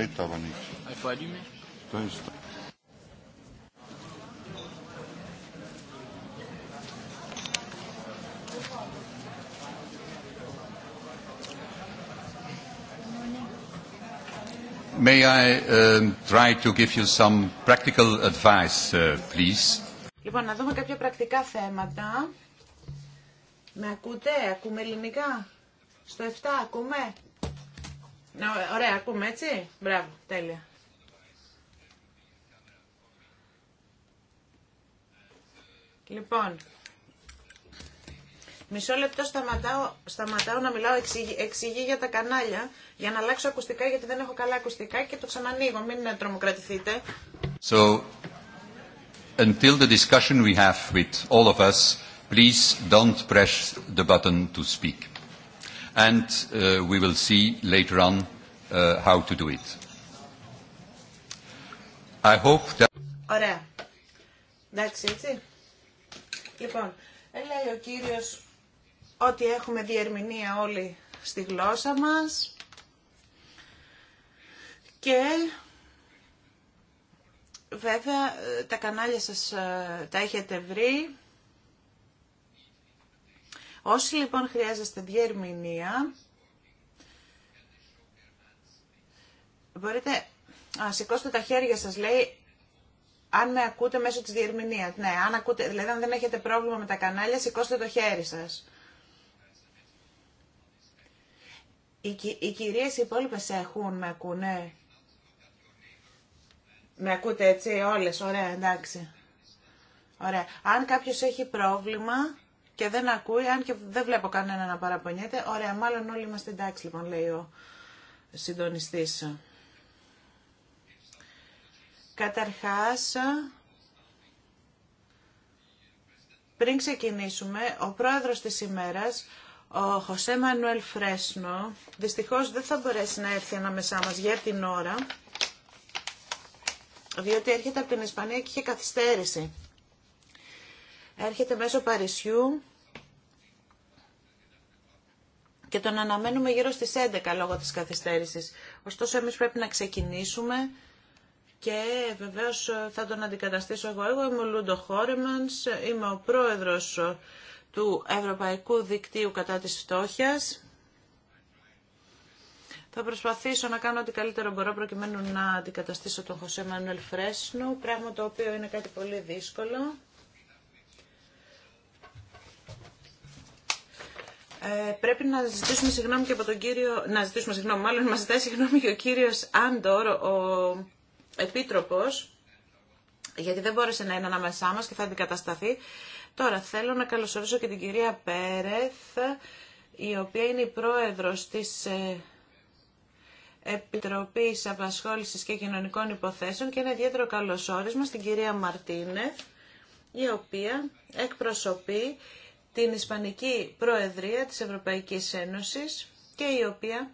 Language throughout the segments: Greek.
arrêtavano. Questo. May I um, try to give you some practical advice, uh, please? Λοιπόν, να δούμε κάποια πρακτικά θέματα. Με ακούτε, ακούμε ελληνικά. Στο 7 ακούμε. Ωραία, ακούμε έτσι. Μπράβο, τέλεια. Λοιπόν, μισό λεπτό σταματάω, σταματάω να μιλάω εξηγεί εξηγή, για τα κανάλια για να αλλάξω ακουστικά γιατί δεν έχω καλά ακουστικά και το ξανανοίγω, μην τρομοκρατηθείτε. So, until the discussion we have with all of us, please don't press the button to speak. And uh, we will see later on Uh, how to do it. I hope that... Ωραία. Εντάξει, έτσι. Λοιπόν, λέει ο κύριος ότι έχουμε διερμηνία όλοι στη γλώσσα μας και βέβαια ε, τα κανάλια σας ε, τα έχετε βρει. Όσοι λοιπόν χρειάζεστε διερμηνία, Μπορείτε να σηκώσετε τα χέρια σας, λέει, αν με ακούτε μέσω της διερμηνίας. Ναι, αν ακούτε, δηλαδή αν δεν έχετε πρόβλημα με τα κανάλια, σηκώστε το χέρι σας. Οι, οι, κυρίες οι υπόλοιπες έχουν, με ακούνε. Ναι. Με ακούτε έτσι όλες, ωραία, εντάξει. Ωραία. Αν κάποιος έχει πρόβλημα και δεν ακούει, αν και δεν βλέπω κανένα να παραπονιέται, ωραία, μάλλον όλοι είμαστε εντάξει, λοιπόν, λέει ο συντονιστής. Καταρχάς, πριν ξεκινήσουμε, ο πρόεδρος της ημέρας, ο Χωσέ Μανουέλ Φρέσνο, δυστυχώς δεν θα μπορέσει να έρθει ανάμεσά μας για την ώρα, διότι έρχεται από την Ισπανία και είχε καθυστέρηση. Έρχεται μέσω Παρισιού και τον αναμένουμε γύρω στις 11 λόγω της καθυστέρησης. Ωστόσο, εμείς πρέπει να ξεκινήσουμε και βεβαίως ε, θα τον αντικαταστήσω εγώ. Εγώ είμαι ο Λούντο Χόρεμανς, είμαι ο πρόεδρος ε, του Ευρωπαϊκού Δικτύου κατά της Φτώχειας. Θα προσπαθήσω να κάνω ό,τι καλύτερο μπορώ προκειμένου να αντικαταστήσω τον Χωσέ Μανουέλ Φρέσνου, πράγμα το οποίο είναι κάτι πολύ δύσκολο. Ε, πρέπει να ζητήσουμε συγγνώμη και από τον κύριο, να ζητήσουμε συγγνώμη, μάλλον μας ζητάει συγγνώμη και ο κύριος Άντορ, ο Επίτροπος, γιατί δεν μπόρεσε να είναι ανάμεσά μας και θα αντικατασταθεί. Τώρα θέλω να καλωσορίσω και την κυρία Πέρεθ, η οποία είναι η πρόεδρος της ε, Επιτροπής Απασχόλησης και Κοινωνικών Υποθέσεων και ένα ιδιαίτερο καλωσόρισμα στην κυρία Μαρτίνεθ, η οποία εκπροσωπεί την Ισπανική Προεδρία της Ευρωπαϊκής Ένωσης και η οποία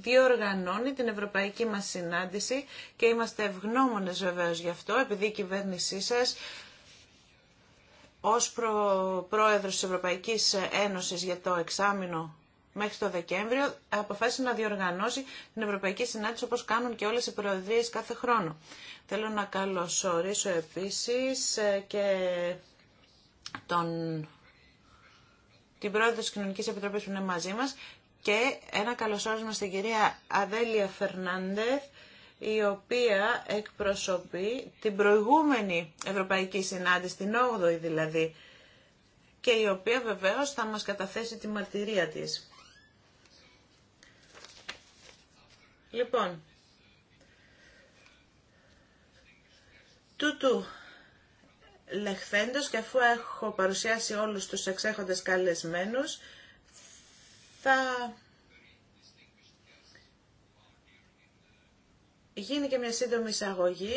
διοργανώνει την ευρωπαϊκή μας συνάντηση και είμαστε ευγνώμονες βεβαίως γι' αυτό, επειδή η κυβέρνησή σας ως προ... πρόεδρος της Ευρωπαϊκής Ένωσης για το εξάμεινο μέχρι το Δεκέμβριο αποφάσισε να διοργανώσει την Ευρωπαϊκή Συνάντηση όπως κάνουν και όλες οι προεδρίες κάθε χρόνο. Θέλω να καλωσορίσω επίσης ε, και τον... την πρόεδρο της Κοινωνικής Επιτροπής που είναι μαζί μας και ένα καλωσόρισμα στην κυρία Αδέλια Φερνάντεθ, η οποία εκπροσωπεί την προηγούμενη Ευρωπαϊκή Συνάντηση, την 8η δηλαδή, και η οποία βεβαίως θα μας καταθέσει τη μαρτυρία της. Λοιπόν, τούτου λεχθέντος και αφού έχω παρουσιάσει όλους τους εξέχοντες καλεσμένους, θα γίνει και μια σύντομη εισαγωγή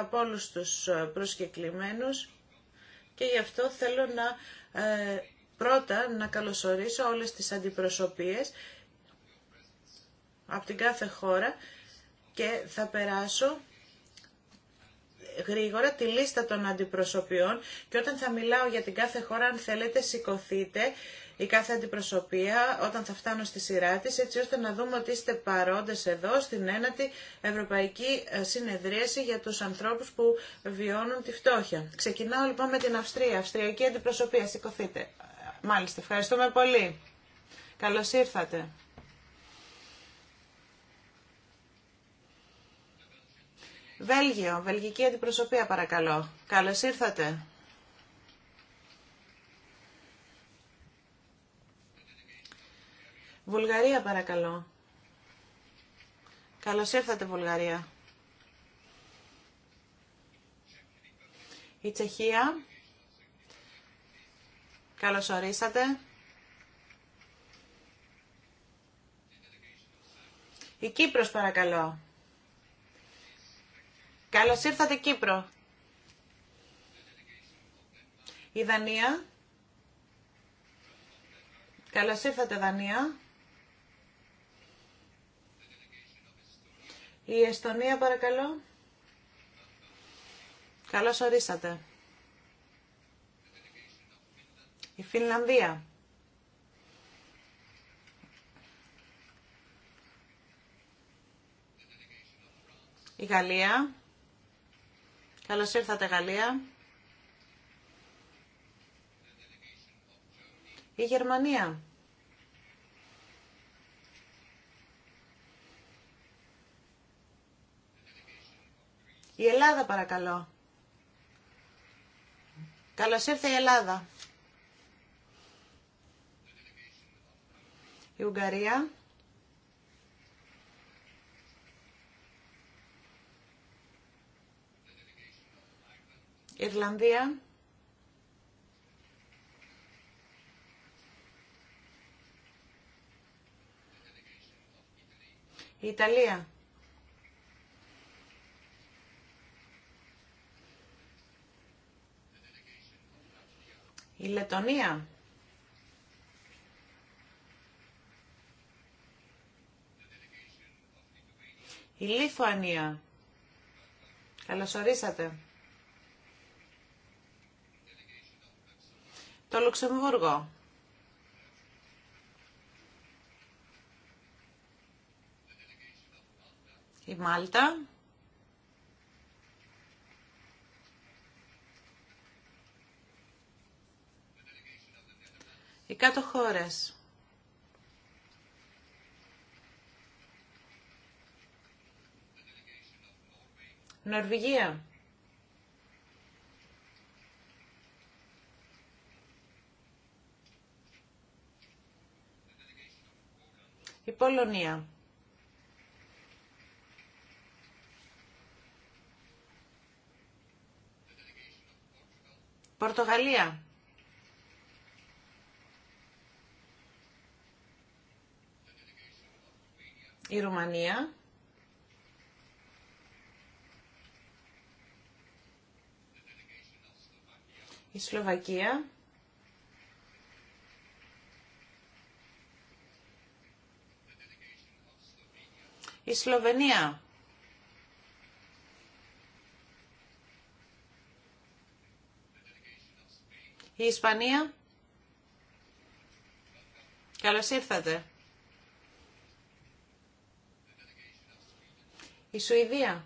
από όλους τους ε, προσκεκλημένους και γι' αυτό θέλω να ε, πρώτα να καλωσορίσω όλες τις αντιπροσωπίες από την κάθε χώρα και θα περάσω γρήγορα τη λίστα των αντιπροσωπιών και όταν θα μιλάω για την κάθε χώρα αν θέλετε σηκωθείτε η κάθε αντιπροσωπεία όταν θα φτάνω στη σειρά τη, έτσι ώστε να δούμε ότι είστε παρόντες εδώ στην ένατη Ευρωπαϊκή ε, Συνεδρίαση για τους ανθρώπους που βιώνουν τη φτώχεια. Ξεκινάω λοιπόν με την Αυστρία. Αυστριακή αντιπροσωπεία, σηκωθείτε. Μάλιστα, ευχαριστούμε πολύ. Καλώς ήρθατε. Βέλγιο, βελγική αντιπροσωπεία παρακαλώ. Καλώς ήρθατε. Βουλγαρία παρακαλώ. Καλώς ήρθατε Βουλγαρία. Η Τσεχία. Καλώς ορίσατε. Η Κύπρος παρακαλώ. Καλώς ήρθατε Κύπρο. Η Δανία. Καλώς ήρθατε Δανία. Η Εστονία παρακαλώ. Καλώς ορίσατε. Η Φινλανδία. Η Γαλλία. Καλώς ήρθατε Γαλλία. Η Γερμανία. Η Ελλάδα παρακαλώ. Καλώς ήρθε η Ελλάδα. Η Ουγγαρία. Η Ιρλανδία. Η Ιταλία. Η Λετωνία. Η Λιθουανία. Καλωσορίσατε. Το Λουξεμβούργο. Η Μάλτα. Οι κάτω χώρες. Νορβηγία. Η Πολωνία. Πορτογαλία. η Ρουμανία η Σλοβακία η Σλοβενία η Ισπανία Καλώς ήρθατε. Η Σουηδία.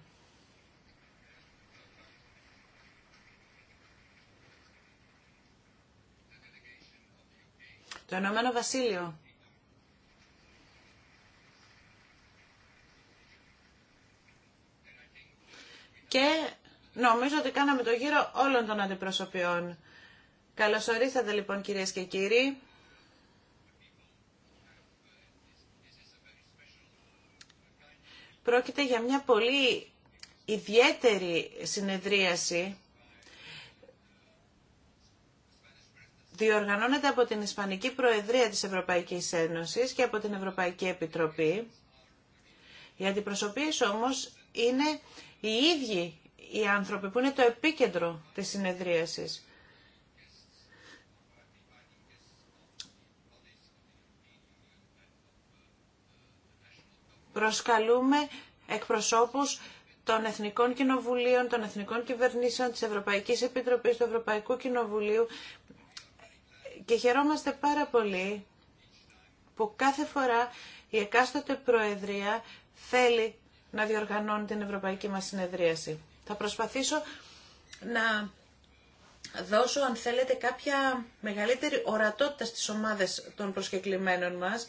Το Ενωμένο Βασίλειο. Και νομίζω ότι κάναμε το γύρο όλων των αντιπροσωπιών. Καλωσορίσατε λοιπόν κυρίες και κύριοι. Πρόκειται για μια πολύ ιδιαίτερη συνεδρίαση διοργανώνεται από την Ισπανική Προεδρία της Ευρωπαϊκής Ένωσης και από την Ευρωπαϊκή Επιτροπή. Οι αντιπροσωπείες όμως είναι οι ίδιοι οι άνθρωποι που είναι το επίκεντρο της συνεδρίασης. Προσκαλούμε εκπροσώπους των Εθνικών Κοινοβουλίων, των Εθνικών Κυβερνήσεων, της Ευρωπαϊκής Επιτροπής, του Ευρωπαϊκού Κοινοβουλίου και χαιρόμαστε πάρα πολύ που κάθε φορά η εκάστοτε Προεδρία θέλει να διοργανώνει την Ευρωπαϊκή μας συνεδρίαση. Θα προσπαθήσω να δώσω, αν θέλετε, κάποια μεγαλύτερη ορατότητα στις ομάδες των προσκεκλημένων μας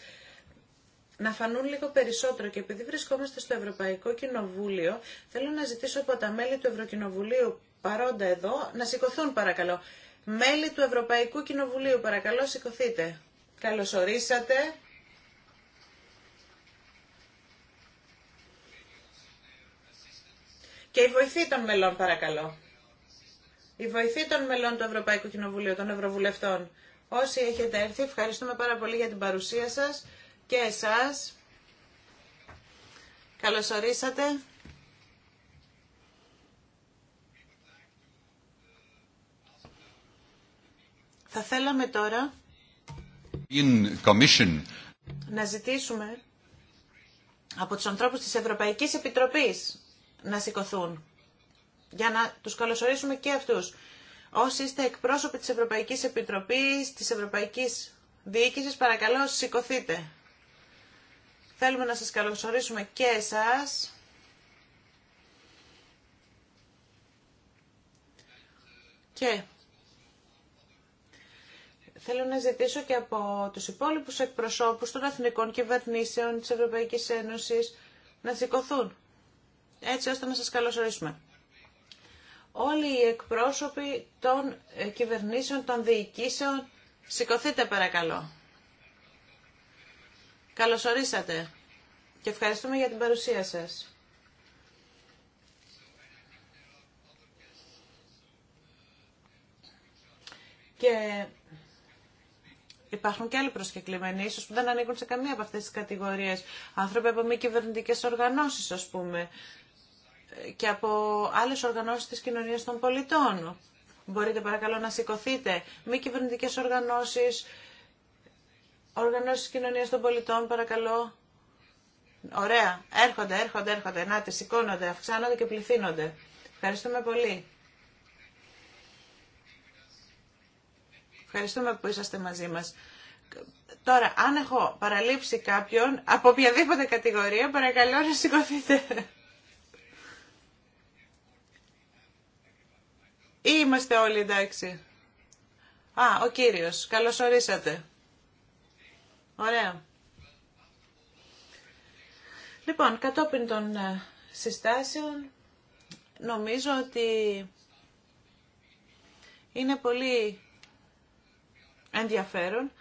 να φανούν λίγο περισσότερο και επειδή βρισκόμαστε στο Ευρωπαϊκό Κοινοβούλιο, θέλω να ζητήσω από τα μέλη του Ευρωκοινοβουλίου παρόντα εδώ να σηκωθούν παρακαλώ. Μέλη του Ευρωπαϊκού Κοινοβουλίου, παρακαλώ σηκωθείτε. Καλωσορίσατε. Και η βοηθή των μελών, παρακαλώ. Η βοηθή των μελών του Ευρωπαϊκού Κοινοβουλίου, των Ευρωβουλευτών. Όσοι έχετε έρθει, ευχαριστούμε πάρα πολύ για την παρουσία σας και εσάς. Καλώς Θα θέλαμε τώρα να ζητήσουμε από τους ανθρώπους της Ευρωπαϊκής Επιτροπής να σηκωθούν για να τους καλωσορίσουμε και αυτούς. Όσοι είστε εκπρόσωποι της Ευρωπαϊκής Επιτροπής, της Ευρωπαϊκής Διοίκησης, παρακαλώ σηκωθείτε. Θέλουμε να σας καλωσορίσουμε και εσάς. Και θέλω να ζητήσω και από τους υπόλοιπους εκπροσώπους των εθνικών κυβερνήσεων της Ευρωπαϊκής Ένωσης να σηκωθούν, έτσι ώστε να σας καλωσορίσουμε. Όλοι οι εκπρόσωποι των ε, κυβερνήσεων, των διοικήσεων, σηκωθείτε παρακαλώ. Καλωσορίσατε και ευχαριστούμε για την παρουσία σας. Και υπάρχουν και άλλοι προσκεκλημένοι, ίσως που δεν ανήκουν σε καμία από αυτές τις κατηγορίες. Άνθρωποι από μη κυβερνητικέ οργανώσεις, ας πούμε, και από άλλες οργανώσεις της κοινωνίας των πολιτών. Μπορείτε παρακαλώ να σηκωθείτε. Μη κυβερνητικέ οργανώσεις, Οργανώσεις κοινωνία των πολιτών, παρακαλώ. Ωραία. Έρχονται, έρχονται, έρχονται. Να τι σηκώνονται, αυξάνονται και πληθύνονται. Ευχαριστούμε πολύ. Ευχαριστούμε που είσαστε μαζί μας. Τώρα, αν έχω παραλείψει κάποιον, από οποιαδήποτε κατηγορία, παρακαλώ να σηκωθείτε. Ή είμαστε όλοι εντάξει. Α, ο κύριος. Καλώς ορίσατε. Ωραία. Λοιπόν, κατόπιν των ε, συστάσεων, νομίζω ότι είναι πολύ ενδιαφέρον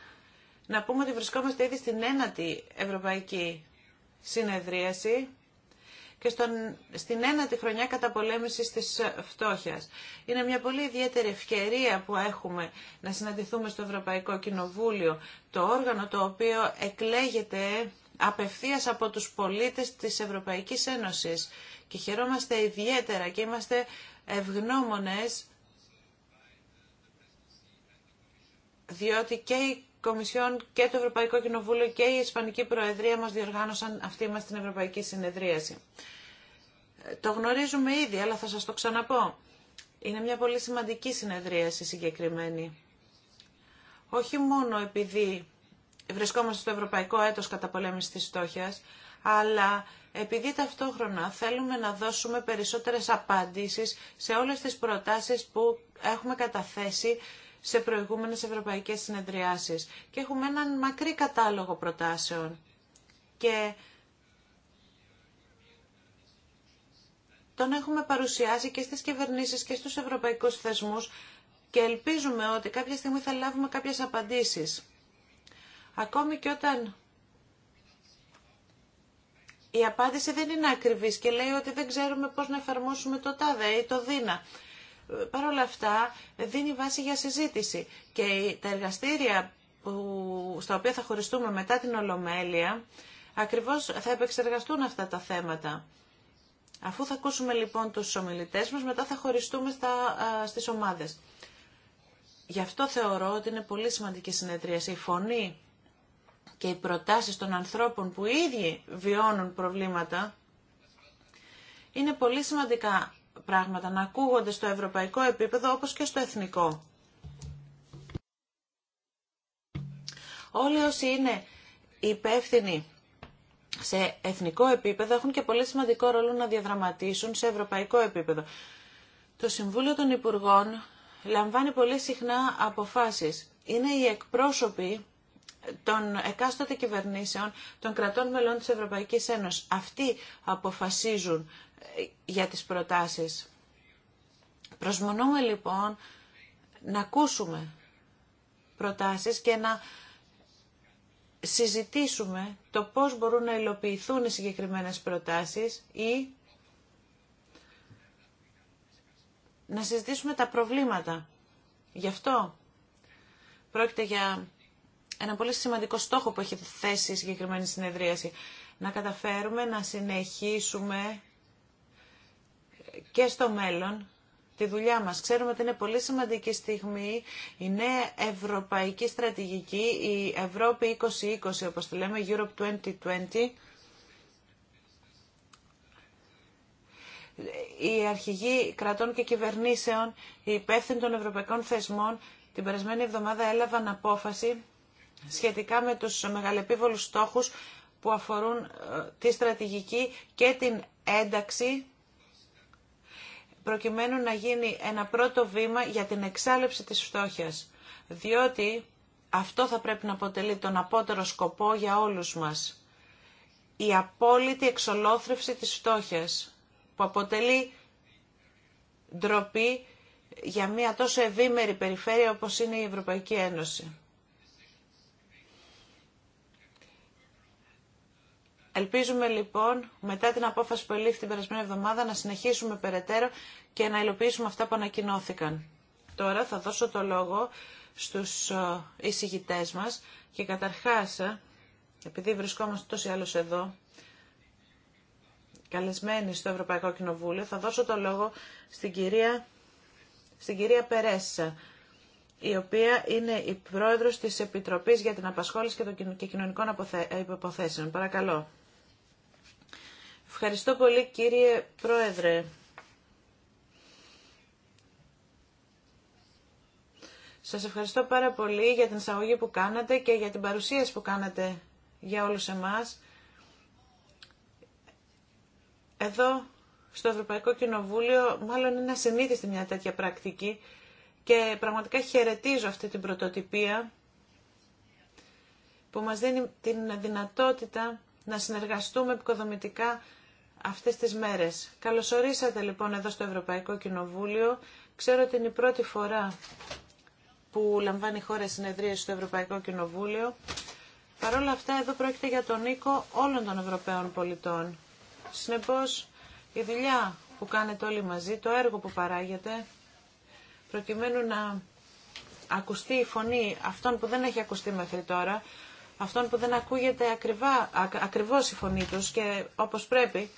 να πούμε ότι βρισκόμαστε ήδη στην ένατη Ευρωπαϊκή Συνεδρίαση και στον, στην ένατη χρονιά καταπολέμησης της φτώχειας. Είναι μια πολύ ιδιαίτερη ευκαιρία που έχουμε να συναντηθούμε στο Ευρωπαϊκό Κοινοβούλιο, το όργανο το οποίο εκλέγεται απευθείας από τους πολίτες της Ευρωπαϊκής Ένωσης και χαιρόμαστε ιδιαίτερα και είμαστε ευγνώμονες διότι και Κομισιόν και το Ευρωπαϊκό Κοινοβούλιο και η Ισπανική Προεδρία μας διοργάνωσαν αυτή μας την Ευρωπαϊκή Συνεδρίαση. Ε, το γνωρίζουμε ήδη, αλλά θα σας το ξαναπώ. Είναι μια πολύ σημαντική συνεδρίαση συγκεκριμένη. Όχι μόνο επειδή βρισκόμαστε στο Ευρωπαϊκό Έτος πολέμηση της Στόχιας, αλλά επειδή ταυτόχρονα θέλουμε να δώσουμε περισσότερες απαντήσεις σε όλες τις προτάσεις που έχουμε καταθέσει σε προηγούμενες ευρωπαϊκές συνεδριάσεις. Και έχουμε έναν μακρύ κατάλογο προτάσεων. Και τον έχουμε παρουσιάσει και στις κυβερνήσεις και στους ευρωπαϊκούς θεσμούς και ελπίζουμε ότι κάποια στιγμή θα λάβουμε κάποιες απαντήσεις. Ακόμη και όταν η απάντηση δεν είναι ακριβής και λέει ότι δεν ξέρουμε πώς να εφαρμόσουμε το τάδε ή το δίνα. Παρ' όλα αυτά δίνει βάση για συζήτηση και τα εργαστήρια που, στα οποία θα χωριστούμε μετά την Ολομέλεια ακριβώς θα επεξεργαστούν αυτά τα θέματα. Αφού θα ακούσουμε λοιπόν τους ομιλητές μας, μετά θα χωριστούμε στα, α, στις ομάδες. Γι' αυτό θεωρώ ότι είναι πολύ σημαντική συνεδρίαση. Η φωνή και οι προτάσεις των ανθρώπων που ήδη βιώνουν προβλήματα είναι πολύ σημαντικά πράγματα να ακούγονται στο ευρωπαϊκό επίπεδο όπως και στο εθνικό. Όλοι όσοι είναι υπεύθυνοι σε εθνικό επίπεδο έχουν και πολύ σημαντικό ρόλο να διαδραματίσουν σε ευρωπαϊκό επίπεδο. Το Συμβούλιο των Υπουργών λαμβάνει πολύ συχνά αποφάσεις. Είναι οι εκπρόσωποι των εκάστοτε κυβερνήσεων των κρατών μελών της Ευρωπαϊκής Ένωσης. Αυτοί αποφασίζουν ε, για τις προτάσεις. Προσμονούμε λοιπόν να ακούσουμε προτάσεις και να συζητήσουμε το πώς μπορούν να υλοποιηθούν οι συγκεκριμένες προτάσεις ή να συζητήσουμε τα προβλήματα. Γι' αυτό πρόκειται για ένα πολύ σημαντικό στόχο που έχει θέσει η συγκεκριμένη συνεδρίαση. Να καταφέρουμε να συνεχίσουμε και στο μέλλον τη δουλειά μας. Ξέρουμε ότι είναι πολύ σημαντική στιγμή η νέα ευρωπαϊκή στρατηγική, η Ευρώπη 2020, όπως τη λέμε, Europe 2020, οι αρχηγοί κρατών και κυβερνήσεων, οι υπεύθυνοι των ευρωπαϊκών θεσμών, την περασμένη εβδομάδα έλαβαν απόφαση σχετικά με τους μεγαλεπίβολους στόχους που αφορούν ε, τη στρατηγική και την ένταξη προκειμένου να γίνει ένα πρώτο βήμα για την εξάλληψη της φτώχειας. Διότι αυτό θα πρέπει να αποτελεί τον απότερο σκοπό για όλους μας. Η απόλυτη εξολόθρευση της φτώχειας που αποτελεί ντροπή για μια τόσο ευήμερη περιφέρεια όπως είναι η Ευρωπαϊκή Ένωση. Ελπίζουμε λοιπόν μετά την απόφαση που ελήφθη την περασμένη εβδομάδα να συνεχίσουμε περαιτέρω και να υλοποιήσουμε αυτά που ανακοινώθηκαν. Τώρα θα δώσω το λόγο στους ε, εισηγητέ μας και καταρχάς, ε, επειδή βρισκόμαστε τόσοι άλλους εδώ, καλεσμένοι στο Ευρωπαϊκό Κοινοβούλιο, θα δώσω το λόγο στην κυρία, στην κυρία Περέσα, η οποία είναι η πρόεδρος της Επιτροπής για την Απασχόληση και των Κοινωνικών Υποθέσεων. Παρακαλώ. Ευχαριστώ πολύ κύριε Πρόεδρε. Σας ευχαριστώ πάρα πολύ για την εισαγωγή που κάνατε και για την παρουσίαση που κάνατε για όλους εμάς. Εδώ στο Ευρωπαϊκό Κοινοβούλιο μάλλον είναι ασυνήθιστη μια τέτοια πρακτική και πραγματικά χαιρετίζω αυτή την πρωτοτυπία που μας δίνει την δυνατότητα να συνεργαστούμε επικοδομητικά αυτές τις μέρες. Καλωσορίσατε λοιπόν εδώ στο Ευρωπαϊκό Κοινοβούλιο. Ξέρω ότι είναι η πρώτη φορά που λαμβάνει η χώρα στο Ευρωπαϊκό Κοινοβούλιο. Παρ' όλα αυτά εδώ πρόκειται για τον οίκο όλων των Ευρωπαίων πολιτών. Συνεπώς η δουλειά που κάνετε όλοι μαζί, το έργο που παράγετε, προκειμένου να ακουστεί η φωνή αυτών που δεν έχει ακουστεί μέχρι τώρα, αυτών που δεν ακούγεται ακριβά, ακριβώς η φωνή τους και όπως πρέπει,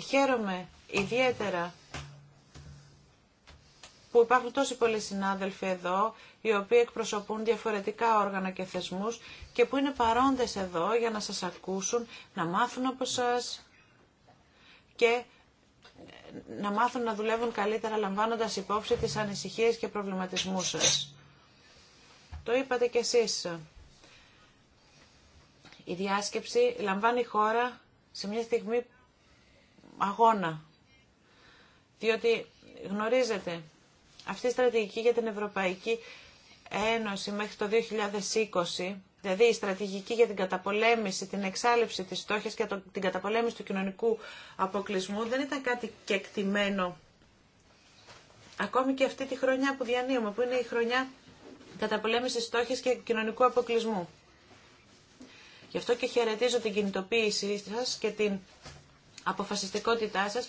Χαίρομαι ιδιαίτερα που υπάρχουν τόσοι πολλοί συνάδελφοι εδώ, οι οποίοι εκπροσωπούν διαφορετικά όργανα και θεσμούς και που είναι παρόντες εδώ για να σας ακούσουν, να μάθουν από σας και να μάθουν να δουλεύουν καλύτερα λαμβάνοντας υπόψη τις ανησυχίες και προβληματισμούς σας. Το είπατε κι εσείς. Η διάσκεψη λαμβάνει χώρα σε μια στιγμή αγώνα. Διότι γνωρίζετε, αυτή η στρατηγική για την Ευρωπαϊκή Ένωση μέχρι το 2020, δηλαδή η στρατηγική για την καταπολέμηση, την εξάλληψη της στόχης και την καταπολέμηση του κοινωνικού αποκλεισμού, δεν ήταν κάτι κεκτημένο. Ακόμη και αυτή τη χρονιά που διανύουμε, που είναι η χρονιά καταπολέμησης στόχης και κοινωνικού αποκλεισμού. Γι' αυτό και χαιρετίζω την κινητοποίησή σας και την αποφασιστικότητά σας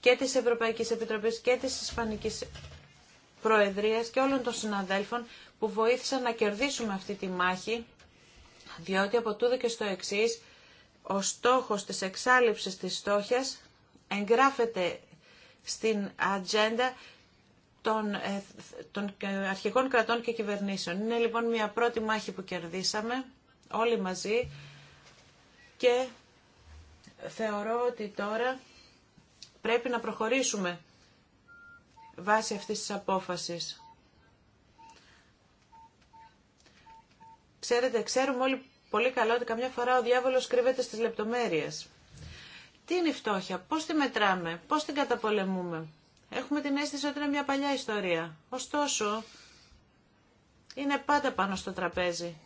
και της Ευρωπαϊκής Επιτροπής και της Ισπανικής Προεδρίας και όλων των συναδέλφων που βοήθησαν να κερδίσουμε αυτή τη μάχη, διότι από τούτο και στο εξής ο στόχος της εξάλληψης της στόχιας εγγράφεται στην ατζέντα των, ε, των αρχικών κρατών και κυβερνήσεων. Είναι λοιπόν μια πρώτη μάχη που κερδίσαμε όλοι μαζί και θεωρώ ότι τώρα πρέπει να προχωρήσουμε βάσει αυτής της απόφασης. Ξέρετε, ξέρουμε όλοι πολύ καλά ότι καμιά φορά ο διάβολος κρύβεται στις λεπτομέρειες. Τι είναι η φτώχεια, πώς τη μετράμε, πώς την καταπολεμούμε. Έχουμε την αίσθηση ότι είναι μια παλιά ιστορία. Ωστόσο, είναι πάντα πάνω στο τραπέζι.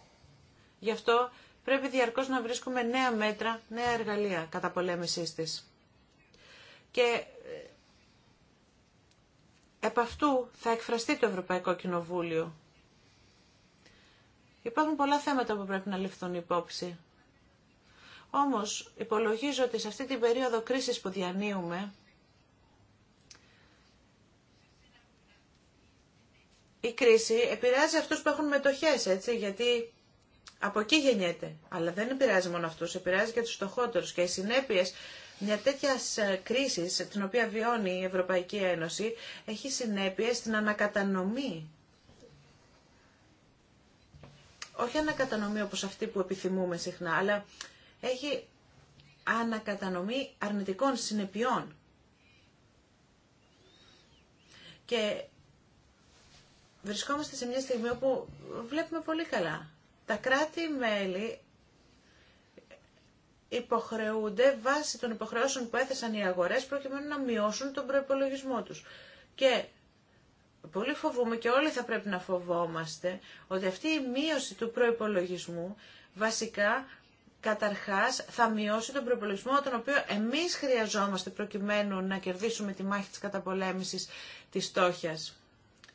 Γι' αυτό Πρέπει διαρκώς να βρίσκουμε νέα μέτρα, νέα εργαλεία καταπολέμησής της. Και ε, επ' αυτού θα εκφραστεί το Ευρωπαϊκό Κοινοβούλιο. Υπάρχουν πολλά θέματα που πρέπει να ληφθούν υπόψη. Όμως υπολογίζω ότι σε αυτή την περίοδο κρίσης που διανύουμε, η κρίση επηρεάζει αυτούς που έχουν μετοχές, έτσι, γιατί από εκεί γεννιέται. Αλλά δεν επηρεάζει μόνο αυτού, επηρεάζει και τους στοχότερους και οι συνέπειε μια τέτοια ε, κρίση, την οποία βιώνει η Ευρωπαϊκή Ένωση, έχει συνέπειε στην ανακατανομή. Όχι ανακατανομή όπως αυτή που επιθυμούμε συχνά, αλλά έχει ανακατανομή αρνητικών συνεπειών. Και βρισκόμαστε σε μια στιγμή όπου βλέπουμε πολύ καλά. Τα κράτη-μέλη υποχρεούνται βάσει των υποχρεώσεων που έθεσαν οι αγορές προκειμένου να μειώσουν τον προϋπολογισμό τους. Και πολύ φοβούμε και όλοι θα πρέπει να φοβόμαστε ότι αυτή η μείωση του προϋπολογισμού βασικά καταρχάς θα μειώσει τον προπολογισμό τον οποίο εμείς χρειαζόμαστε προκειμένου να κερδίσουμε τη μάχη της καταπολέμησης της στόχιας.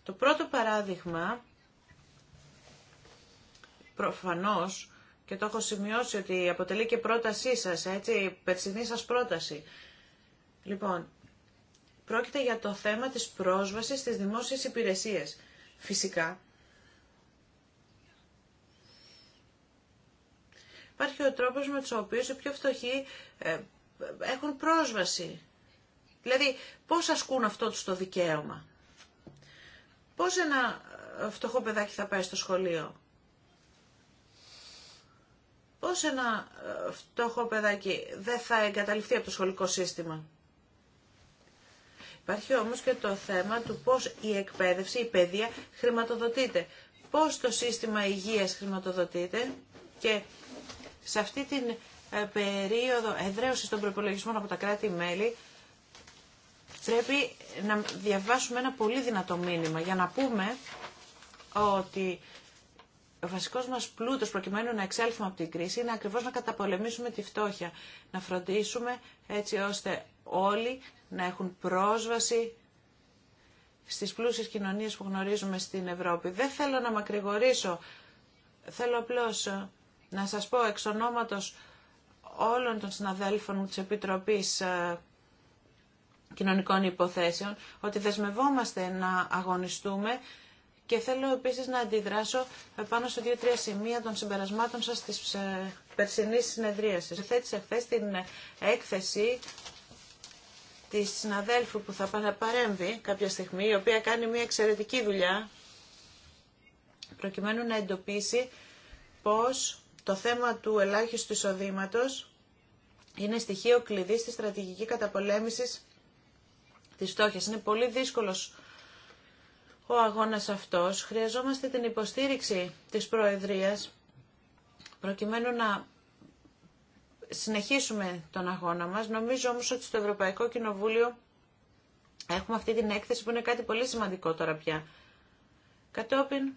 Το πρώτο παράδειγμα προφανώς, και το έχω σημειώσει ότι αποτελεί και πρότασή σας, έτσι, η περσινή σας πρόταση. Λοιπόν, πρόκειται για το θέμα της πρόσβασης στις δημόσιες υπηρεσίες. Φυσικά, υπάρχει ο τρόπος με τους οποίους οι πιο φτωχοί ε, έχουν πρόσβαση. Δηλαδή, πώς ασκούν αυτό τους το δικαίωμα. Πώς ένα ε, φτωχό παιδάκι θα πάει στο σχολείο πώς ένα ε, φτωχό παιδάκι δεν θα εγκαταλειφθεί από το σχολικό σύστημα. Υπάρχει όμως και το θέμα του πώς η εκπαίδευση, η παιδεία χρηματοδοτείται. Πώς το σύστημα υγείας χρηματοδοτείται και σε αυτή την ε, περίοδο εδραίωσης των προπολογισμών από τα κράτη-μέλη πρέπει να διαβάσουμε ένα πολύ δυνατό μήνυμα για να πούμε ότι ο βασικός μας πλούτος προκειμένου να εξέλθουμε από την κρίση είναι ακριβώς να καταπολεμήσουμε τη φτώχεια, να φροντίσουμε έτσι ώστε όλοι να έχουν πρόσβαση στις πλούσιες κοινωνίες που γνωρίζουμε στην Ευρώπη. Δεν θέλω να μακρηγορήσω, θέλω απλώς ε, να σας πω εξ ονόματος όλων των συναδέλφων μου της Επιτροπής ε, Κοινωνικών Υποθέσεων ότι δεσμευόμαστε να αγωνιστούμε και θέλω επίσης να αντιδράσω πάνω σε δύο-τρία σημεία των συμπερασμάτων σας της ε, περσινής συνεδρίασης. Θέτησε χθε την έκθεση της συναδέλφου που θα παρέμβει κάποια στιγμή, η οποία κάνει μια εξαιρετική δουλειά, προκειμένου να εντοπίσει πως το θέμα του ελάχιστου εισοδήματο είναι στοιχείο κλειδί στη στρατηγική καταπολέμηση της φτώχειας. Είναι πολύ δύσκολος ο αγώνας αυτός, χρειαζόμαστε την υποστήριξη της Προεδρίας προκειμένου να συνεχίσουμε τον αγώνα μας. Νομίζω όμως ότι στο Ευρωπαϊκό Κοινοβούλιο έχουμε αυτή την έκθεση που είναι κάτι πολύ σημαντικό τώρα πια. Κατόπιν,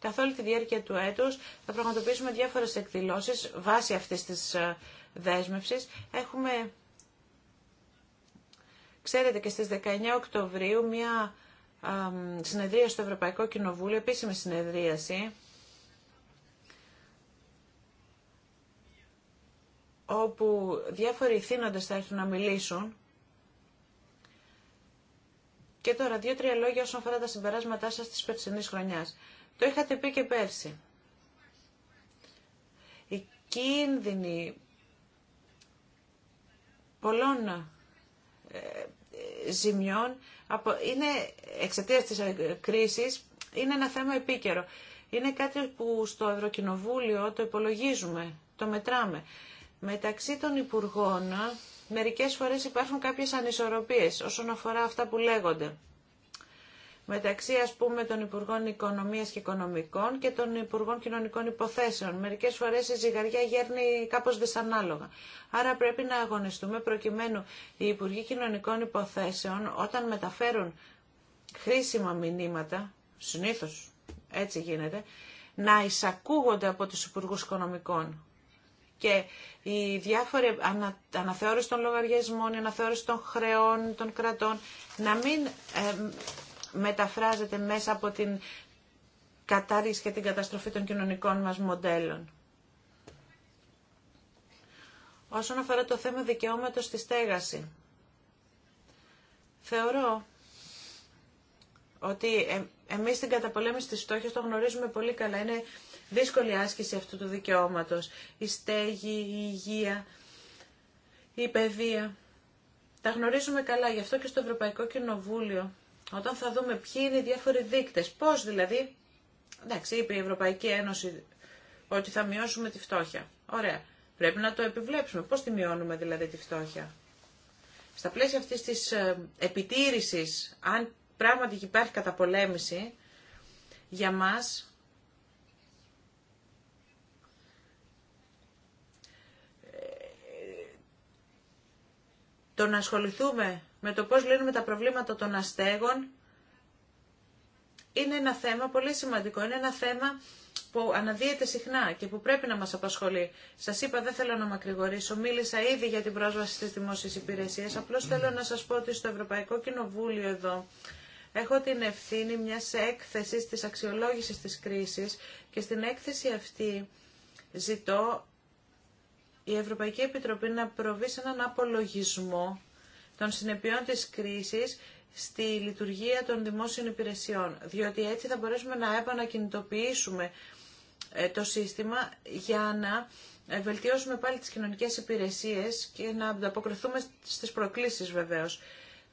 καθ' όλη τη διάρκεια του έτους θα πραγματοποιήσουμε διάφορες εκδηλώσεις βάσει αυτής της ε, δέσμευσης. Έχουμε, ξέρετε και στις 19 Οκτωβρίου, μια συνεδρία στο Ευρωπαϊκό Κοινοβούλιο, επίσημη συνεδρίαση, όπου διάφοροι θύνοντες θα έρθουν να μιλήσουν. Και τώρα δύο-τρία λόγια όσον αφορά τα συμπεράσματά σας της περσινής χρονιάς. Το είχατε πει και πέρσι. Οι κίνδυνοι πολλών ε, ζημιών από είναι εξαιτία της κρίση, είναι ένα θέμα επίκαιρο. Είναι κάτι που στο Ευρωκοινοβούλιο το υπολογίζουμε, το μετράμε. Μεταξύ των Υπουργών μερικές φορές υπάρχουν κάποιες ανισορροπίες όσον αφορά αυτά που λέγονται μεταξύ ας πούμε των Υπουργών Οικονομίας και Οικονομικών και των Υπουργών Κοινωνικών Υποθέσεων. Μερικές φορές η ζυγαριά γέρνει κάπως δυσανάλογα. Άρα πρέπει να αγωνιστούμε προκειμένου οι Υπουργοί Κοινωνικών Υποθέσεων όταν μεταφέρουν χρήσιμα μηνύματα, συνήθως έτσι γίνεται, να εισακούγονται από τους υπουργού Οικονομικών. Και η διάφορη ανα, αναθεώρηση των λογαριασμών, η αναθεώρηση των χρεών, των κρατών, να μην ε, μεταφράζεται μέσα από την κατάρριξη και την καταστροφή των κοινωνικών μας μοντέλων. Όσον αφορά το θέμα δικαιώματος στη στέγαση, θεωρώ ότι ε, εμείς την καταπολέμηση της στόχης το γνωρίζουμε πολύ καλά. Είναι δύσκολη άσκηση αυτού του δικαιώματος. Η στέγη, η υγεία, η παιδεία. Τα γνωρίζουμε καλά, γι' αυτό και στο Ευρωπαϊκό Κοινοβούλιο όταν θα δούμε ποιοι είναι οι διάφοροι δείκτες, πώς δηλαδή, εντάξει, είπε η Ευρωπαϊκή Ένωση ότι θα μειώσουμε τη φτώχεια. Ωραία. Πρέπει να το επιβλέψουμε. Πώς τη μειώνουμε δηλαδή τη φτώχεια. Στα πλαίσια αυτής της ε, επιτήρησης, αν πράγματι υπάρχει καταπολέμηση, για μας ε, το να ασχοληθούμε με το πώς λύνουμε τα προβλήματα των αστέγων είναι ένα θέμα πολύ σημαντικό. Είναι ένα θέμα που αναδύεται συχνά και που πρέπει να μας απασχολεί. Σας είπα, δεν θέλω να μακρηγορήσω. Μίλησα ήδη για την πρόσβαση στις δημόσιες υπηρεσίες. Απλώς θέλω να σας πω ότι στο Ευρωπαϊκό Κοινοβούλιο εδώ έχω την ευθύνη μιας έκθεσης της αξιολόγησης της κρίσης και στην έκθεση αυτή ζητώ η Ευρωπαϊκή Επιτροπή να προβεί σε έναν απολογισμό των συνεπειών της κρίσης στη λειτουργία των δημόσιων υπηρεσιών, διότι έτσι θα μπορέσουμε να επανακινητοποιήσουμε ε, το σύστημα για να ε, βελτιώσουμε πάλι τις κοινωνικές υπηρεσίες και να ανταποκριθούμε στις προκλήσεις βεβαίως.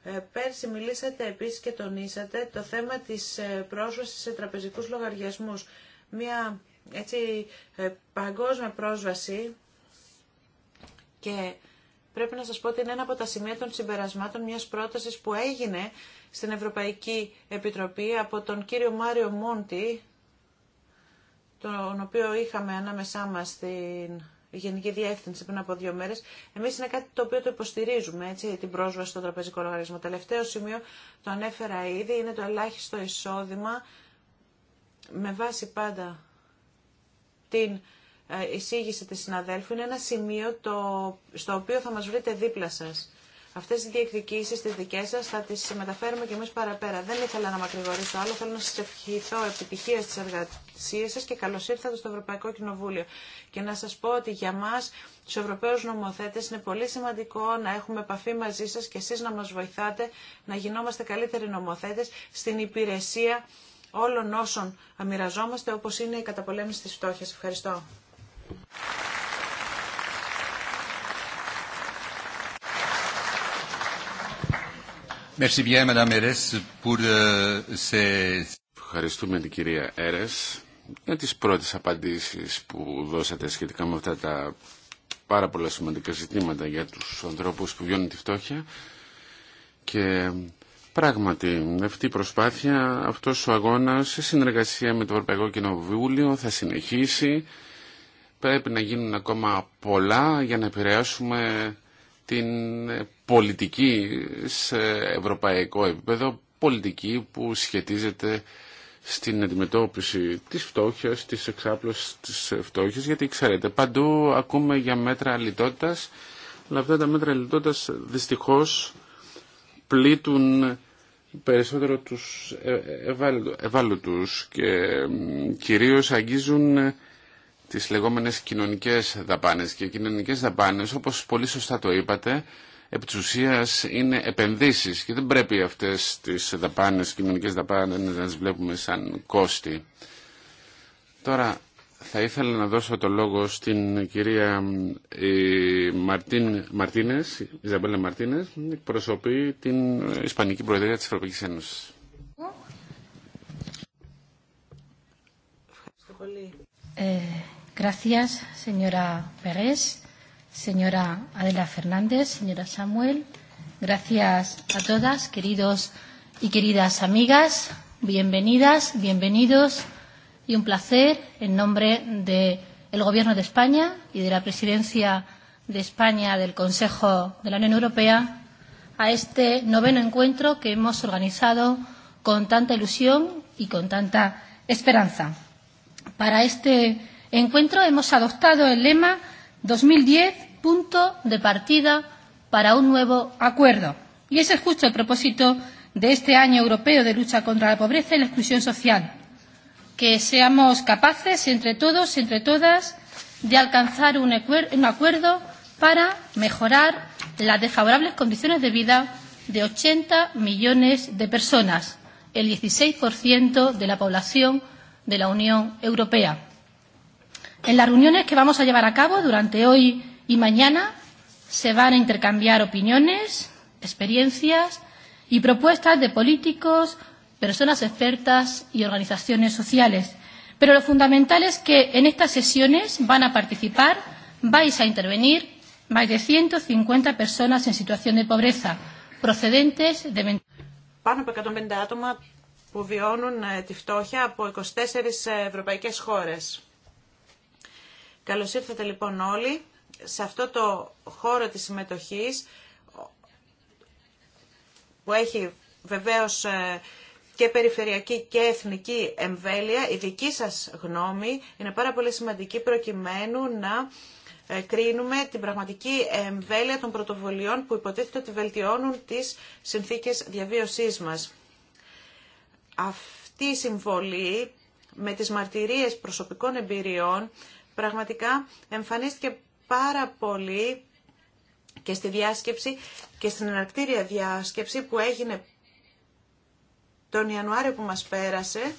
Ε, πέρσι μιλήσατε επίσης και τονίσατε το θέμα της πρόσβασης σε τραπεζικούς λογαριασμούς. Μια έτσι παγκόσμια πρόσβαση και πρέπει να σας πω ότι είναι ένα από τα σημεία των συμπερασμάτων μιας πρότασης που έγινε στην Ευρωπαϊκή Επιτροπή από τον κύριο Μάριο Μόντι, τον οποίο είχαμε ανάμεσά μας στην Γενική Διεύθυνση πριν από δύο μέρες. Εμείς είναι κάτι το οποίο το υποστηρίζουμε, έτσι, την πρόσβαση στο τραπεζικό λογαριασμό. Τελευταίο σημείο, το ανέφερα ήδη, είναι το ελάχιστο εισόδημα με βάση πάντα την ε, εισήγησε τη συναδέλφου είναι ένα σημείο το, στο οποίο θα μας βρείτε δίπλα σας. Αυτές οι διεκδικήσεις τις δικές σας θα τις μεταφέρουμε και εμείς παραπέρα. Δεν ήθελα να μακρηγορήσω άλλο, θέλω να σας ευχηθώ επιτυχία στις εργασίες σας και καλώς ήρθατε στο Ευρωπαϊκό Κοινοβούλιο. Και να σας πω ότι για μας, τους Ευρωπαίους νομοθέτες, είναι πολύ σημαντικό να έχουμε επαφή μαζί σας και εσείς να μας βοηθάτε να γινόμαστε καλύτεροι νομοθέτες στην υπηρεσία όλων όσων μοιραζόμαστε, όπως είναι η καταπολέμηση της φτώχειας. Ευχαριστώ. Euh, Ευχαριστούμε την κυρία Έρες για τις πρώτες απαντήσεις που δώσατε σχετικά με αυτά τα πάρα πολλά σημαντικά ζητήματα για τους ανθρώπους που βιώνουν τη φτώχεια και πράγματι αυτή η προσπάθεια, αυτός ο αγώνας σε συνεργασία με το Ευρωπαϊκό Κοινοβούλιο θα συνεχίσει Πρέπει να γίνουν ακόμα πολλά για να επηρεάσουμε την πολιτική σε ευρωπαϊκό επίπεδο, πολιτική που σχετίζεται στην αντιμετώπιση της φτώχειας, της εξάπλωσης της φτώχειας, γιατί ξέρετε, παντού ακούμε για μέτρα λιτότητας, αλλά αυτά τα μέτρα λιτότητας δυστυχώς πλήττουν περισσότερο τους ευάλωτους και κυρίως αγγίζουν τις λεγόμενες κοινωνικές δαπάνες. Και οι κοινωνικές δαπάνες, όπως πολύ σωστά το είπατε, επί της είναι επενδύσεις και δεν πρέπει αυτές τις δαπάνες, κοινωνικές δαπάνες να τις βλέπουμε σαν κόστη. Τώρα θα ήθελα να δώσω το λόγο στην κυρία η ε, Μαρτίν, Μαρτίνες, Ιζαμπέλα Μαρτίνες, εκπροσωπεί την Ισπανική Προεδρία της Ευρωπαϊκής Ένωσης. πολύ. Ε... Gracias, señora Pérez, señora Adela Fernández, señora Samuel. Gracias a todas, queridos y queridas amigas. Bienvenidas, bienvenidos y un placer en nombre del Gobierno de España y de la Presidencia de España del Consejo de la Unión Europea a este noveno encuentro que hemos organizado con tanta ilusión y con tanta esperanza. Para este encuentro hemos adoptado el lema 2010, punto de partida para un nuevo acuerdo. Y ese es justo el propósito de este año europeo de lucha contra la pobreza y la exclusión social. Que seamos capaces, entre todos, entre todas, de alcanzar un acuerdo para mejorar las desfavorables condiciones de vida de 80 millones de personas, el 16% de la población de la Unión Europea. En las reuniones que vamos a llevar a cabo durante hoy y mañana se van a intercambiar opiniones, experiencias y propuestas de políticos, personas expertas y organizaciones sociales. Pero lo fundamental es que en estas sesiones van a participar, vais a intervenir más de 150 personas en situación de pobreza, procedentes de... Πάνω από 150 άτομα που βιώνουν τη φτώχεια από 24 ευρωπαϊκές χώρες. Καλώς ήρθατε λοιπόν όλοι σε αυτό το χώρο της συμμετοχής που έχει βεβαίως ε, και περιφερειακή και εθνική εμβέλεια. Η δική σας γνώμη είναι πάρα πολύ σημαντική προκειμένου να ε, κρίνουμε την πραγματική εμβέλεια των πρωτοβολιών που υποτίθεται ότι βελτιώνουν τις συνθήκες διαβίωσής μας. Αυτή η συμβολή με τις μαρτυρίες προσωπικών εμπειριών Πραγματικά εμφανίστηκε πάρα πολύ και στη διάσκεψη και στην εναρκτήρια διάσκεψη που έγινε τον Ιανουάριο που μας πέρασε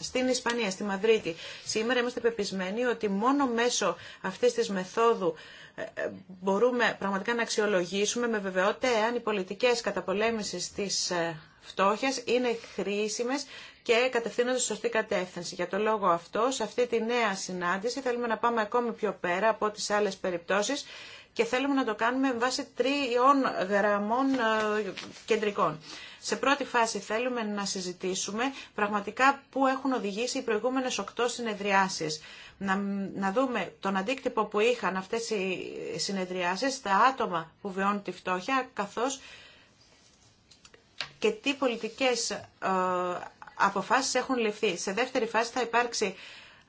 στην Ισπανία, στη Μαδρίτη. Σήμερα είμαστε πεπισμένοι ότι μόνο μέσω αυτής της μεθόδου ε, ε, μπορούμε πραγματικά να αξιολογήσουμε με βεβαιότητα εάν οι πολιτικές καταπολέμησης της ε, φτώχειας είναι χρήσιμες και κατευθύνονται στη σωστή κατεύθυνση. Για το λόγο αυτό, σε αυτή τη νέα συνάντηση θέλουμε να πάμε ακόμη πιο πέρα από τις άλλες περιπτώσεις και θέλουμε να το κάνουμε βάσει τριών γραμμών ε, κεντρικών. Σε πρώτη φάση θέλουμε να συζητήσουμε πραγματικά πού έχουν οδηγήσει οι προηγούμενες οκτώ συνεδριάσεις. Να, να δούμε τον αντίκτυπο που είχαν αυτές οι συνεδριάσεις στα άτομα που βιώνουν τη φτώχεια, καθώς και τι πολιτικές ε, αποφάσεις έχουν ληφθεί. Σε δεύτερη φάση θα υπάρξει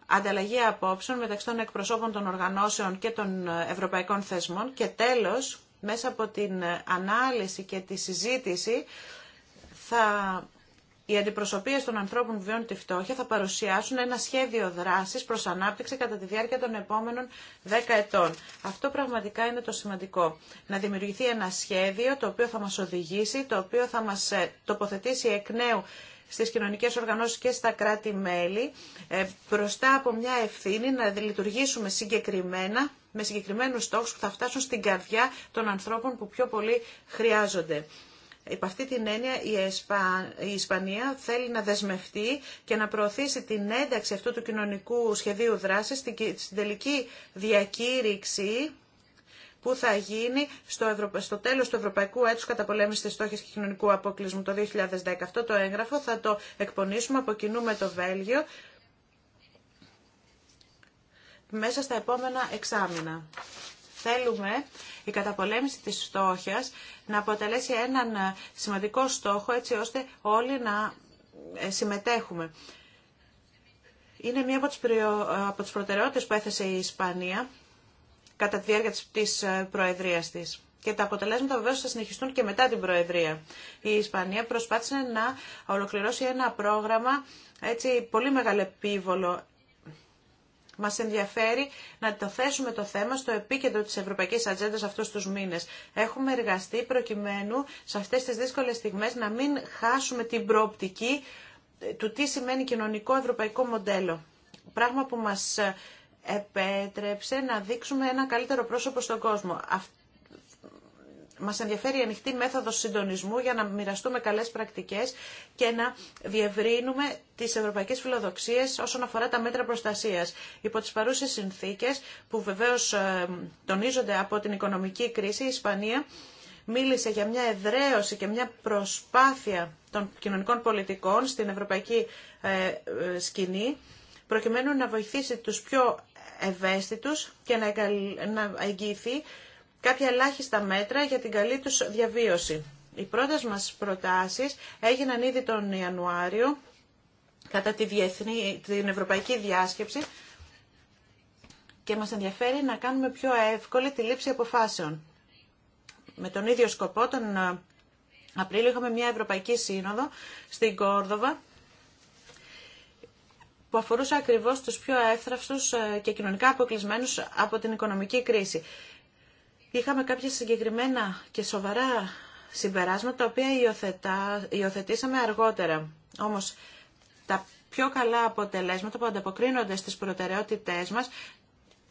ανταλλαγή απόψεων μεταξύ των εκπροσώπων των οργανώσεων και των ευρωπαϊκών θεσμών και τέλος, μέσα από την ανάλυση και τη συζήτηση, θα... Οι αντιπροσωπείες των ανθρώπων που βιώνουν τη φτώχεια θα παρουσιάσουν ένα σχέδιο δράσης προς ανάπτυξη κατά τη διάρκεια των επόμενων δέκα ετών. Αυτό πραγματικά είναι το σημαντικό. Να δημιουργηθεί ένα σχέδιο το οποίο θα μας οδηγήσει, το οποίο θα μας ε, τοποθετήσει εκ νέου στις κοινωνικές οργανώσεις και στα κράτη-μέλη ε, μπροστά από μια ευθύνη να λειτουργήσουμε συγκεκριμένα με συγκεκριμένους στόχου που θα φτάσουν στην καρδιά των ανθρώπων που πιο πολύ χρειάζονται. Υπ' αυτή την έννοια η, η Ισπανία θέλει να δεσμευτεί και να προωθήσει την ένταξη αυτού του κοινωνικού σχεδίου δράσης στην τελική διακήρυξη που θα γίνει στο, Ευρω... στο τέλος του Ευρωπαϊκού Έτου Καταπολέμησης της Στόχης και Κοινωνικού Αποκλεισμού το 2010. Αυτό το έγγραφο θα το εκπονήσουμε από κοινού με το Βέλγιο μέσα στα επόμενα εξάμηνα. Θέλουμε η καταπολέμηση της στόχιας να αποτελέσει έναν ε, σημαντικό στόχο έτσι ώστε όλοι να ε, συμμετέχουμε. Είναι μία από τις προτεραιότητες που έθεσε η Ισπανία κατά τη διάρκεια της ε, προεδρίας της. Και τα αποτελέσματα βεβαίω θα συνεχιστούν και μετά την Προεδρία. Η Ισπανία προσπάθησε να ολοκληρώσει ένα πρόγραμμα έτσι, πολύ μεγάλο επίβολο. Μας ενδιαφέρει να το θέσουμε το θέμα στο επίκεντρο της Ευρωπαϊκής Ατζέντας αυτούς τους μήνες. Έχουμε εργαστεί προκειμένου σε αυτές τις δύσκολες στιγμές να μην χάσουμε την προοπτική ε, του τι σημαίνει κοινωνικό ευρωπαϊκό μοντέλο. Πράγμα που μας ε, επέτρεψε να δείξουμε ένα καλύτερο πρόσωπο στον κόσμο. Μας ενδιαφέρει η ανοιχτή μέθοδος συντονισμού για να μοιραστούμε καλές πρακτικές και να διευρύνουμε τις ευρωπαϊκές φιλοδοξίες όσον αφορά τα μέτρα προστασίας. Υπό τις παρούσες συνθήκες που βεβαίως ε, τονίζονται από την οικονομική κρίση, η Ισπανία μίλησε για μια εδραίωση και μια προσπάθεια των κοινωνικών πολιτικών στην ευρωπαϊκή ε, ε, σκηνή προκειμένου να βοηθήσει τους πιο ευαίσθητους και να εγγυηθεί κάποια ελάχιστα μέτρα για την καλή τους διαβίωση. Οι πρώτες μας προτάσεις έγιναν ήδη τον Ιανουάριο κατά τη διεθνή, την Ευρωπαϊκή Διάσκεψη και μας ενδιαφέρει να κάνουμε πιο εύκολη τη λήψη αποφάσεων. Με τον ίδιο σκοπό τον ε, Απρίλιο είχαμε μια Ευρωπαϊκή Σύνοδο στην Κόρδοβα που αφορούσε ακριβώ του πιο εύθραυστου ε, και κοινωνικά αποκλεισμένους από την οικονομική κρίση. Είχαμε κάποια συγκεκριμένα και σοβαρά συμπεράσματα, τα οποία υιοθετά, υιοθετήσαμε αργότερα. Όμω, τα πιο καλά αποτελέσματα που ανταποκρίνονται στις προτεραιότητές μας,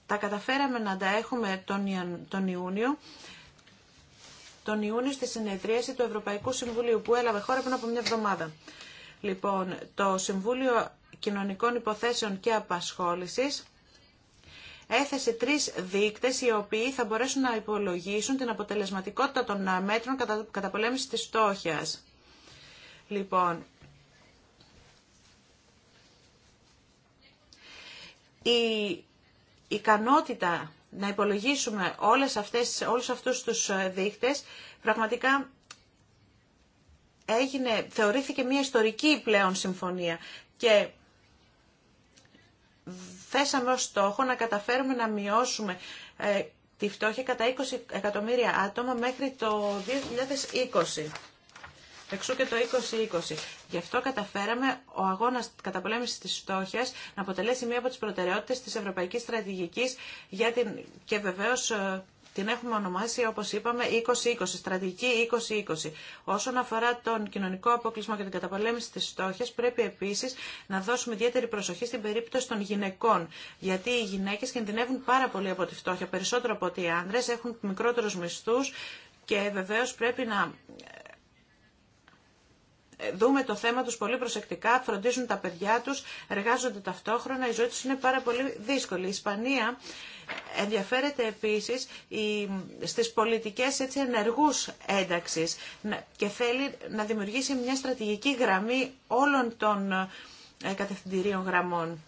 τα καταφέραμε να τα έχουμε τον Ιούνιο, τον Ιούνιο στη συνεδρίαση του Ευρωπαϊκού Συμβουλίου που έλαβε χώρα πριν από μια εβδομάδα. Λοιπόν, το Συμβούλιο Κοινωνικών Υποθέσεων και Απασχόλησης έθεσε τρεις δείκτες οι οποίοι θα μπορέσουν να υπολογίσουν την αποτελεσματικότητα των μέτρων κατά, καταπολέμησης της στόχιας. Λοιπόν, η ικανότητα να υπολογίσουμε όλες αυτές, όλους αυτούς τους δείκτες πραγματικά έγινε, θεωρήθηκε μια ιστορική πλέον συμφωνία και θέσαμε ως στόχο να καταφέρουμε να μειώσουμε ε, τη φτώχεια κατά 20 εκατομμύρια άτομα μέχρι το 2020. Εξού και το 2020. Γι' αυτό καταφέραμε ο αγώνας καταπολέμησης της φτώχειας να αποτελέσει μία από τις προτεραιότητες της ευρωπαϊκής στρατηγικής για την... και βεβαίως ε, την έχουμε ονομάσει, όπως είπαμε, 2020, στρατηγική 2020. Όσον αφορά τον κοινωνικό αποκλεισμό και την καταπολέμηση τη φτώχεια, πρέπει επίσης να δώσουμε ιδιαίτερη προσοχή στην περίπτωση των γυναικών. Γιατί οι γυναίκες κινδυνεύουν πάρα πολύ από τη φτώχεια, περισσότερο από ότι οι άνδρες έχουν μικρότερου μισθού και βεβαίω πρέπει να δούμε το θέμα τους πολύ προσεκτικά, φροντίζουν τα παιδιά τους, εργάζονται ταυτόχρονα, η ζωή τους είναι πάρα πολύ δύσκολη. Η Ισπανία ενδιαφέρεται επίσης η, στις πολιτικές έτσι, ενεργούς ένταξης και θέλει να δημιουργήσει μια στρατηγική γραμμή όλων των ε, κατευθυντηρίων γραμμών.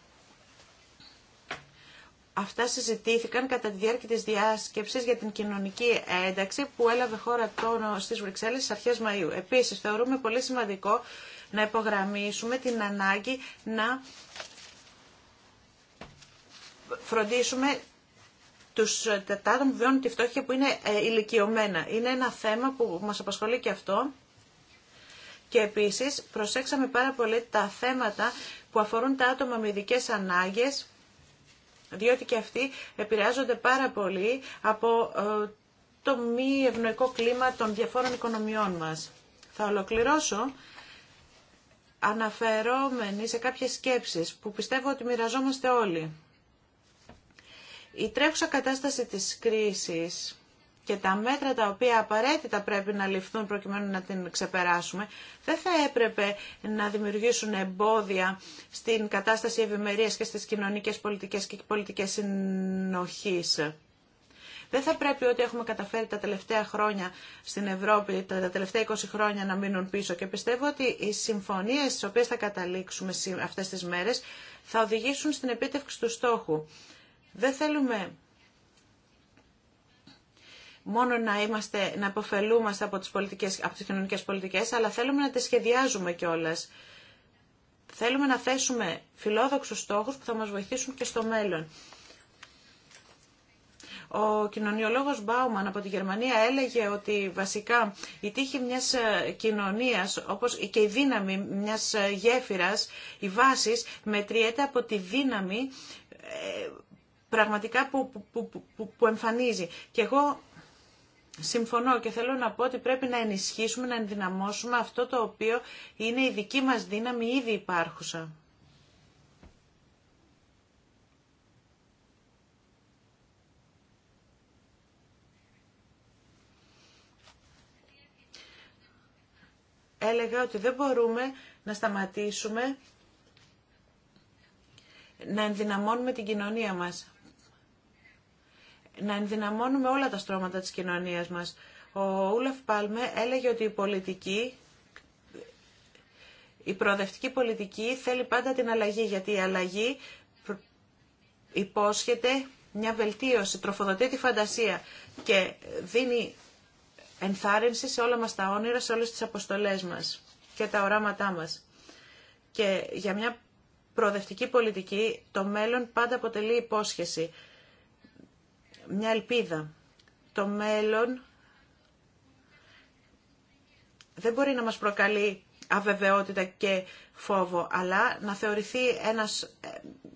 Αυτά συζητήθηκαν κατά τη διάρκεια της διάσκεψης για την κοινωνική ένταξη που έλαβε χώρα τόνο στις Βρυξέλλες στις αρχές Μαΐου. Επίσης, θεωρούμε πολύ σημαντικό να υπογραμμίσουμε την ανάγκη να φροντίσουμε τους άτομα που βιώνουν τη φτώχεια που είναι ε, ηλικιωμένα. Είναι ένα θέμα που μας απασχολεί και αυτό. Και επίσης προσέξαμε πάρα πολύ τα θέματα που αφορούν τα άτομα με ειδικές ανάγκες διότι και αυτοί επηρεάζονται πάρα πολύ από ε, το μη ευνοϊκό κλίμα των διαφόρων οικονομιών μας. Θα ολοκληρώσω αναφερόμενοι σε κάποιες σκέψεις που πιστεύω ότι μοιραζόμαστε όλοι. Η τρέχουσα κατάσταση της κρίσης και τα μέτρα τα οποία απαραίτητα πρέπει να ληφθούν προκειμένου να την ξεπεράσουμε, δεν θα έπρεπε να δημιουργήσουν εμπόδια στην κατάσταση ευημερίας και στις κοινωνικές πολιτικές και πολιτικές συνοχής. Δεν θα πρέπει ό,τι έχουμε καταφέρει τα τελευταία χρόνια στην Ευρώπη, τα τελευταία 20 χρόνια να μείνουν πίσω και πιστεύω ότι οι συμφωνίες στις οποίες θα καταλήξουμε αυτές τις μέρες θα οδηγήσουν στην επίτευξη του στόχου. Δεν θέλουμε μόνο να, είμαστε, να υποφελούμαστε από τις, πολιτικές, από τις κοινωνικές πολιτικές, αλλά θέλουμε να τις σχεδιάζουμε κιόλα. Θέλουμε να θέσουμε φιλόδοξους στόχους που θα μας βοηθήσουν και στο μέλλον. Ο κοινωνιολόγος Μπάουμαν από τη Γερμανία έλεγε ότι βασικά η τύχη μιας ε, κοινωνίας όπως και η δύναμη μιας ε, γέφυρας, η βάση μετριέται από τη δύναμη ε, πραγματικά που, που, που, που εμφανίζει. Και εγώ Συμφωνώ και θέλω να πω ότι πρέπει να ενισχύσουμε, να ενδυναμώσουμε αυτό το οποίο είναι η δική μας δύναμη ήδη υπάρχουσα. Έλεγα ότι δεν μπορούμε να σταματήσουμε να ενδυναμώνουμε την κοινωνία μας να ενδυναμώνουμε όλα τα στρώματα της κοινωνίας μας. Ο Ούλαφ Πάλμε έλεγε ότι η πολιτική, η προοδευτική πολιτική θέλει πάντα την αλλαγή, γιατί η αλλαγή υπόσχεται μια βελτίωση, τροφοδοτεί τη φαντασία και δίνει ενθάρρυνση σε όλα μας τα όνειρα, σε όλες τις αποστολές μας και τα οράματά μας. Και για μια προοδευτική πολιτική το μέλλον πάντα αποτελεί υπόσχεση μια ελπίδα. Το μέλλον δεν μπορεί να μας προκαλεί αβεβαιότητα και φόβο, αλλά να θεωρηθεί ένας, ε,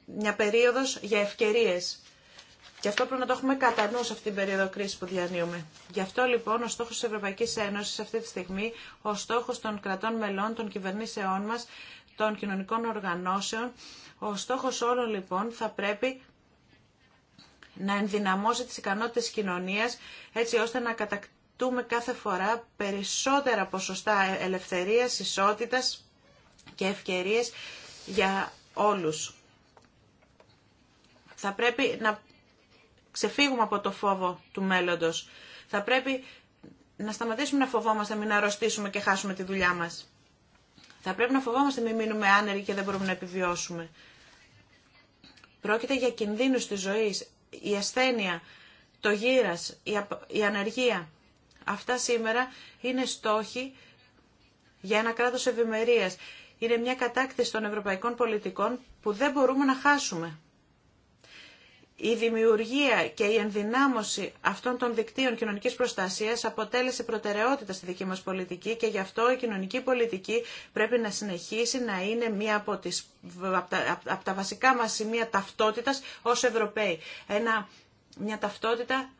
μια περίοδος για ευκαιρίες. Και αυτό πρέπει να το έχουμε κατά νου σε αυτήν την περίοδο κρίση που διανύουμε. Γι' αυτό λοιπόν ο στόχο τη Ευρωπαϊκή Ένωση αυτή τη στιγμή, ο στόχο των κρατών μελών, των κυβερνήσεών μα, των κοινωνικών οργανώσεων, ο στόχο όλων λοιπόν θα πρέπει να ενδυναμώσει τις ικανότητες της κοινωνίας έτσι ώστε να κατακτούμε κάθε φορά περισσότερα ποσοστά ε, ελευθερίας, ισότητας και ευκαιρίες για όλους. Θα πρέπει να ξεφύγουμε από το φόβο του μέλλοντος. Θα πρέπει να σταματήσουμε να φοβόμαστε, μην αρρωστήσουμε και χάσουμε τη δουλειά μας. Θα πρέπει να φοβόμαστε μην μείνουμε άνεργοι και δεν μπορούμε να επιβιώσουμε. Πρόκειται για κινδύνους της ζωής η ασθένεια, το γύρας, η ανεργία. Αυτά σήμερα είναι στόχοι για ένα κράτος ευημερίας. Είναι μια κατάκτηση των ευρωπαϊκών πολιτικών που δεν μπορούμε να χάσουμε. Η δημιουργία και η ενδυνάμωση αυτών των δικτύων κοινωνικής προστασίας αποτέλεσε προτεραιότητα στη δική μας πολιτική και γι' αυτό η κοινωνική πολιτική πρέπει να συνεχίσει να είναι μία από, τις, από, τα, από τα βασικά μας σημεία ταυτότητας ως Ευρωπαίοι. Ένα, μια ταυτότητα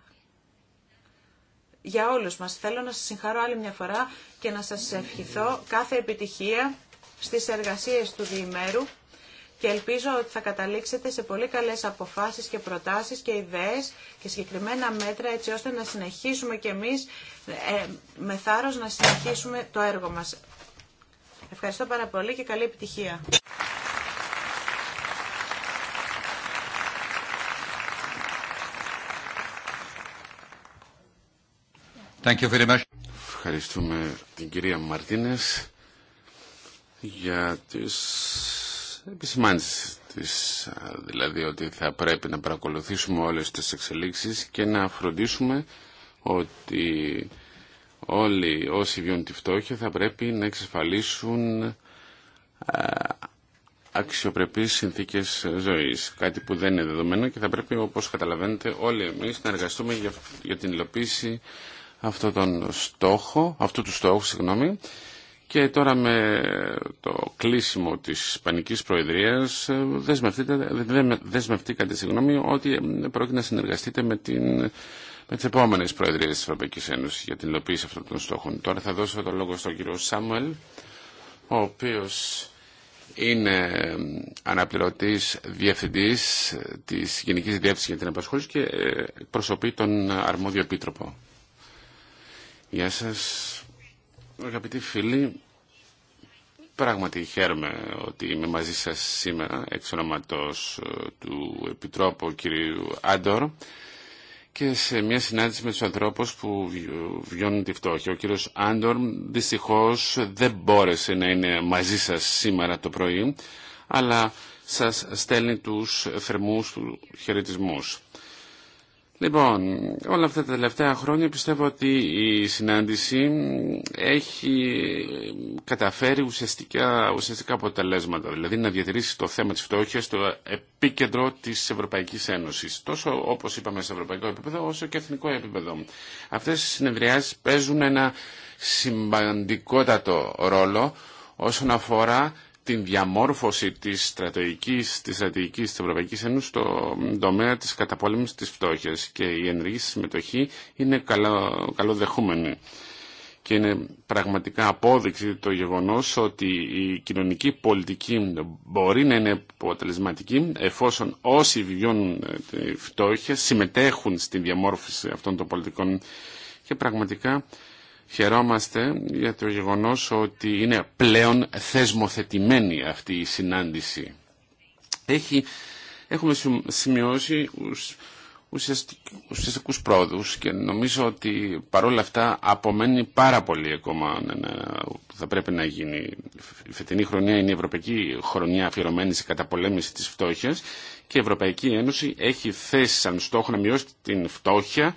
για όλους μας. Θέλω να σας συγχαρώ άλλη μια φορά και να σας ευχηθώ κάθε επιτυχία στις εργασίες του διημέρου και ελπίζω ότι θα καταλήξετε σε πολύ καλές αποφάσεις και προτάσεις και ιδέες και συγκεκριμένα μέτρα έτσι ώστε να συνεχίσουμε και εμείς ε, με θάρρος να συνεχίσουμε το έργο μας. Ευχαριστώ πάρα πολύ και καλή επιτυχία. Thank you very Ευχαριστούμε την κυρία Μαρτίνες για τις επισημάνεις της, δηλαδή ότι θα πρέπει να παρακολουθήσουμε όλες τις εξελίξεις και να φροντίσουμε ότι όλοι όσοι βιώνουν τη φτώχεια θα πρέπει να εξασφαλίσουν αξιοπρεπείς συνθήκες ζωής. Κάτι που δεν είναι δεδομένο και θα πρέπει όπως καταλαβαίνετε όλοι εμείς να εργαστούμε για, την υλοποίηση αυτού, στόχο, αυτού του στόχου συγγνώμη, και τώρα με το κλείσιμο της Ισπανικής Προεδρίας ε, δεσμευτήκατε συγγνώμη, ότι ε, πρόκειται να συνεργαστείτε με, την, με τις επόμενες Προεδρίες της Ευρωπαϊκής Ένωσης για την υλοποίηση αυτών των στόχων. Τώρα θα δώσω το λόγο στον κύριο Σάμουελ, ο οποίος είναι ε, αναπληρωτής διευθυντής της Γενικής Διεύθυνσης για την Απασχόληση και προσωπεί τον αρμόδιο επίτροπο. Γεια σας. Αγαπητοί φίλοι, πράγματι χαίρομαι ότι είμαι μαζί σας σήμερα εξ ονοματός ε, του Επιτρόπου κ. Άντορ και σε μια συνάντηση με τους ανθρώπους που βιώνουν τη φτώχεια. Ο κύριος Άντορ δυστυχώς δεν μπόρεσε να είναι μαζί σας σήμερα το πρωί, αλλά σας στέλνει τους θερμούς του χαιρετισμούς. Λοιπόν, όλα αυτά τα τελευταία χρόνια πιστεύω ότι η συνάντηση έχει καταφέρει ουσιαστικά, ουσιαστικά αποτελέσματα, δηλαδή να διατηρήσει το θέμα της φτώχειας στο επίκεντρο της Ευρωπαϊκής Ένωσης, τόσο όπως είπαμε σε ευρωπαϊκό επίπεδο όσο και εθνικό επίπεδο. Αυτές οι συνεδριάσεις παίζουν ένα σημαντικότατο ρόλο όσον αφορά την διαμόρφωση της στρατηγικής της, στρατηγικής της Ευρωπαϊκής Ένωσης στον τομέα της καταπόλεμης της φτώχειας και η ενεργή συμμετοχή είναι καλό, καλοδεχούμενη. Και είναι πραγματικά απόδειξη το γεγονός ότι η κοινωνική πολιτική μπορεί να είναι αποτελεσματική εφόσον όσοι βιώνουν ε, τη φτώχεια συμμετέχουν στην διαμόρφωση αυτών των πολιτικών και πραγματικά Χαιρόμαστε για το γεγονός ότι είναι πλέον θεσμοθετημένη αυτή η συνάντηση. Έχει, έχουμε σημειώσει ουσιαστικούς πρόδους... και νομίζω ότι παρόλα αυτά απομένει πάρα πολύ ακόμα που θα πρέπει να γίνει. Η φετινή χρονιά είναι η Ευρωπαϊκή Χρονιά αφιερωμένη σε καταπολέμηση της φτώχειας και η Ευρωπαϊκή Ένωση έχει θέσει σαν στόχο να μειώσει την φτώχεια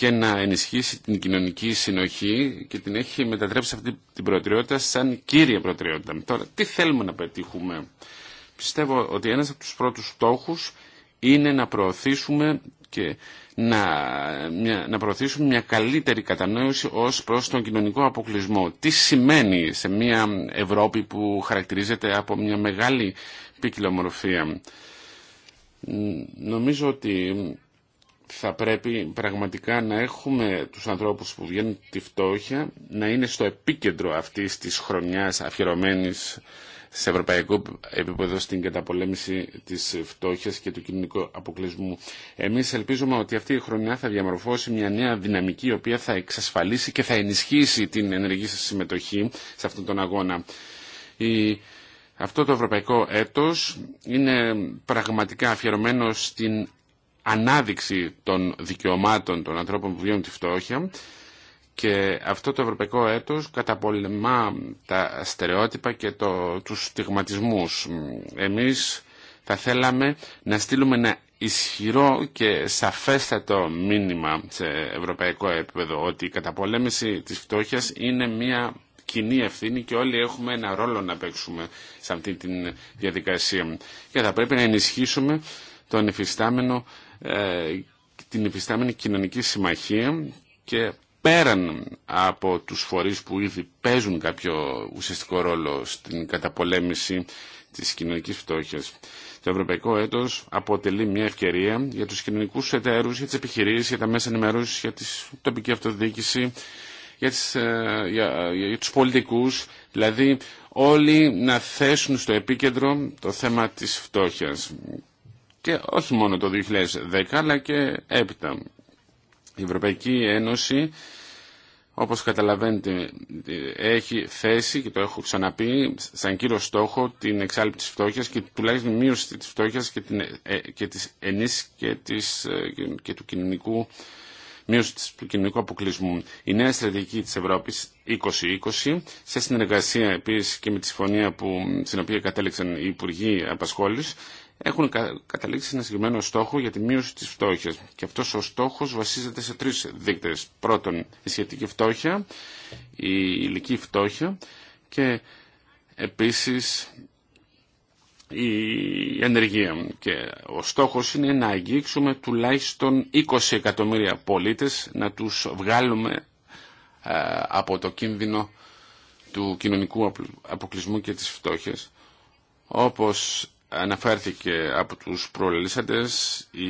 και να ενισχύσει την κοινωνική συνοχή και την έχει μετατρέψει αυτή την προτεραιότητα σαν κύρια προτεραιότητα. Τώρα, τι θέλουμε να πετύχουμε. Πιστεύω ότι ένας από τους πρώτους στόχους είναι να προωθήσουμε και να, μια, να προωθήσουμε μια καλύτερη κατανόηση ως προς τον κοινωνικό αποκλεισμό. Τι σημαίνει σε μια Ευρώπη που χαρακτηρίζεται από μια μεγάλη ποικιλομορφία. Νομίζω ότι θα πρέπει πραγματικά να έχουμε τους ανθρώπους που βγαίνουν τη φτώχεια να είναι στο επίκεντρο αυτής της χρονιάς αφιερωμένης σε ευρωπαϊκό επίπεδο στην καταπολέμηση της φτώχειας και του κοινωνικού αποκλεισμού. Εμείς ελπίζουμε ότι αυτή η χρονιά θα διαμορφώσει μια νέα δυναμική η οποία θα εξασφαλίσει και θα ενισχύσει την ενεργή συμμετοχή σε αυτόν τον αγώνα. Αυτό το ευρωπαϊκό έτος είναι πραγματικά αφιερωμένο στην ανάδειξη των δικαιωμάτων των ανθρώπων που βιώνουν τη φτώχεια και αυτό το ευρωπαϊκό έτος καταπολεμά τα στερεότυπα και το, τους στιγματισμούς. Εμείς θα θέλαμε να στείλουμε ένα ισχυρό και σαφέστατο μήνυμα σε ευρωπαϊκό επίπεδο ότι η καταπολέμηση της φτώχειας είναι μια κοινή ευθύνη και όλοι έχουμε ένα ρόλο να παίξουμε σε αυτή τη διαδικασία. Και θα πρέπει να ενισχύσουμε τον εφιστάμενο ε, την υφιστάμενη κοινωνική συμμαχία και πέραν από τους φορείς που ήδη παίζουν κάποιο ουσιαστικό ρόλο στην καταπολέμηση της κοινωνικής φτώχειας. Το ευρωπαϊκό έτος αποτελεί μια ευκαιρία για τους κοινωνικούς εταίρους, για τις επιχειρήσεις, για τα μέσα ενημέρωση, για την τοπική αυτοδιοίκηση, για, τις, ε, για, τους πολιτικούς, δηλαδή όλοι να θέσουν στο επίκεντρο το θέμα της φτώχειας και όχι μόνο το 2010 αλλά και έπειτα. Η Ευρωπαϊκή Ένωση όπως καταλαβαίνετε έχει θέσει, και το έχω ξαναπεί σαν κύριο στόχο την εξάλληψη της φτώχειας και τουλάχιστον μείωση της φτώχειας και, την, ε, και της ενίσχυσης και, της, ε, και του κοινωνικού μείωση του κοινωνικού αποκλεισμού. Η νέα στρατηγική της Ευρώπης 2020, σε συνεργασία επίσης και με τη συμφωνία που, στην οποία κατέληξαν οι Υπουργοί Απασχόλης, έχουν καταλήξει σε ένα συγκεκριμένο στόχο για τη μείωση της φτώχειας. Και αυτός ο στόχος βασίζεται σε τρεις δείκτες. Πρώτον, η σχετική φτώχεια, η ηλική φτώχεια και επίσης η ενεργεία. Και ο στόχος είναι να αγγίξουμε τουλάχιστον 20 εκατομμύρια πολίτες, να τους βγάλουμε ε, από το κίνδυνο του κοινωνικού αποκλεισμού και της φτώχειας. Όπως αναφέρθηκε από τους προλήσαντες η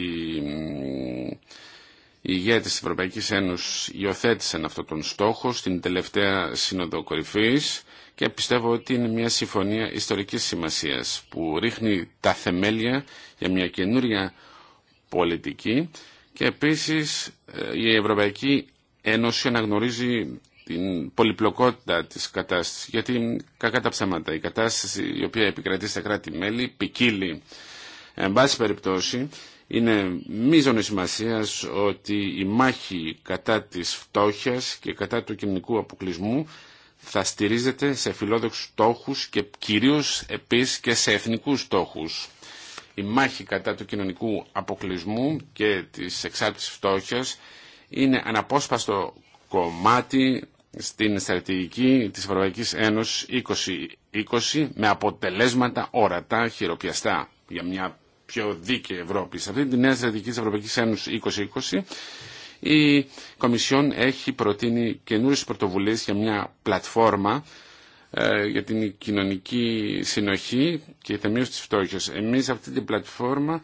η ηγέτες της Ευρωπαϊκής Ένωσης υιοθέτησαν αυτόν τον στόχο στην τελευταία Σύνοδο Κορυφής και πιστεύω ότι είναι μια συμφωνία ιστορικής σημασίας που ρίχνει τα θεμέλια για μια καινούρια πολιτική και επίσης ε, η Ευρωπαϊκή Ένωση αναγνωρίζει την πολυπλοκότητα της κατάστασης, γιατί κακά τα ψέματα, η κατάσταση η οποία επικρατεί στα κράτη-μέλη ποικίλει. Εν πάση περιπτώσει, είναι μείζονη σημασία ότι η μάχη κατά της φτώχειας και κατά του κοινωνικού αποκλεισμού θα στηρίζεται σε φιλόδοξους στόχους και κυρίως επίσης και σε εθνικούς στόχους. Η μάχη κατά του κοινωνικού αποκλεισμού και της εξάρτηση φτώχειας είναι αναπόσπαστο κομμάτι στην στρατηγική της Ευρωπαϊκής Ένωσης 2020 με αποτελέσματα ορατά, χειροπιαστά για μια πιο δίκαιη Ευρώπη. Σε αυτή τη νέα στρατηγική της Ευρωπαϊκής Ένωσης 2020 η Κομισιόν έχει προτείνει καινούριες πρωτοβουλίες για μια πλατφόρμα ε, για την κοινωνική συνοχή και η θεμείωση της φτώχειας. Εμείς αυτή την πλατφόρμα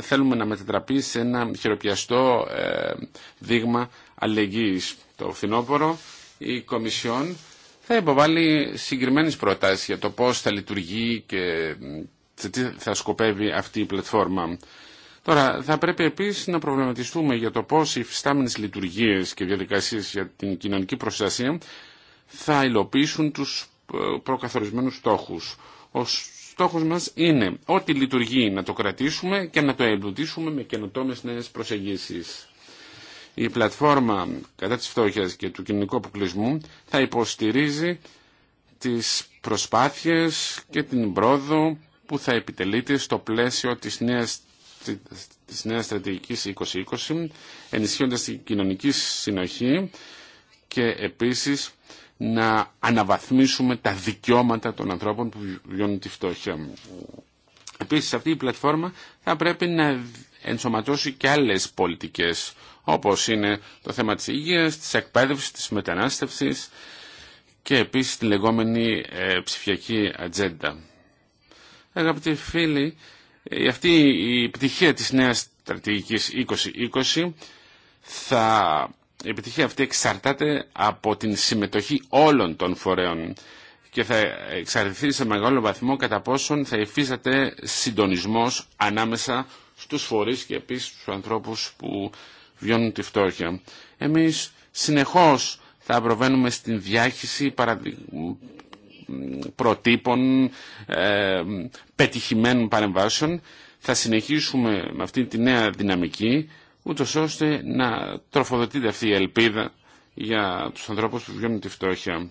θέλουμε να μετατραπεί σε ένα χειροπιαστό ε, δείγμα αλληλεγγύης το φθινόπωρο, η Κομισιόν θα υποβάλει συγκεκριμένες προτάσεις για το πώς θα λειτουργεί και τι θα σκοπεύει αυτή η πλατφόρμα. Τώρα, θα πρέπει επίσης να προβληματιστούμε για το πώς οι φυστάμενες λειτουργίες και διαδικασίες για την κοινωνική προστασία θα υλοποιήσουν τους ε, προκαθορισμένους στόχους. Ο στόχος μας είναι ό,τι λειτουργεί να το κρατήσουμε και να το εμπλουτίσουμε με καινοτόμες νέες προσεγγίσεις η πλατφόρμα κατά της φτώχειας και του κοινωνικού αποκλεισμού θα υποστηρίζει τις προσπάθειες και την πρόοδο που θα επιτελείται στο πλαίσιο της νέας, της νέας στρατηγικής 2020, ενισχύοντας την κοινωνική συνοχή και επίσης να αναβαθμίσουμε τα δικαιώματα των ανθρώπων που βιώνουν τη φτώχεια. Επίσης αυτή η πλατφόρμα θα πρέπει να ενσωματώσει και άλλες πολιτικές όπως είναι το θέμα της υγείας, της εκπαίδευσης, της μετανάστευσης και επίσης τη λεγόμενη ε, ψηφιακή ατζέντα. Αγαπητοί φίλοι, ε, αυτή η επιτυχία της νέας στρατηγικής 2020 θα... Η επιτυχία αυτή εξαρτάται από την συμμετοχή όλων των φορέων και θα εξαρτηθεί σε μεγάλο βαθμό κατά πόσον θα υφίσταται συντονισμός ανάμεσα στους φορείς και επίσης στους ανθρώπους που βιώνουν τη φτώχεια. Εμείς συνεχώς θα προβαίνουμε στην διάχυση προτύπων ε, πετυχημένων παρεμβάσεων. Θα συνεχίσουμε με αυτή τη νέα δυναμική, ούτως ώστε να τροφοδοτείται αυτή η ελπίδα για τους ανθρώπους που βιώνουν τη φτώχεια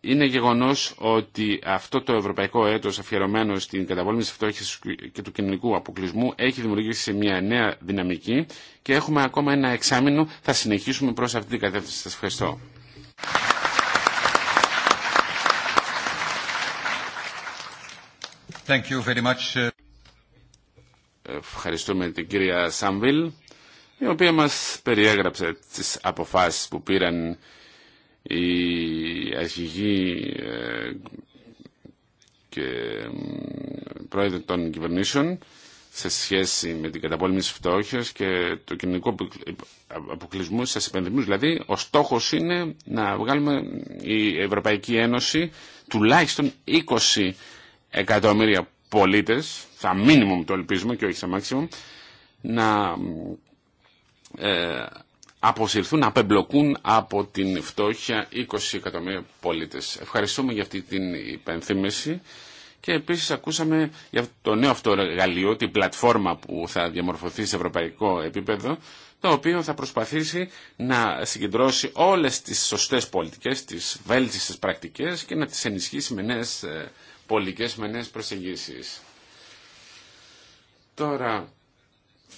είναι γεγονός ότι αυτό το ευρωπαϊκό έτος αφιερωμένο στην τη φτώχειας και του κοινωνικού αποκλεισμού έχει δημιουργήσει σε μια νέα δυναμική και έχουμε ακόμα ένα εξάμεινο. Θα συνεχίσουμε προς αυτή την κατεύθυνση. Σας ευχαριστώ. Thank you very much. Ευχαριστούμε την κυρία Σάμβιλ, η οποία μας περιέγραψε τις αποφάσεις που πήραν η ε, και πρόεδρο των κυβερνήσεων σε σχέση με την καταπόλεμη της φτώχειας και το κοινωνικό αποκλεισμό στις επενδυμίες. Δηλαδή, ο στόχος είναι να βγάλουμε η Ευρωπαϊκή Ένωση τουλάχιστον 20 εκατομμύρια πολίτες, θα μίνιμουμ το ελπίζουμε και όχι σαν μάξιμουμ να ε, αποσυρθούν, απεμπλοκούν από την φτώχεια 20 εκατομμύρια πολίτες. Ευχαριστούμε για αυτή την υπενθύμηση και επίσης ακούσαμε για το νέο αυτό εργαλείο, την πλατφόρμα που θα διαμορφωθεί σε ευρωπαϊκό επίπεδο, το οποίο θα προσπαθήσει να συγκεντρώσει όλες τις σωστές πολιτικές, τις βέλτιστες πρακτικές και να τις ενισχύσει με νέες ε, πολιτικές, με νέες προσεγγίσεις. Τώρα,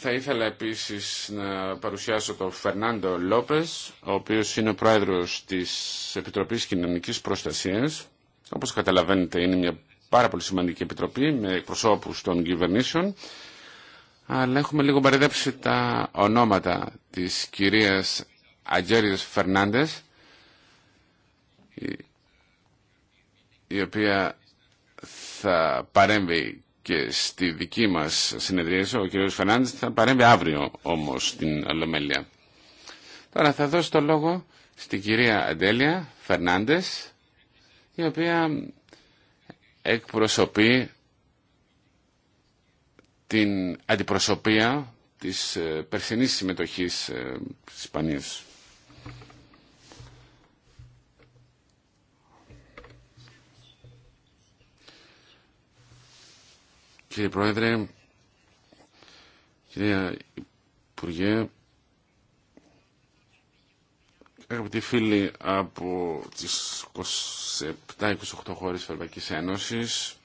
θα ήθελα επίσης να παρουσιάσω τον Φερνάντο Λόπες, ο οποίος είναι ο πρόεδρος της Επιτροπής Κοινωνικής Προστασίας. Όπως καταλαβαίνετε είναι μια πάρα πολύ σημαντική επιτροπή με εκπροσώπους των κυβερνήσεων. Αλλά έχουμε λίγο παρεδέψει τα ονόματα της κυρίας Αγγέριος Φερνάντες, η οποία θα παρέμβει και στη δική μας συνεδρία, ο κ. Φερνάντες θα παρέμβει αύριο όμως στην Ολομέλεια. Τώρα θα δώσω το λόγο στην κυρία Αντέλια Φερνάντες η οποία εκπροσωπεί την αντιπροσωπεία της ε, περσινής συμμετοχής ε, της Ισπανίας. Κύριε Πρόεδρε, κυρία Υπουργέ, αγαπητοί φίλοι από τις 27-28 χώρες της Ευρωπαϊκής Ένωσης,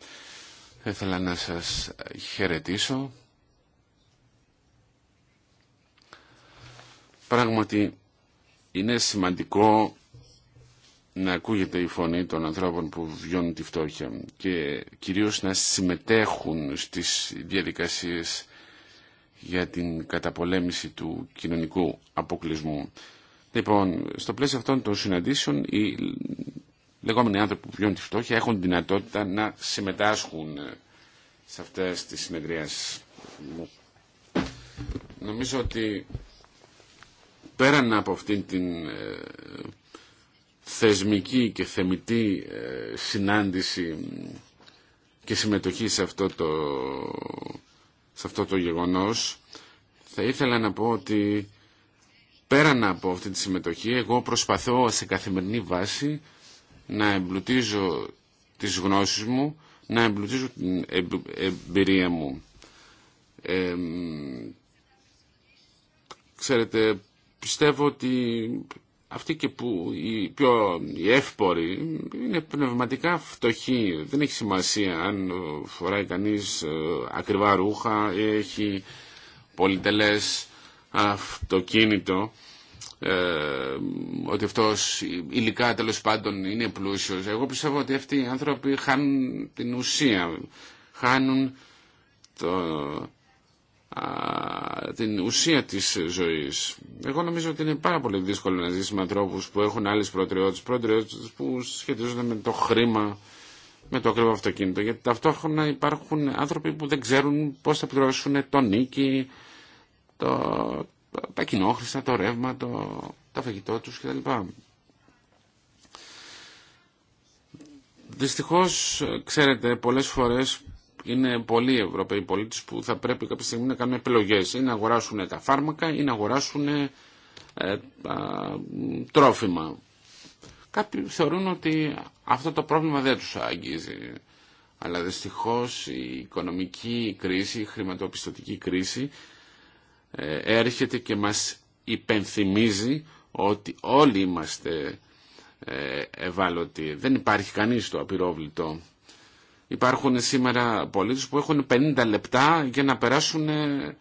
θα ήθελα να σας χαιρετήσω. Πράγματι, είναι σημαντικό να ακούγεται η φωνή των ανθρώπων που βιώνουν τη φτώχεια και κυρίως να συμμετέχουν στις διαδικασίες για την καταπολέμηση του κοινωνικού αποκλεισμού. Λοιπόν, στο πλαίσιο αυτών των συναντήσεων οι λεγόμενοι άνθρωποι που βιώνουν τη φτώχεια έχουν δυνατότητα να συμμετάσχουν σε αυτές τις συνεδριάσεις. Νομίζω ότι πέραν από αυτήν την ε, θεσμική και θεμητή ε, συνάντηση και συμμετοχή σε αυτό το, σε αυτό το γεγονός. Θα ήθελα να πω ότι πέραν από αυτή τη συμμετοχή εγώ προσπαθώ σε καθημερινή βάση να εμπλουτίζω τις γνώσεις μου, να εμπλουτίζω την εμπειρία μου. ξέρετε, πιστεύω ότι αυτοί και που οι πιο εύποροι είναι πνευματικά φτωχοί. Δεν έχει σημασία αν φοράει κανείς ε, ακριβά ρούχα ή έχει πολυτελές αυτοκίνητο ε, ότι αυτός υλικά τέλο πάντων είναι πλούσιος. Εγώ πιστεύω ότι αυτοί οι άνθρωποι χάνουν την ουσία, χάνουν το, την ουσία της ζωής. Εγώ νομίζω ότι είναι πάρα πολύ δύσκολο να ζήσει με ανθρώπους που έχουν άλλες προτεραιότητες, προτεραιότητες που σχετίζονται με το χρήμα, με το ακριβό αυτοκίνητο. Γιατί ταυτόχρονα υπάρχουν άνθρωποι που δεν ξέρουν πώς θα πληρώσουν το νίκη, το, τα κοινόχρηστα, το ρεύμα, το, τα φαγητό τους κτλ. Δυστυχώς, ξέρετε, πολλές φορές είναι πολλοί Ευρωπαίοι πολίτες που θα πρέπει κάποια στιγμή να κάνουν επιλογές ή να αγοράσουν τα φάρμακα ή να αγοράσουν ε, τρόφιμα. Κάποιοι θεωρούν ότι αυτό το πρόβλημα δεν τους αγγίζει. Αλλά δυστυχώς η οικονομική κρίση, η χρηματοπιστωτική κρίση ε, έρχεται και μας υπενθυμίζει ότι όλοι είμαστε ε, ευάλωτοι. Δεν υπάρχει κανείς το απειρόβλητο. Υπάρχουν σήμερα πολίτες που έχουν 50 λεπτά για να περάσουν ε,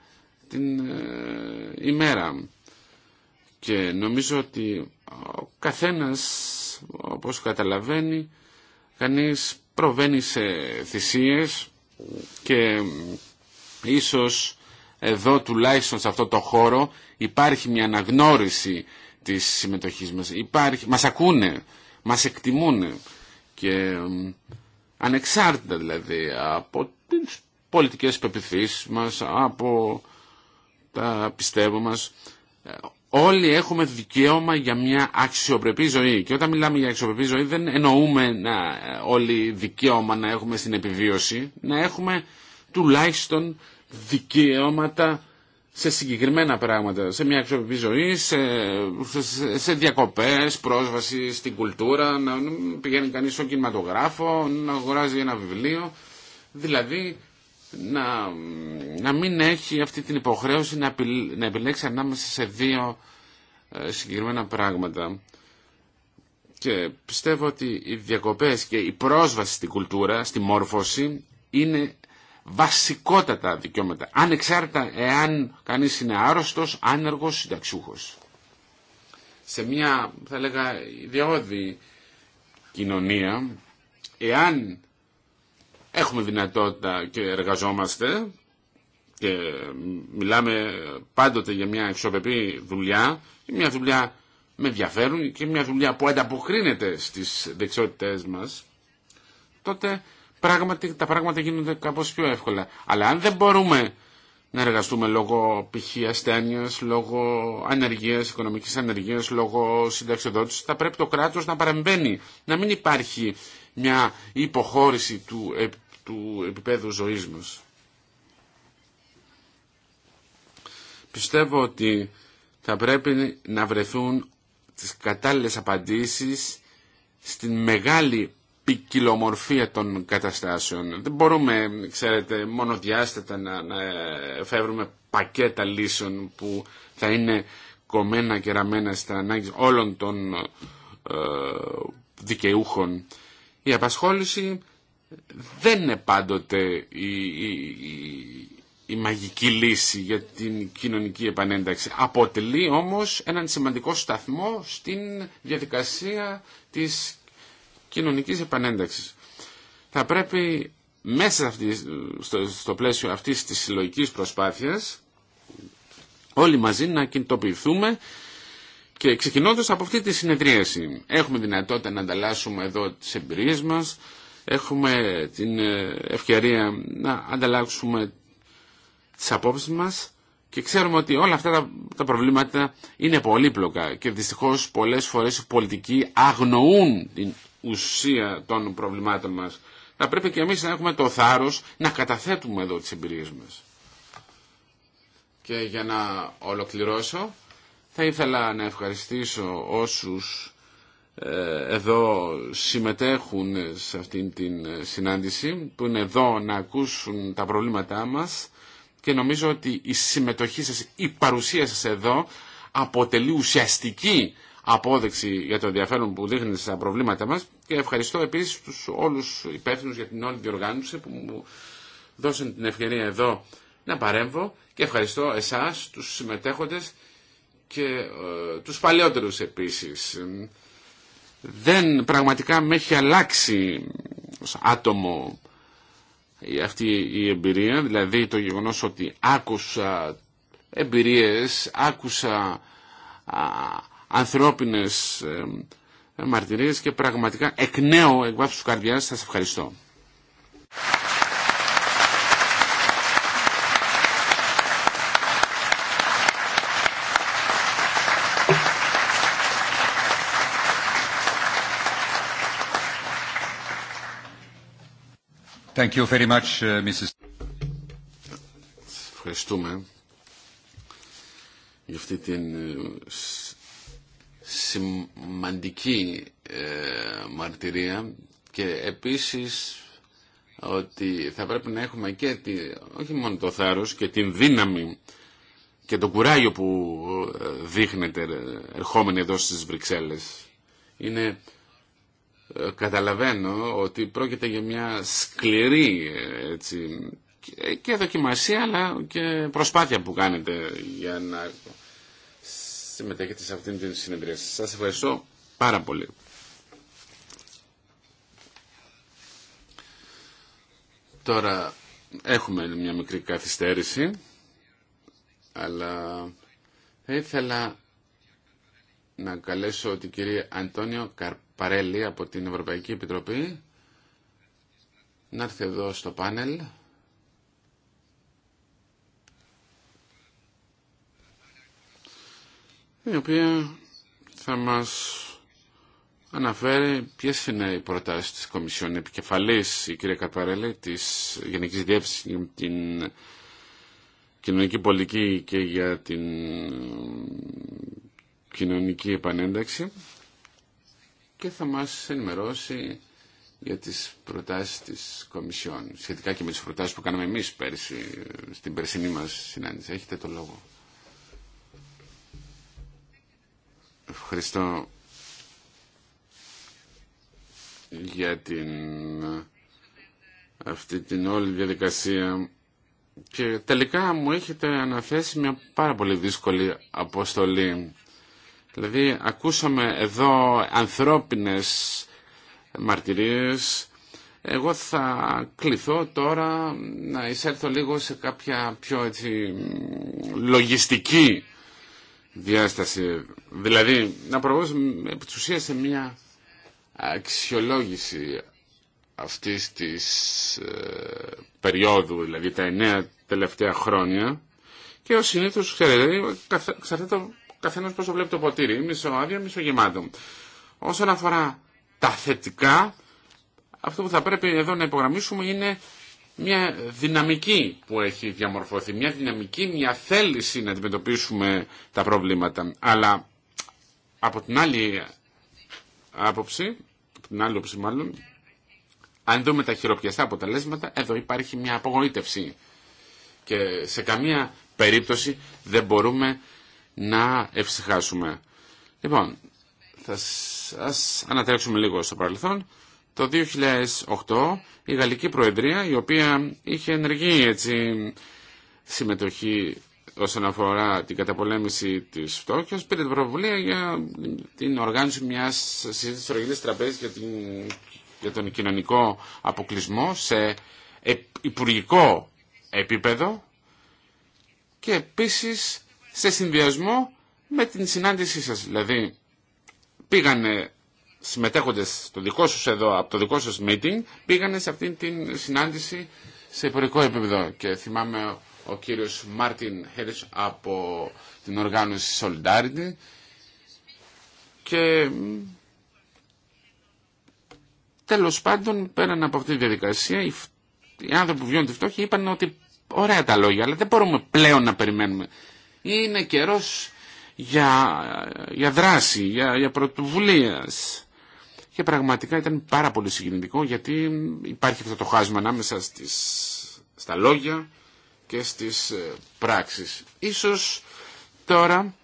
την ε, ημέρα. Και νομίζω ότι ο καθένας, όπως καταλαβαίνει, κανείς προβαίνει σε θυσίες και ίσως εδώ τουλάχιστον σε αυτό το χώρο υπάρχει μια αναγνώριση της συμμετοχής μας. Υπάρχει, μας ακούνε, μας εκτιμούνε και ανεξάρτητα δηλαδή από τις πολιτικές πεπιθήσεις μας, από τα πιστεύω μας. Όλοι έχουμε δικαίωμα για μια αξιοπρεπή ζωή και όταν μιλάμε για αξιοπρεπή ζωή δεν εννοούμε να, όλοι δικαίωμα να έχουμε στην επιβίωση, να έχουμε τουλάχιστον δικαίωματα σε συγκεκριμένα πράγματα, σε μια αξιοπρεπή ζωή, σε, σε, διακοπές, πρόσβαση στην κουλτούρα, να πηγαίνει κανείς στον κινηματογράφο, να αγοράζει ένα βιβλίο, δηλαδή να, να μην έχει αυτή την υποχρέωση να, να επιλέξει ανάμεσα σε δύο ε, συγκεκριμένα πράγματα. Και πιστεύω ότι οι διακοπές και η πρόσβαση στην κουλτούρα, στη μόρφωση, είναι βασικότατα δικαιώματα, ανεξάρτητα εάν κανείς είναι άρρωστος, άνεργος, συνταξιούχος. Σε μια, θα λέγα, ιδιώδη κοινωνία, εάν έχουμε δυνατότητα και εργαζόμαστε και μιλάμε πάντοτε για μια εξωπεπή δουλειά, μια δουλειά με ενδιαφέρουν και μια δουλειά που ανταποκρίνεται στις δεξιότητές μας, τότε πράγματι, τα πράγματα γίνονται κάπως πιο εύκολα. Αλλά αν δεν μπορούμε να εργαστούμε λόγω π.χ. ασθένεια, λόγω ανεργία, οικονομική ανεργία, λόγω συνταξιοδότηση, θα πρέπει το κράτο να παρεμβαίνει. Να μην υπάρχει μια υποχώρηση του, του επίπεδου ζωή μα. Πιστεύω ότι θα πρέπει να βρεθούν τις κατάλληλες απαντήσεις στην μεγάλη ποικιλομορφία των καταστάσεων. Δεν μπορούμε, ξέρετε, μόνο διάστατα να, να φεύγουμε πακέτα λύσεων που θα είναι κομμένα και ραμμένα στα ανάγκη όλων των ε, δικαιούχων. Η απασχόληση δεν είναι πάντοτε η, μαγική λύση για την κοινωνική επανένταξη. Αποτελεί όμως έναν σημαντικό σταθμό στην διαδικασία της Κοινωνική επανένταξη. Θα πρέπει μέσα αυτή, στο, στο πλαίσιο αυτής της συλλογική προσπάθειας όλοι μαζί να κινητοποιηθούμε και ξεκινώντα από αυτή τη συνεδρίαση. Έχουμε δυνατότητα να ανταλλάσσουμε εδώ τις εμπειρίες μας, έχουμε την ε, ευκαιρία να ανταλλάξουμε τις απόψεις μας και ξέρουμε ότι όλα αυτά τα, προβλήματα είναι πολύπλοκα και δυστυχώς πολλές φορές οι πολιτικοί αγνοούν την ουσία των προβλημάτων μας. Θα πρέπει και εμείς να έχουμε το θάρρος να καταθέτουμε εδώ τις εμπειρίες μας. Και για να ολοκληρώσω, θα ήθελα να ευχαριστήσω όσους ε, εδώ συμμετέχουν σε αυτήν την συνάντηση, που είναι εδώ να ακούσουν τα προβλήματά μας και νομίζω ότι η συμμετοχή σας, η παρουσία σας εδώ αποτελεί ουσιαστική απόδειξη για το ενδιαφέρον που δείχνει στα προβλήματα μας και ευχαριστώ επίσης τους όλους υπεύθυνους για την όλη διοργάνωση που μου δώσαν την ευκαιρία εδώ να παρέμβω και ευχαριστώ εσάς, τους συμμετέχοντες και ε, τους παλαιότερους επίσης. Δεν πραγματικά με έχει αλλάξει άτομο αυτή η εμπειρία, δηλαδή το γεγονός ότι άκουσα εμπειρίες, άκουσα ανθρώπινες μαρτυρίες και πραγματικά εκ νέου εκ βάθους καρδιάς σας ευχαριστώ. Thank you very much, uh, Mrs. Ευχαριστούμε για αυτή την ε, σημαντική ε, μαρτυρία και επίσης ότι θα πρέπει να έχουμε και τη, όχι μόνο το θάρρος και την δύναμη και το κουράγιο που ε, δείχνεται ε, ερχόμενοι εδώ στις Βρυξέλλες. Είναι, καταλαβαίνω ότι πρόκειται για μια σκληρή έτσι, και δοκιμασία αλλά και προσπάθεια που κάνετε για να συμμετέχετε σε αυτήν την συνεδρία. Σας ευχαριστώ πάρα πολύ. Τώρα έχουμε μια μικρή καθυστέρηση, αλλά θα ήθελα να καλέσω την κυρία Αντώνιο Καρπαρέλη από την Ευρωπαϊκή Επιτροπή να έρθει εδώ στο πάνελ. η οποία θα μας αναφέρει ποιες είναι οι προτάσεις της Κομισιόν Επικεφαλής, η κυρία Καπαρέλη, της Γενικής Διεύθυνσης για την Κοινωνική Πολιτική και για την Κοινωνική Επανένταξη και θα μας ενημερώσει για τις προτάσεις της Κομισιόν, σχετικά και με τις προτάσεις που κάναμε εμείς πέρσι, στην περσινή μας συνάντηση. Έχετε το λόγο. Ευχαριστώ για την, αυτή την όλη διαδικασία και τελικά μου έχετε αναθέσει μια πάρα πολύ δύσκολη αποστολή. Δηλαδή ακούσαμε εδώ ανθρώπινες μαρτυρίες. Εγώ θα κληθώ τώρα να εισέλθω λίγο σε κάποια πιο έτσι, λογιστική διάσταση. Δηλαδή, να προβώσουμε επί σε μια αξιολόγηση αυτής της ε, περίοδου, δηλαδή τα εννέα τελευταία χρόνια και ως συνήθω ξέρετε, δηλαδή, εξαρτάται το καθένας πόσο βλέπει το ποτήρι, μισό γεμάτο. Όσον αφορά τα θετικά, αυτό που θα πρέπει εδώ να υπογραμμίσουμε είναι μια δυναμική που έχει διαμορφωθεί, μια δυναμική, μια θέληση να αντιμετωπίσουμε τα προβλήματα. Αλλά από την άλλη άποψη, από την άλλη μάλλον, αν δούμε τα χειροπιαστά αποτελέσματα, εδώ υπάρχει μια απογοήτευση. Και σε καμία περίπτωση δεν μπορούμε να ευσυχάσουμε. Λοιπόν, θα σας ανατρέξουμε λίγο στο παρελθόν. Το 2008 η Γαλλική Προεδρία, η οποία είχε ενεργή έτσι, συμμετοχή όσον αφορά την καταπολέμηση της φτώχειας, πήρε την προβουλία για την οργάνωση μιας συζήτησης οργανής τραπέζης για, την, για τον κοινωνικό αποκλεισμό σε υπουργικό επίπεδο και επίσης σε συνδυασμό με την συνάντησή σας. Δηλαδή πήγανε συμμετέχοντες το δικό σου εδώ, από το δικό σου meeting, πήγανε σε αυτήν την συνάντηση σε υπορικό επίπεδο. Και θυμάμαι ο κύριος Μάρτιν Χέρις από την οργάνωση Solidarity και τέλος πάντων πέραν από αυτή τη διαδικασία οι άνθρωποι που βιώνουν τη φτώχεια είπαν ότι ωραία τα λόγια αλλά δεν μπορούμε πλέον να περιμένουμε. Είναι καιρός για, για δράση, για, για και πραγματικά ήταν πάρα πολύ συγκινητικό γιατί υπάρχει αυτό το χάσμα ανάμεσα στις, στα λόγια και στις ε, πράξεις. Ίσως τώρα,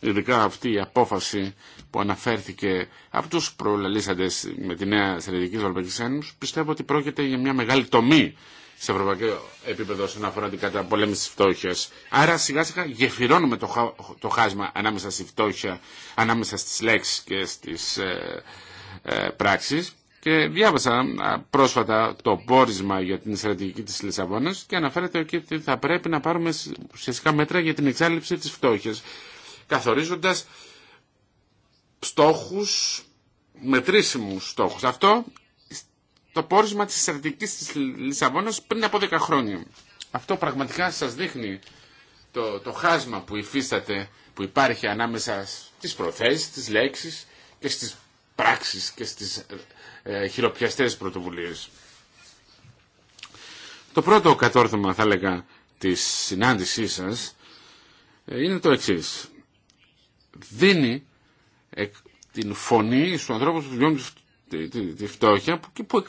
ειδικά αυτή η απόφαση που αναφέρθηκε από τους προλαλήσαντες με τη νέα στρατηγική Ευρωπαϊκής Ένωσης, πιστεύω ότι πρόκειται για μια μεγάλη τομή σε ευρωπαϊκό επίπεδο όσον αφορά την καταπολέμηση της φτώχειας. Άρα σιγά σιγά γεφυρώνουμε το, χάσμα ανάμεσα στη φτώχεια, ανάμεσα στις λέξεις και στις ε, ε, πράξεις και διάβασα πρόσφατα το πόρισμα για την στρατηγική της Λισαβόνας και αναφέρεται ότι θα πρέπει να πάρουμε ουσιαστικά μέτρα για την εξάλληψη της φτώχειας καθορίζοντας στόχους, μετρήσιμους στόχους. Αυτό το πόρισμα της στρατηγικής της Λισαβόνας πριν από 10 χρόνια. Αυτό πραγματικά σας δείχνει το, το χάσμα που υφίσταται, που υπάρχει ανάμεσα στις προθέσεις, στις λέξεις και στις πράξεις και στις ε, ε, χειροπιαστές πρωτοβουλίες. Το πρώτο κατόρθωμα θα έλεγα της συνάντησής σας ε, είναι το εξής. Δίνει την φωνή στους ανθρώπους που βιώνουν τη φτώχεια και που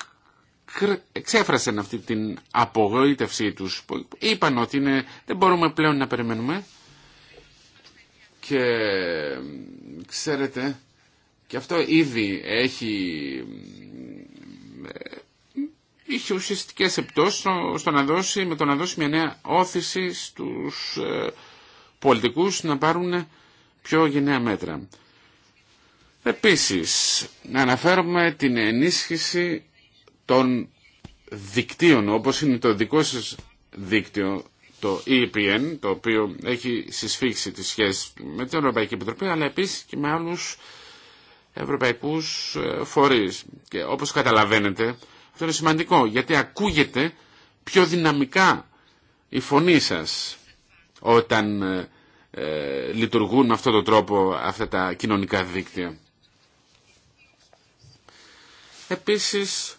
εξέφρασαν αυτή την απογοήτευσή τους. Που είπαν ότι είναι, δεν μπορούμε πλέον να περιμένουμε. Και ξέρετε, και αυτό ήδη έχει ε, είχε ουσιαστικέ επιπτώσει στο, να δώσει, με το να δώσει μια νέα όθηση στους ε, πολιτικούς να πάρουν πιο γενναία μέτρα. Επίσης, να αναφέρουμε την ενίσχυση των δικτύων, όπως είναι το δικό σας δίκτυο, το EPN, το οποίο έχει συσφίξει τις σχέσεις με την Ευρωπαϊκή Επιτροπή, αλλά επίσης και με άλλου ευρωπαϊκούς ε, φορείς. Και όπως καταλαβαίνετε, αυτό είναι σημαντικό, γιατί ακούγεται πιο δυναμικά η φωνή σας όταν ε, ε, λειτουργούν με αυτόν τον τρόπο αυτά τα κοινωνικά δίκτυα. Επίσης,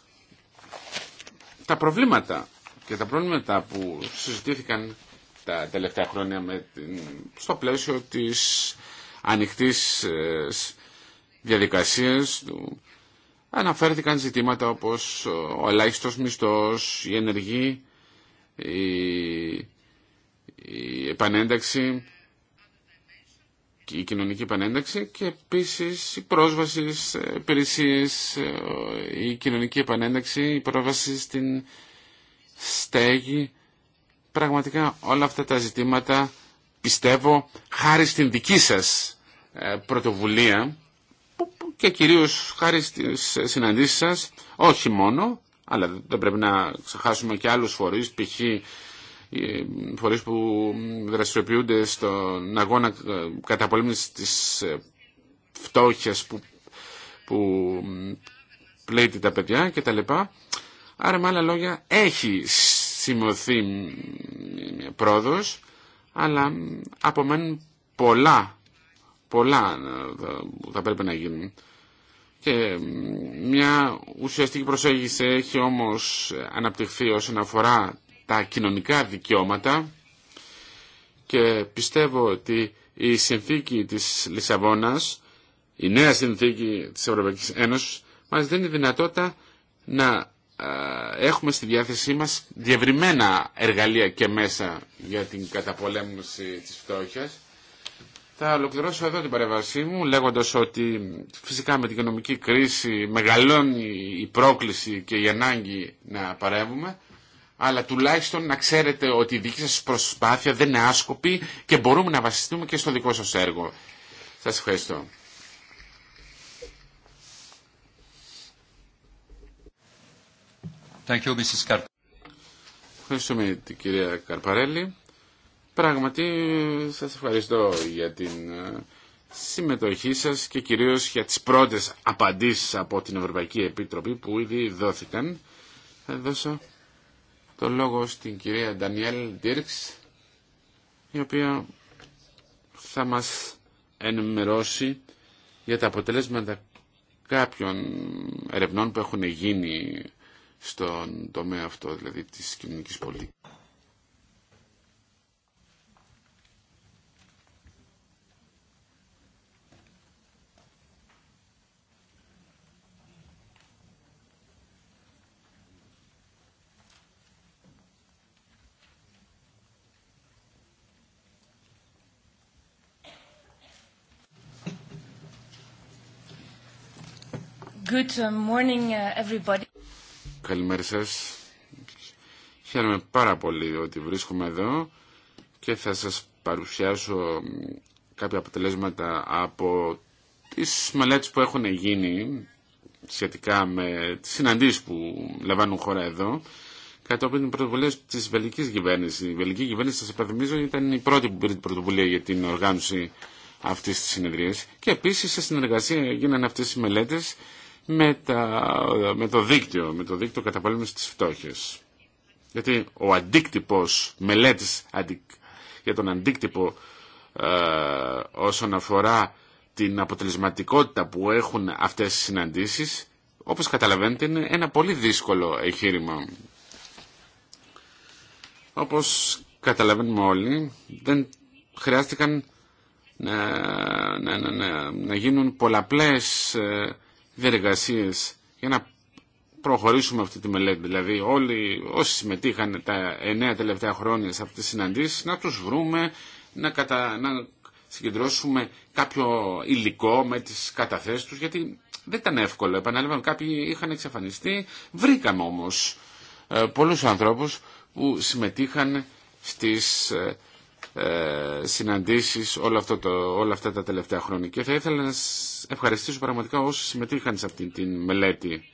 τα προβλήματα και τα προβλήματα που συζητήθηκαν τα τελευταία χρόνια με την, στο πλαίσιο της ανοιχτής ε, διαδικασίες του αναφέρθηκαν ζητήματα όπως ο ελάχιστος μισθός, η ενεργή, η, η επανένταξη, η κοινωνική επανένταξη και επίσης η πρόσβαση σε υπηρεσίες, η κοινωνική επανένταξη, η πρόσβαση στην στέγη. Πραγματικά όλα αυτά τα ζητήματα πιστεύω χάρη στην δική σας ε, πρωτοβουλία και κυρίως χάρη στις συναντήσεις σας, όχι μόνο, αλλά δεν πρέπει να ξεχάσουμε και άλλους φορείς, π.χ. φορείς που δραστηριοποιούνται στον αγώνα καταπολέμησης της ε, φτώχειας που, που τα παιδιά και τα λοιπά. Άρα με άλλα λόγια έχει σημειωθεί πρόοδος, αλλά απομένουν πολλά πολλά ε, θα πρέπει να γίνουν. Και μια ουσιαστική προσέγγιση έχει όμως αναπτυχθεί όσον αφορά τα κοινωνικά δικαιώματα και πιστεύω ότι η συνθήκη της Λισαβόνας, η νέα συνθήκη της Ευρωπαϊκής Ένωσης, μας δίνει δυνατότητα να ε, έχουμε στη διάθεσή μας διευρυμένα εργαλεία και μέσα για την καταπολέμηση της φτώχειας θα ολοκληρώσω εδώ την παρέμβασή μου λέγοντας ότι φυσικά με την οικονομική κρίση μεγαλώνει η πρόκληση και η ανάγκη να παρέμβουμε αλλά τουλάχιστον να ξέρετε ότι η δική σας προσπάθεια δεν είναι άσκοπη και μπορούμε να βασιστούμε και στο δικό σας έργο. Σας ευχαριστώ. Ευχαριστούμε την κυρία Καρπαρέλη. Πράγματι, σας ευχαριστώ για την ε, συμμετοχή σας και κυρίως για τις πρώτες απαντήσεις από την Ευρωπαϊκή Επίτροπη που ήδη δόθηκαν. Θα δώσω το λόγο στην κυρία Ντανιέλ Ντύρξ, η οποία θα μας ενημερώσει για τα αποτελέσματα κάποιων ερευνών που έχουν γίνει στον τομέα αυτό, δηλαδή της κοινωνικής πολιτικής. Good morning, uh, everybody. Καλημέρα σας. Χαίρομαι πάρα πολύ ότι βρίσκομαι εδώ και θα σας παρουσιάσω κάποια αποτελέσματα από τις μελέτες που έχουν γίνει σχετικά με τις συναντήσεις που λαμβάνουν χώρα εδώ κατόπιν πρωτοβουλία τη βελική κυβέρνηση. Η βελική κυβέρνηση, σα επαδημίζω, ήταν η πρώτη που πήρε την πρωτοβουλία για την οργάνωση αυτή τη συνεδρία. Και επίση, σε συνεργασία γίνανε αυτέ οι μελέτε με, το δίκτυο, με το δίκτυο καταπολέμησης της φτώχειας. Γιατί ο αντίκτυπος, μελέτης αντικ, για τον αντίκτυπο ε, όσον αφορά την αποτελεσματικότητα που έχουν αυτές οι συναντήσεις, όπως καταλαβαίνετε είναι ένα πολύ δύσκολο εγχείρημα. Όπως καταλαβαίνουμε όλοι, δεν χρειάστηκαν να, να, να, να γίνουν πολλαπλές ε, διεργασίες για να προχωρήσουμε αυτή τη μελέτη. Δηλαδή όλοι όσοι συμμετείχαν τα εννέα τελευταία χρόνια σε αυτέ τι συναντήσει, να του βρούμε, να, κατα... να συγκεντρώσουμε κάποιο υλικό με τις καταθέσεις τους γιατί δεν ήταν εύκολο. Επαναλαμβάνω κάποιοι είχαν εξαφανιστεί. Βρήκαμε όμως ε, πολλούς ανθρώπους που συμμετείχαν στις ε, ε, συναντήσεις όλα, αυτό το, όλα αυτά τα τελευταία χρόνια. Και θα ήθελα να ευχαριστήσω πραγματικά όσοι συμμετείχαν σε αυτή τη μελέτη.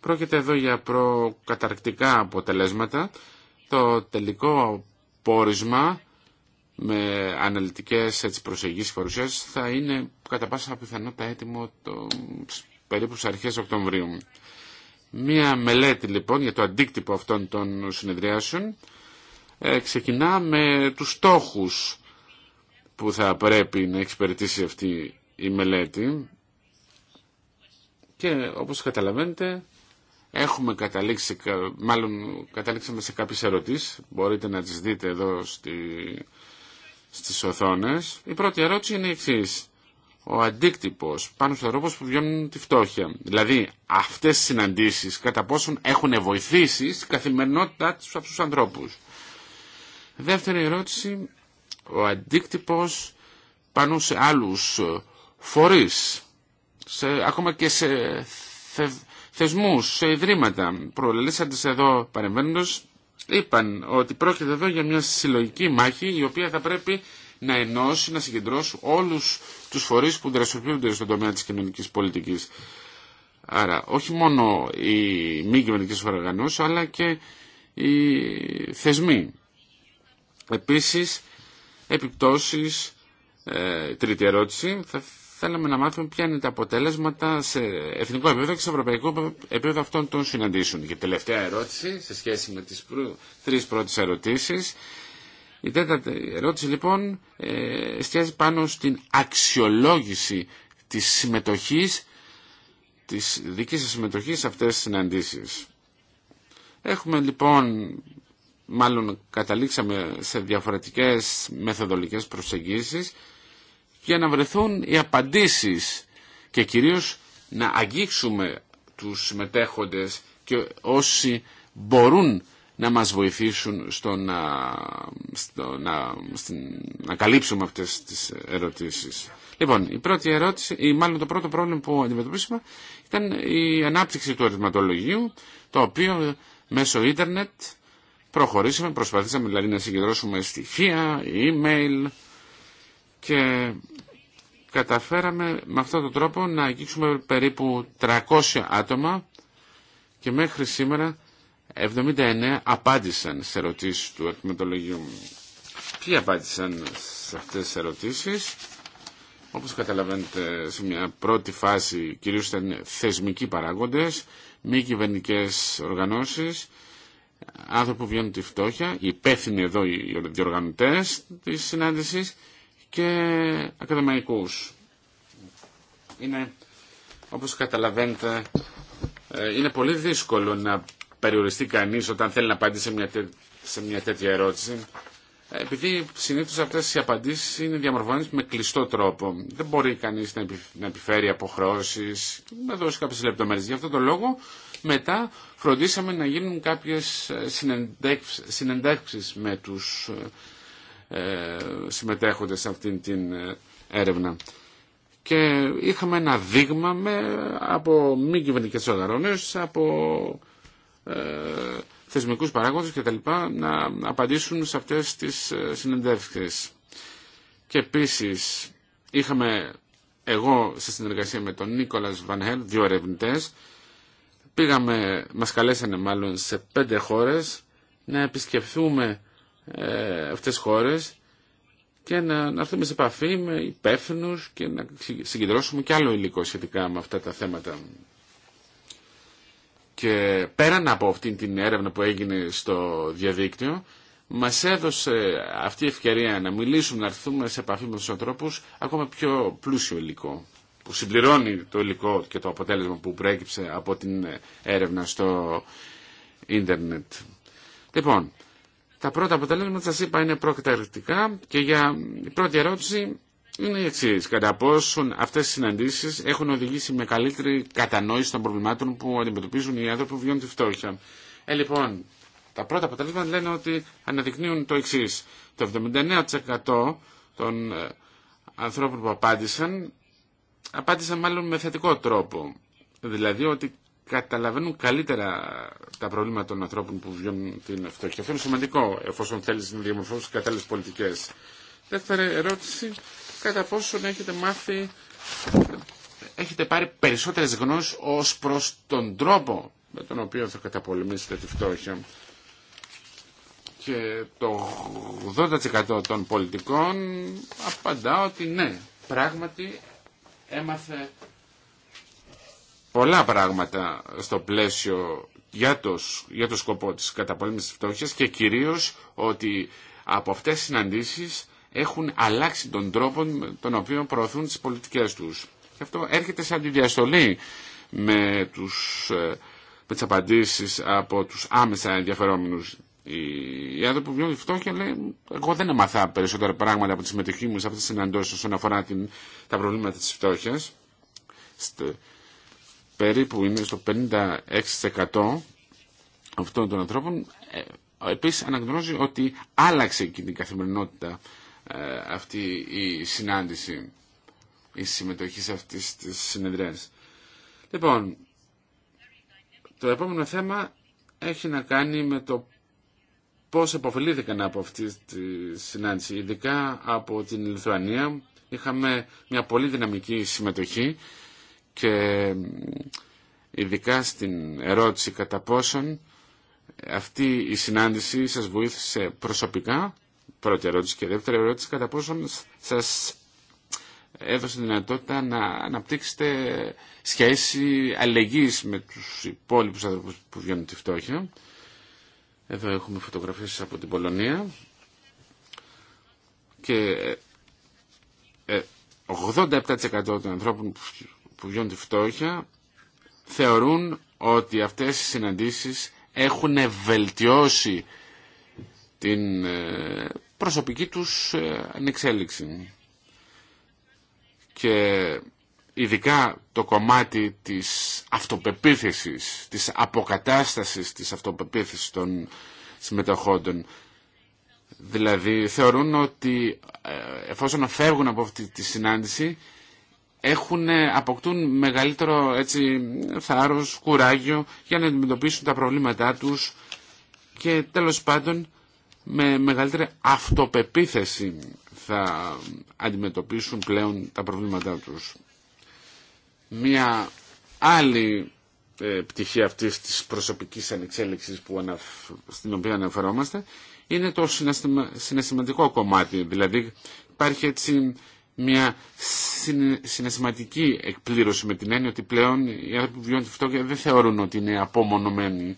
Πρόκειται εδώ για προκαταρκτικά αποτελέσματα. Το τελικό πόρισμα με αναλυτικές έτσι, προσεγγίσεις παρουσιάσεις θα είναι κατά πάσα πιθανότητα έτοιμο το, περίπου στις αρχές Οκτωβρίου. Μία μελέτη λοιπόν για το αντίκτυπο αυτών των συνεδριάσεων ε, Ξεκινάμε με τους στόχους που θα πρέπει να εξυπηρετήσει αυτή η μελέτη και όπως καταλαβαίνετε έχουμε καταλήξει, μάλλον καταλήξαμε σε κάποιες ερωτήσεις, μπορείτε να τις δείτε εδώ στη, στις οθόνες. Η πρώτη ερώτηση είναι η εξής. Ο αντίκτυπος πάνω στο που βιώνουν τη φτώχεια. Δηλαδή αυτές οι συναντήσεις κατά πόσον έχουν βοηθήσει στην καθημερινότητα τους ανθρώπους. Δεύτερη ερώτηση, ο αντίκτυπος πάνω σε άλλους ε, φορείς, σε, ακόμα και σε θε, θεσμούς, σε ιδρύματα. Προλαλήσαντες εδώ παρεμβαίνοντας, είπαν ότι πρόκειται εδώ για μια συλλογική μάχη η οποία θα πρέπει να ενώσει, να συγκεντρώσει όλους τους φορείς που δραστηριοποιούνται στον τομέα της κοινωνικής πολιτικής. Άρα όχι μόνο οι μη κοινωνικές οργανώσεις αλλά και οι θεσμοί. Επίσης, επιπτώσεις, ε, τρίτη ερώτηση, θα θέλαμε να μάθουμε ποια είναι τα αποτέλεσματα σε εθνικό επίπεδο και σε ευρωπαϊκό επίπεδο αυτών των συναντήσεων. Και τελευταία ερώτηση, σε σχέση με τις τρει τρεις πρώτες ερωτήσεις, η τέταρτη ερώτηση λοιπόν ε, εστιάζει πάνω στην αξιολόγηση της συμμετοχής, της δικής σας συμμετοχής σε αυτές τις συναντήσεις. Έχουμε λοιπόν μάλλον καταλήξαμε σε διαφορετικές μεθοδολικές προσεγγίσεις για να βρεθούν οι απαντήσεις και κυρίως να αγγίξουμε τους συμμετέχοντες και όσοι μπορούν να μας βοηθήσουν στο να, στο να, στην, να καλύψουμε αυτές τις ερωτήσεις. Λοιπόν, η πρώτη ερώτηση, ή μάλλον το πρώτο πρόβλημα που αντιμετωπίσαμε ήταν η ανάπτυξη του ερωτηματολογίου, το οποίο η αναπτυξη του αριθματολογιου ίντερνετ Προχωρήσαμε, προσπαθήσαμε δηλαδή να συγκεντρώσουμε στοιχεία, email και καταφέραμε με αυτόν τον τρόπο να αγγίξουμε περίπου 300 άτομα και μέχρι σήμερα 79 απάντησαν σε ερωτήσεις του εκμετολογίου μου. Ποιοι απάντησαν σε αυτές τις ερωτήσεις. Όπως καταλαβαίνετε σε μια πρώτη φάση κυρίως ήταν θεσμικοί παράγοντες, μη κυβερνικέ οργανώσεις, άνθρωποι που βιώνουν τη φτώχεια, οι υπεύθυνοι εδώ οι διοργανωτές της συνάντησης και ακαδημαϊκούς. Είναι, όπως καταλαβαίνετε, ε, είναι πολύ δύσκολο να περιοριστεί κανείς όταν θέλει να απαντήσει σε μια, μια τέτοια ερώτηση. Ε, επειδή συνήθως αυτές οι απαντήσεις είναι διαμορφωμένες με κλειστό τρόπο. Δεν μπορεί κανείς να επιφέρει αποχρώσεις, να δώσει κάποιε λεπτομέρειες. Γι' αυτό το λόγο μετά φροντίσαμε να γίνουν κάποιες ε, συνεντεύξεις με τους ε, ε, συμμετέχοντες σε αυτήν την έρευνα. Και είχαμε ένα δείγμα από μη κυβερνικέ οργανώσει, από θεσμικούς παράγοντες και τα λοιπά, να απαντήσουν σε αυτές τις συνεντεύξεις. Και επίσης είχαμε εγώ σε συνεργασία με τον Νίκολας Βανχέλ, δύο ερευνητές πήγαμε, μας καλέσανε μάλλον σε πέντε χώρες να επισκεφθούμε ε, αυτές τις χώρες και να, να έρθουμε σε επαφή με υπεύθυνου και να συγκεντρώσουμε και άλλο υλικό σχετικά με αυτά τα θέματα. Και πέραν από αυτή την έρευνα που έγινε στο διαδίκτυο, μας έδωσε αυτή η ευκαιρία να μιλήσουμε, να έρθουμε σε επαφή με τους ανθρώπους, ακόμα πιο πλούσιο υλικό που συμπληρώνει το υλικό και το αποτέλεσμα που προέκυψε από την έρευνα στο ίντερνετ. Λοιπόν, τα πρώτα αποτελέσματα σας είπα είναι προκαταρκτικά και για η πρώτη ερώτηση είναι η εξή. Κατά πόσον αυτέ οι συναντήσει έχουν οδηγήσει με καλύτερη κατανόηση των προβλημάτων που αντιμετωπίζουν οι άνθρωποι που βιώνουν τη φτώχεια. Ε, λοιπόν, τα πρώτα αποτελέσματα λένε ότι αναδεικνύουν το εξή. Το 79% των ε, ανθρώπων που απάντησαν απάντησαν μάλλον με θετικό τρόπο. Δηλαδή ότι καταλαβαίνουν καλύτερα τα προβλήματα των ανθρώπων που βιώνουν την φτώχεια. Αυτό είναι σημαντικό εφόσον θέλεις να διαμορφώσεις κατάλληλε πολιτικές. Δεύτερη ερώτηση, κατά πόσον έχετε μάθει, έχετε πάρει περισσότερες γνώσει ως προς τον τρόπο με τον οποίο θα καταπολεμήσετε τη φτώχεια. Και το 80% των πολιτικών απαντά ότι ναι, πράγματι έμαθε πολλά πράγματα στο πλαίσιο για το, για σκοπό της καταπολέμησης της φτώχειας και κυρίως ότι από αυτές τις συναντήσεις έχουν αλλάξει τον τρόπο τον οποίο προωθούν τις πολιτικές τους. Και αυτό έρχεται σαν τη διαστολή με, τους, ε, με τις απαντήσεις από τους άμεσα ενδιαφερόμενους οι άνθρωποι που βιώνουν φτώχεια λέει εγώ δεν έμαθα περισσότερα πράγματα από τη συμμετοχή μου σε αυτές τις συναντώσεις όσον αφορά την, τα προβλήματα της φτώχειας. περίπου είναι στο 56% αυτών των ανθρώπων. Ε, επίσης αναγνωρίζει ότι άλλαξε και την καθημερινότητα ε, αυτή η συνάντηση, η συμμετοχή σε αυτές τις συνεδρίες. Λοιπόν, το επόμενο θέμα έχει να κάνει με το πώς επωφελήθηκαν από αυτή τη συνάντηση. Ειδικά από την Λιθουανία είχαμε μια πολύ δυναμική συμμετοχή και ειδικά στην ερώτηση κατά πόσον αυτή η συνάντηση σας βοήθησε προσωπικά, πρώτη ερώτηση και δεύτερη ερώτηση, κατά πόσον σας έδωσε δυνατότητα να αναπτύξετε σχέση αλληλεγγύης με τους υπόλοιπους άνθρωπους που βιώνουν τη φτώχεια. Εδώ έχουμε φωτογραφίες από την Πολωνία και 87% ε, ε, των ανθρώπων που βιώνουν τη φτώχεια θεωρούν ότι αυτές οι συναντήσεις έχουν βελτιώσει την ε, προσωπική τους ανεξέλιξη. Και ειδικά το κομμάτι της αυτοπεποίθησης, της αποκατάστασης της αυτοπεποίθησης των συμμετοχόντων. Δηλαδή θεωρούν ότι ε, εφόσον φεύγουν από αυτή τη συνάντηση έχουν, ε, αποκτούν μεγαλύτερο έτσι, θάρρος, κουράγιο για να αντιμετωπίσουν τα προβλήματά τους και τέλος πάντων με μεγαλύτερη αυτοπεποίθηση θα ε, αντιμετωπίσουν πλέον τα προβλήματά τους μια άλλη ε, πτυχή αυτής της προσωπικής ανεξέλιξης που ανα... στην οποία αναφερόμαστε είναι το συναισθημα... κομμάτι. Δηλαδή υπάρχει έτσι μια συναστηματικη εκπλήρωση με την έννοια ότι πλέον οι άνθρωποι που βιώνουν τη φτώχεια δεν θεωρούν ότι είναι απομονωμένοι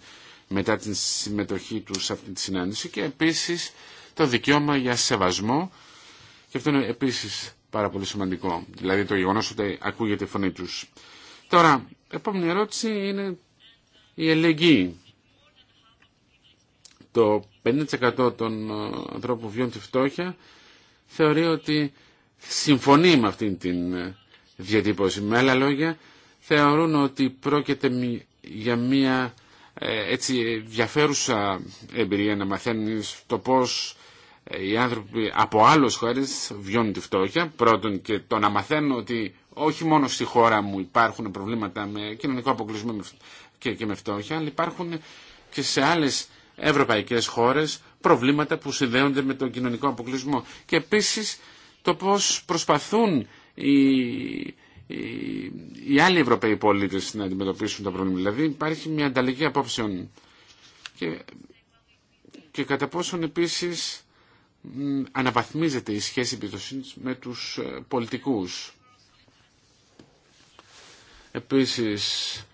μετά την συμμετοχή τους σε αυτή τη συνάντηση και επίσης το δικαίωμα για σεβασμό και αυτό είναι επίσης πάρα πολύ σημαντικό. Δηλαδή το γεγονό ότι ακούγεται η φωνή του. Τώρα, επόμενη ερώτηση είναι η ελεγγύη. Το 50% των ε, ανθρώπων που βιώνουν τη φτώχεια θεωρεί ότι συμφωνεί με αυτήν την ε, διατύπωση. Με άλλα λόγια, θεωρούν ότι πρόκειται για μια ε, έτσι διαφέρουσα εμπειρία να μαθαίνεις το πώς οι άνθρωποι από άλλες χώρες βιώνουν τη φτώχεια. Πρώτον και το να μαθαίνω ότι όχι μόνο στη χώρα μου υπάρχουν προβλήματα με κοινωνικό αποκλεισμό και με φτώχεια, αλλά υπάρχουν και σε άλλες ευρωπαϊκές χώρες προβλήματα που συνδέονται με τον κοινωνικό αποκλεισμό. Και επίσης το πώς προσπαθούν οι, οι, άλλοι Ευρωπαίοι πολίτες να αντιμετωπίσουν τα προβλήματα. Δηλαδή υπάρχει μια ανταλλαγή απόψεων και, και κατά πόσον επίσης αναβαθμίζεται η σχέση εμπιστοσύνη με τους ε, πολιτικούς. Επίσης,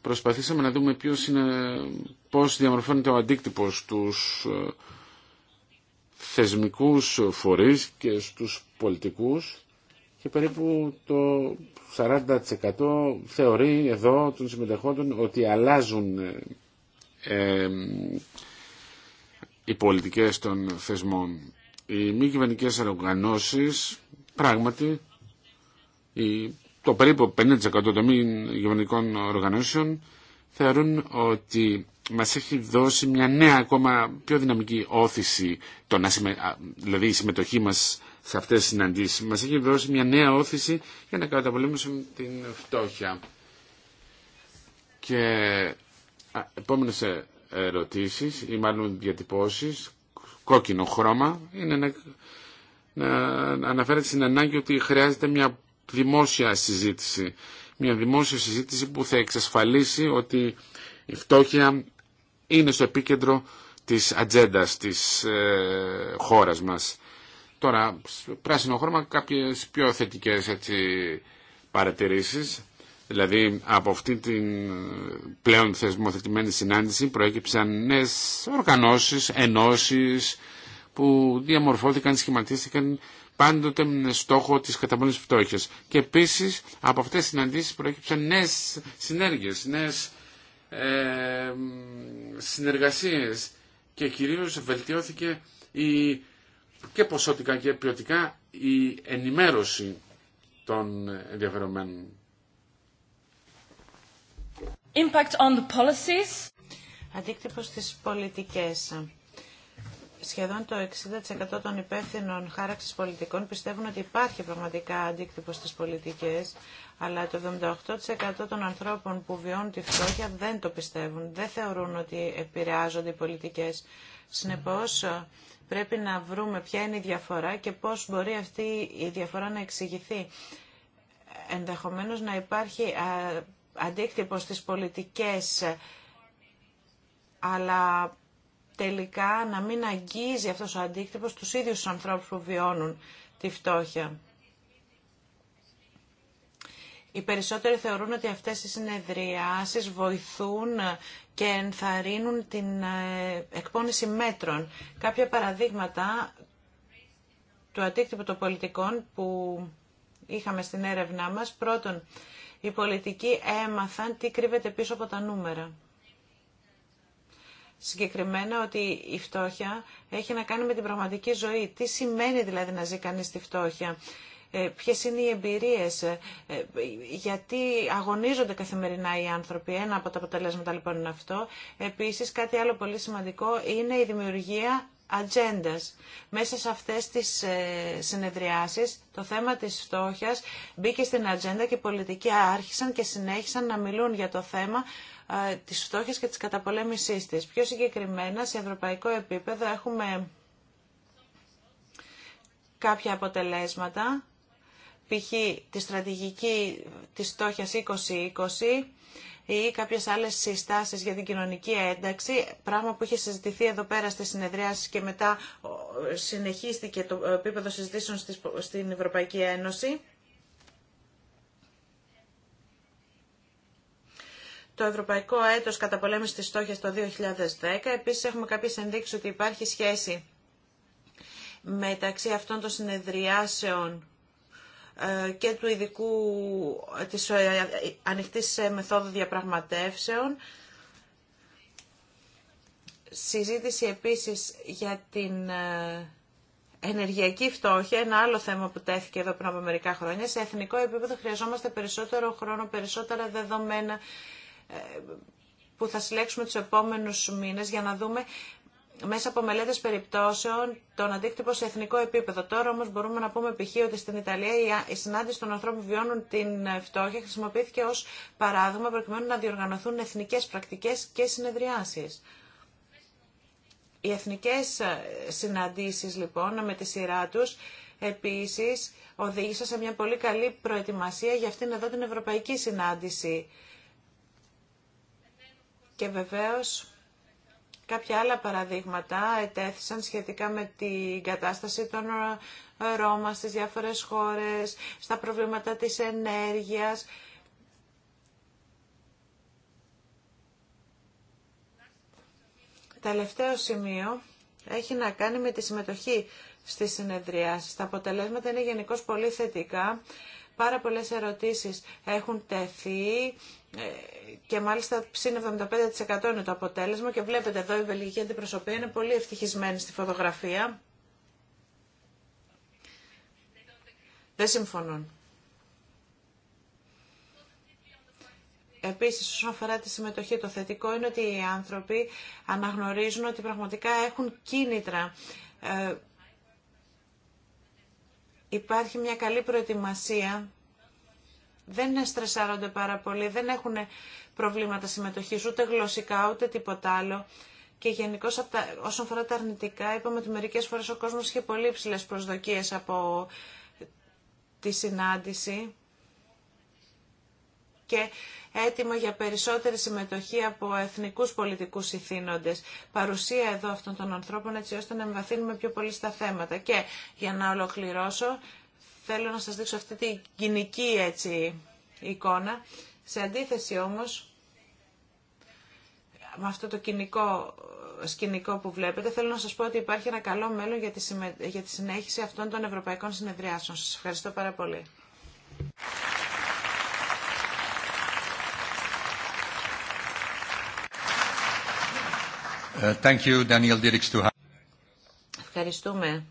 προσπαθήσαμε να δούμε ποιος είναι, πώς διαμορφώνεται ο αντίκτυπος τους ε, θεσμικούς φορείς και στους πολιτικούς και περίπου το 40% θεωρεί εδώ των συμμετεχόντων ότι αλλάζουν ε, οι πολιτικές των θεσμών. Οι μη κυβερνικέ οργανώσει πράγματι το περίπου 50% των μη κυβερνικών οργανώσεων θεωρούν ότι μας έχει δώσει μια νέα ακόμα πιο δυναμική όθηση, το να δηλαδή η συμμετοχή μας σε αυτές τις συναντήσεις, μας έχει δώσει μια νέα όθηση για να καταπολέμησουμε την φτώχεια. Και επόμενες ε, ερωτήσεις ή μάλλον διατυπώσεις κόκκινο χρώμα είναι να, να αναφέρεται στην ανάγκη ότι χρειάζεται μια δημόσια συζήτηση. Μια δημόσια συζήτηση που θα εξασφαλίσει ότι η φτώχεια είναι στο επίκεντρο της ατζέντα της ε, χώρας μας. Τώρα, πράσινο χρώμα, κάποιες πιο θετικές έτσι, παρατηρήσεις. Δηλαδή από αυτή την ε, πλέον θεσμοθετημένη συνάντηση προέκυψαν νέες οργανώσεις, ενώσεις που διαμορφώθηκαν, σχηματίστηκαν πάντοτε με στόχο της καταπολής πτώχειας Και επίσης από αυτές τις συναντήσεις προέκυψαν νέες συνέργειες, νέες ε, συνεργασίες και κυρίως βελτιώθηκε η, και ποσοτικά και ποιοτικά η ενημέρωση των ενδιαφερομένων. Impact on the policies. Αντίκτυπος στις πολιτικές. Σχεδόν το 60% των υπεύθυνων χάραξης πολιτικών πιστεύουν ότι υπάρχει πραγματικά αντίκτυπο στις πολιτικές, αλλά το 78% των ανθρώπων που βιώνουν τη φτώχεια δεν το πιστεύουν, δεν θεωρούν ότι επηρεάζονται οι πολιτικές. Συνεπώς, πρέπει να βρούμε ποια είναι η διαφορά και πώς μπορεί αυτή η διαφορά να εξηγηθεί. Ενδεχομένως να υπάρχει αντίκτυπο στις πολιτικές, αλλά τελικά να μην αγγίζει αυτός ο αντίκτυπος τους ίδιους τους ανθρώπους που βιώνουν τη φτώχεια. Οι περισσότεροι θεωρούν ότι αυτές οι συνεδριάσεις βοηθούν και ενθαρρύνουν την ε, εκπόνηση μέτρων. Κάποια παραδείγματα του αντίκτυπου των πολιτικών που είχαμε στην έρευνά μας. Πρώτον, οι πολιτικοί έμαθαν τι κρύβεται πίσω από τα νούμερα. Συγκεκριμένα ότι η φτώχεια έχει να κάνει με την πραγματική ζωή. Τι σημαίνει δηλαδή να ζει κανείς στη φτώχεια. Ε, ποιες είναι οι εμπειρίες, ε, γιατί αγωνίζονται καθημερινά οι άνθρωποι. Ένα από τα αποτελέσματα λοιπόν είναι αυτό. Επίσης κάτι άλλο πολύ σημαντικό είναι η δημιουργία μέσα σε αυτές τις ε, συνεδριάσεις το θέμα της φτώχειας μπήκε στην ατζέντα και οι πολιτικοί άρχισαν και συνέχισαν να μιλούν για το θέμα ε, της φτώχειας και της καταπολέμησής της. Πιο συγκεκριμένα, σε ευρωπαϊκό επίπεδο έχουμε κάποια αποτελέσματα, π.χ. τη στρατηγική της φτώχειας 2020, ή κάποιε άλλε συστάσεις για την κοινωνική ένταξη, πράγμα που είχε συζητηθεί εδώ πέρα στη συνεδριάσει και μετά συνεχίστηκε το επίπεδο συζητήσεων στην Ευρωπαϊκή Ένωση. το Ευρωπαϊκό Έτος Καταπολέμησης της Στόχιας το 2010. Επίσης έχουμε κάποιες ενδείξεις ότι υπάρχει σχέση μεταξύ αυτών των συνεδριάσεων ε, και του ειδικού ε, της ε, ανοιχτής μεθόδου διαπραγματεύσεων. Συζήτηση επίσης για την ενεργειακή φτώχεια, ένα άλλο θέμα που τέθηκε εδώ πριν από μερικά χρόνια. Σε εθνικό επίπεδο χρειαζόμαστε περισσότερο χρόνο, περισσότερα δεδομένα που θα συλλέξουμε τους επόμενους μήνες για να δούμε μέσα από μελέτες περιπτώσεων τον αντίκτυπο σε εθνικό επίπεδο. Τώρα όμως μπορούμε να πούμε π.χ. ότι στην Ιταλία η συνάντηση των ανθρώπων που βιώνουν την ε, φτώχεια χρησιμοποιήθηκε ως παράδειγμα προκειμένου να διοργανωθούν εθνικές πρακτικές και συνεδριάσεις. Οι εθνικές ε, συναντήσεις λοιπόν με τη σειρά τους επίσης οδήγησαν σε μια πολύ καλή προετοιμασία για αυτήν εδώ την ευρωπαϊκή συνάντηση. Και βεβαίως Κάποια άλλα παραδείγματα ετέθησαν σχετικά με την κατάσταση των ε, Ρώμα στις διάφορες χώρες, στα προβλήματα της ενέργειας. Τελευταίο σημείο έχει να κάνει με τη συμμετοχή στις συνεδριάσεις. Τα αποτελέσματα είναι γενικώ πολύ θετικά. Πάρα πολλές ερωτήσεις έχουν τεθεί ε, και μάλιστα ψήν 75% είναι το αποτέλεσμα και βλέπετε εδώ η βελγική αντιπροσωπεία είναι πολύ ευτυχισμένη στη φωτογραφία. Δεν συμφωνούν. Επίσης, όσον αφορά τη συμμετοχή, το θετικό είναι ότι οι άνθρωποι αναγνωρίζουν ότι πραγματικά έχουν κίνητρα ε, υπάρχει μια καλή προετοιμασία. Δεν στρεσάρονται πάρα πολύ, δεν έχουν προβλήματα συμμετοχής, ούτε γλωσσικά, ούτε τίποτα άλλο. Και γενικώ όσον αφορά τα αρνητικά, είπαμε ότι μερικέ φορέ ο κόσμο είχε πολύ ψηλέ προσδοκίε από τη συνάντηση και έτοιμο για περισσότερη συμμετοχή από εθνικούς πολιτικούς ηθήνοντες. Παρουσία εδώ αυτών των ανθρώπων έτσι ώστε να εμβαθύνουμε πιο πολύ στα θέματα. Και για να ολοκληρώσω θέλω να σας δείξω αυτή την κοινική έτσι, εικόνα. Σε αντίθεση όμως με αυτό το κοινικό σκηνικό που βλέπετε, θέλω να σας πω ότι υπάρχει ένα καλό μέλλον για τη, για τη συνέχιση αυτών των ευρωπαϊκών συνεδριάσεων. Σας ευχαριστώ πάρα πολύ. Ευχαριστούμε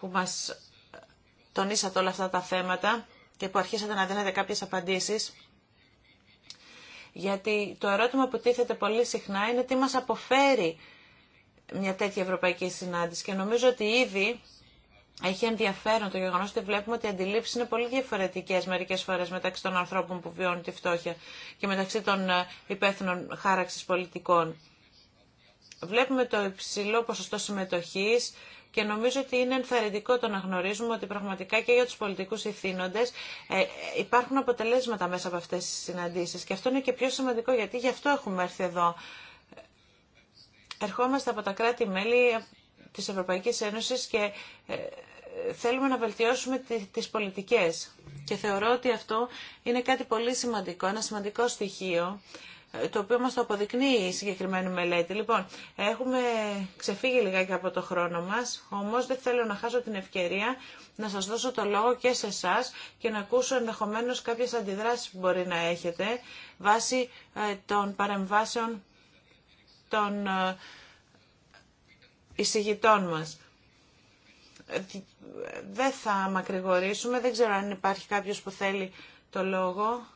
που μας τονίσατε όλα αυτά τα θέματα και που αρχίσατε να δίνετε κάποιες απαντήσεις. Γιατί το ερώτημα που τίθεται πολύ συχνά είναι τι μας αποφέρει μια τέτοια ευρωπαϊκή συνάντηση. Και νομίζω ότι ήδη έχει ενδιαφέρον το γεγονός ότι βλέπουμε ότι οι αντιλήψει είναι πολύ διαφορετικές μερικές φορέ μεταξύ των ανθρώπων που βιώνουν τη φτώχεια και μεταξύ των ε, υπεύθυνων χάραξη πολιτικών. Βλέπουμε το υψηλό ποσοστό συμμετοχής και νομίζω ότι είναι ενθαρρυντικό το να γνωρίζουμε ότι πραγματικά και για τους πολιτικούς ευθύνοντες ε, υπάρχουν αποτελέσματα μέσα από αυτές τις συναντήσεις. Και αυτό είναι και πιο σημαντικό γιατί γι' αυτό έχουμε έρθει εδώ. Ερχόμαστε από τα κράτη-μέλη της Ευρωπαϊκής Ένωσης και ε, θέλουμε να βελτιώσουμε τις πολιτικές. Και θεωρώ ότι αυτό είναι κάτι πολύ σημαντικό, ένα σημαντικό στοιχείο το οποίο μας το αποδεικνύει η συγκεκριμένη μελέτη. Λοιπόν, έχουμε ξεφύγει λιγάκι από το χρόνο μας, όμως δεν θέλω να χάσω την ευκαιρία να σας δώσω το λόγο και σε εσά και να ακούσω ενδεχομένως κάποιες αντιδράσεις που μπορεί να έχετε βάσει ε, των παρεμβάσεων των ε, εισηγητών μας. Ε, δεν θα μακρηγορήσουμε, δεν ξέρω αν υπάρχει κάποιος που θέλει το λόγο.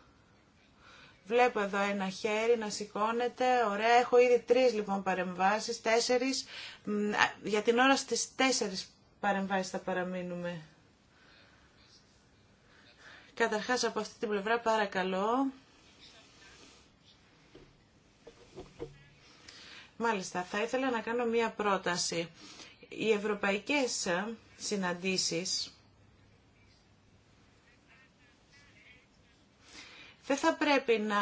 Βλέπω εδώ ένα χέρι να σηκώνεται. Ωραία, έχω ήδη τρεις λοιπόν παρεμβάσεις, τέσσερις. Για την ώρα στις τέσσερις παρεμβάσεις θα παραμείνουμε. Καταρχάς από αυτή την πλευρά παρακαλώ. Μάλιστα, θα ήθελα να κάνω μία πρόταση. Οι ευρωπαϊκές συναντήσεις δεν θα πρέπει να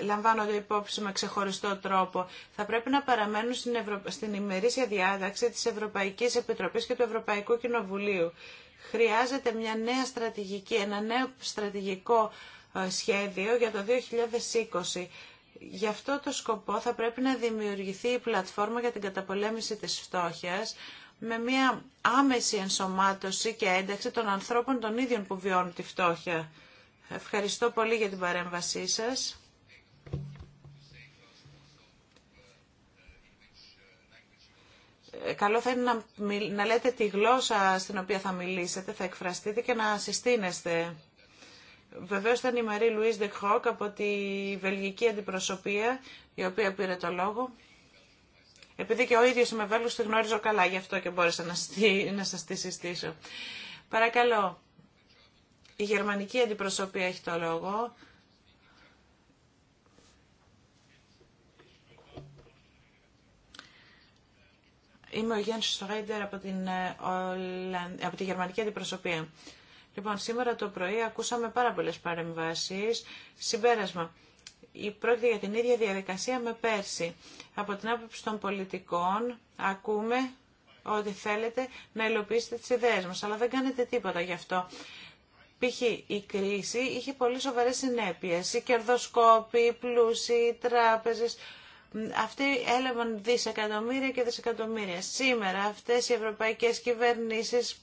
ε, λαμβάνονται υπόψη με ξεχωριστό τρόπο. Θα πρέπει να παραμένουν στην, Ευρω... στην ημερήσια διάταξη της Ευρωπαϊκής Επιτροπής και του Ευρωπαϊκού Κοινοβουλίου. Χρειάζεται μια νέα στρατηγική, ένα νέο στρατηγικό ε, σχέδιο για το 2020. Γι' αυτό το σκοπό θα πρέπει να δημιουργηθεί η πλατφόρμα για την καταπολέμηση της φτώχειας με μια άμεση ενσωμάτωση και ένταξη των ανθρώπων των ίδιων που βιώνουν τη φτώχεια. Ευχαριστώ πολύ για την παρέμβασή σας. Ε, καλό θα είναι να, να λέτε τη γλώσσα στην οποία θα μιλήσετε, θα εκφραστείτε και να συστήνεστε. Βεβαίως ήταν η Μαρή Λουίς Δεκχόκ από τη Βελγική Αντιπροσωπεία, η οποία πήρε το λόγο. Επειδή και ο ίδιος είμαι Βέλγος, τη γνώριζω καλά, γι' αυτό και μπόρεσα να, στη, να σας τη συστήσω. Παρακαλώ, η γερμανική αντιπροσωπεία έχει το λόγο. Είμαι ο Γιάννης Στογάιντερ από, την ε, από τη γερμανική αντιπροσωπεία. Λοιπόν, σήμερα το πρωί ακούσαμε πάρα πολλές παρεμβάσεις. Συμπέρασμα. Η πρόκειται για την ίδια διαδικασία με πέρσι. Από την άποψη των πολιτικών ακούμε ότι θέλετε να υλοποιήσετε τις ιδέες μας, αλλά δεν κάνετε τίποτα γι' αυτό. Π.χ. η κρίση είχε πολύ σοβαρές συνέπειες. Οι κερδοσκόποι, οι πλούσιοι, οι τράπεζες, αυτοί έλεγαν δισεκατομμύρια και δισεκατομμύρια. Σήμερα αυτές οι ευρωπαϊκές κυβερνήσεις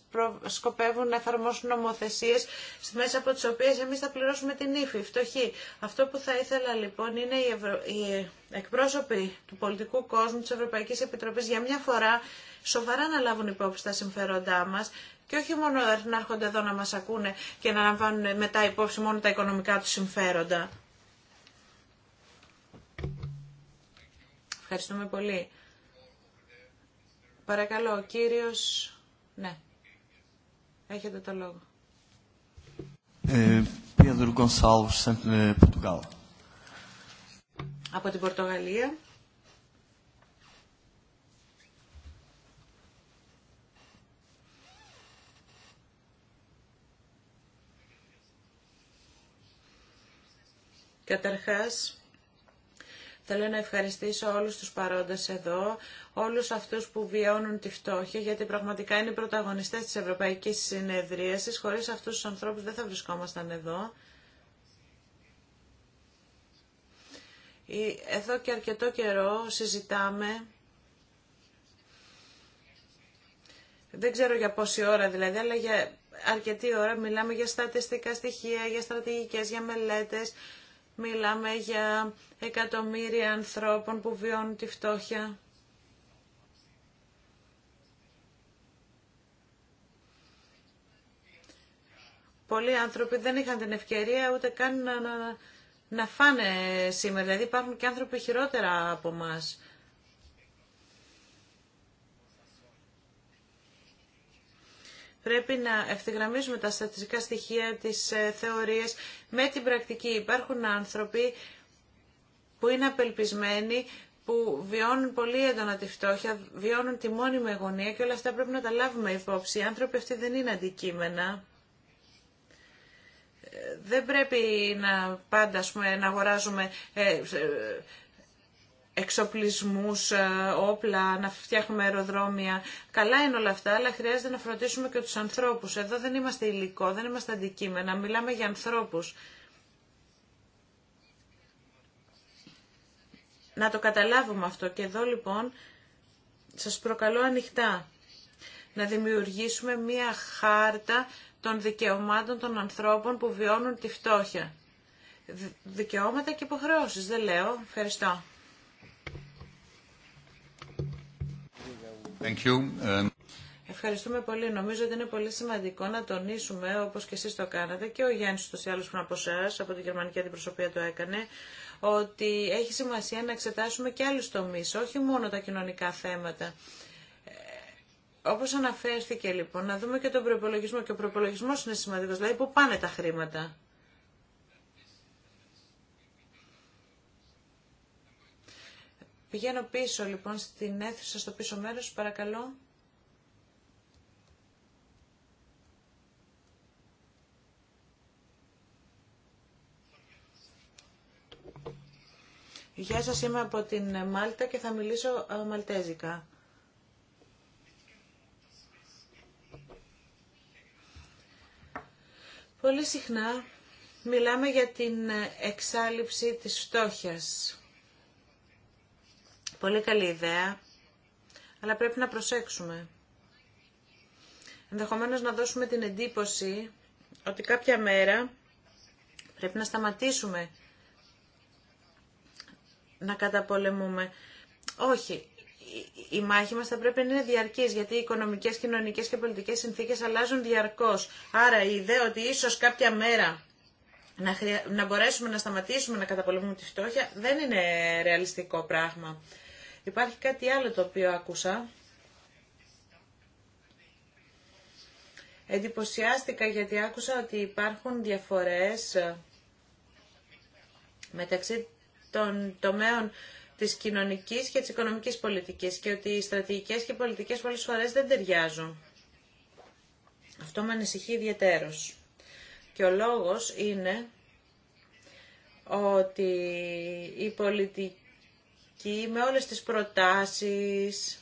σκοπεύουν να εφαρμόσουν νομοθεσίες μέσα από τις οποίες εμείς θα πληρώσουμε την ύφη, φτωχή. Αυτό που θα ήθελα λοιπόν είναι οι, εκπρόσωποι του πολιτικού κόσμου της Ευρωπαϊκής Επιτροπής για μια φορά σοβαρά να λάβουν υπόψη τα συμφέροντά μας και όχι μόνο να έρχονται εδώ να μας ακούνε και να λαμβάνουν μετά υπόψη μόνο τα οικονομικά τους συμφέροντα. Ευχαριστούμε πολύ. Παρακαλώ, ο κύριος... Ναι. Έχετε το λόγο. Πέδρο ε, Γκονσάλβος, ε, Από την Πορτογαλία. Καταρχάς, Θέλω να ευχαριστήσω όλους τους παρόντες εδώ, όλους αυτούς που βιώνουν τη φτώχεια, γιατί πραγματικά είναι οι πρωταγωνιστές της Ευρωπαϊκής Συνεδρίασης. Χωρίς αυτούς τους ανθρώπους δεν θα βρισκόμασταν εδώ. Ε, εδώ και αρκετό καιρό συζητάμε δεν ξέρω για πόση ώρα δηλαδή, αλλά για αρκετή ώρα μιλάμε για στατιστικά στοιχεία, για στρατηγικές, για μελέτες, Μιλάμε για εκατομμύρια ανθρώπων που βιώνουν τη φτώχεια. Πολλοί άνθρωποι δεν είχαν την ευκαιρία ούτε καν να, φάνε σήμερα. Δηλαδή υπάρχουν και άνθρωποι χειρότερα από μας. Πρέπει να ευθυγραμμίζουμε τα στατιστικά στοιχεία, τις ε, θεωρίες με την πρακτική. Υπάρχουν άνθρωποι που είναι απελπισμένοι, που βιώνουν πολύ έντονα τη φτώχεια, βιώνουν τη μόνιμη αγωνία και όλα αυτά πρέπει να τα λάβουμε υπόψη. Οι άνθρωποι αυτοί δεν είναι αντικείμενα. Ε, δεν πρέπει να πάντα να αγοράζουμε ε, εξοπλισμούς, ε, όπλα, να φτιάχνουμε αεροδρόμια. Καλά είναι όλα αυτά, αλλά χρειάζεται να φροντίσουμε και τους ανθρώπους. Εδώ δεν είμαστε υλικό, δεν είμαστε αντικείμενα, μιλάμε για ανθρώπους. Να το καταλάβουμε αυτό και εδώ λοιπόν σας προκαλώ ανοιχτά να δημιουργήσουμε μία χάρτα των δικαιωμάτων των ανθρώπων που βιώνουν τη φτώχεια. Δικαιώματα και υποχρεώσεις, δεν λέω. Ευχαριστώ. Um, Ευχαριστούμε πολύ. Νομίζω ότι είναι πολύ σημαντικό να τονίσουμε, όπως και εσείς το κάνατε, και ο Γιάννης του άλλους πριν από εσά, από την γερμανική αντιπροσωπεία το έκανε, ότι έχει σημασία να εξετάσουμε και άλλου τομείς, όχι μόνο τα κοινωνικά θέματα. Ε, όπως αναφέρθηκε λοιπόν, να δούμε και τον προπολογισμό. Και ο προπολογισμό είναι σημαντικό, δηλαδή πού πάνε τα χρήματα. Πηγαίνω πίσω λοιπόν στην αίθουσα στο πίσω μέρος, παρακαλώ. Γεια σας, είμαι από την Μάλτα και θα μιλήσω ε, μαλτέζικα. Πολύ συχνά μιλάμε για την εξάλληψη της φτώχειας. Πολύ καλή ιδέα, αλλά πρέπει να προσέξουμε. Ενδεχομένως να δώσουμε την εντύπωση ότι κάποια μέρα πρέπει να σταματήσουμε να καταπολεμούμε. Όχι, η μάχη μας θα πρέπει να είναι διαρκής, γιατί οι οικονομικές, κοινωνικές και πολιτικές συνθήκες αλλάζουν διαρκώς. Άρα η ιδέα ότι ίσως κάποια μέρα να, χρεια... να μπορέσουμε να σταματήσουμε να καταπολεμούμε τη φτώχεια δεν είναι ρεαλιστικό πράγμα. Υπάρχει κάτι άλλο το οποίο άκουσα. Εντυπωσιάστηκα γιατί άκουσα ότι υπάρχουν διαφορές ε, μεταξύ των τομέων της κοινωνικής και της οικονομικής πολιτικής και ότι οι στρατηγικές και οι πολιτικές πολλές φορές δεν ταιριάζουν. Αυτό με ανησυχεί ιδιαίτερος. Και ο λόγος είναι ότι η πολιτική με όλες τις προτάσεις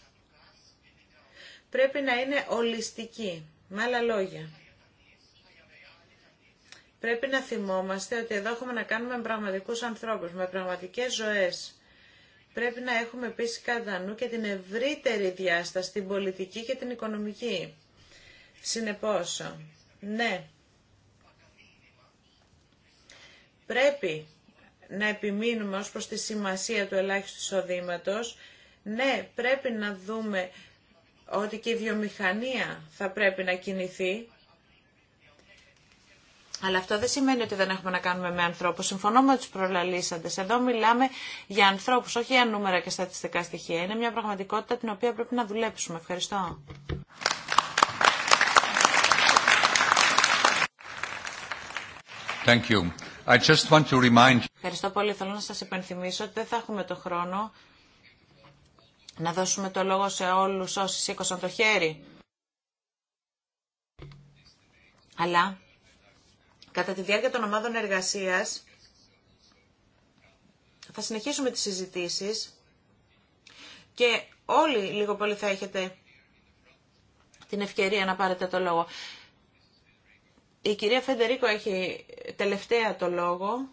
πρέπει να είναι ολιστική. Με άλλα λόγια. Πρέπει να θυμόμαστε ότι εδώ έχουμε να κάνουμε με πραγματικούς ανθρώπους, με πραγματικές ζωές. Πρέπει να έχουμε επίση κατά νου και την ευρύτερη διάσταση, την πολιτική και την οικονομική. Συνεπώς, ναι, πρέπει να επιμείνουμε ως προς τη σημασία του ελάχιστου εισοδήματο. Ναι, πρέπει να δούμε ότι και η βιομηχανία θα πρέπει να κινηθεί. Αλλά αυτό δεν σημαίνει ότι δεν έχουμε να κάνουμε με ανθρώπους. Συμφωνώ με τους προλαλήσαντες. Εδώ μιλάμε για ανθρώπους, όχι για νούμερα και στατιστικά στοιχεία. Είναι μια πραγματικότητα την οποία πρέπει να δουλέψουμε. Ευχαριστώ. Ευχαριστώ πολύ. Θέλω να σας υπενθυμίσω ότι δεν θα έχουμε το χρόνο να δώσουμε το λόγο σε όλους όσοι σήκωσαν το χέρι. Αλλά κατά τη διάρκεια των ομάδων εργασίας θα συνεχίσουμε τις συζητήσεις και όλοι λίγο πολύ θα έχετε την ευκαιρία να πάρετε το λόγο. Η κυρία Φεντερίκο έχει τελευταία το λόγο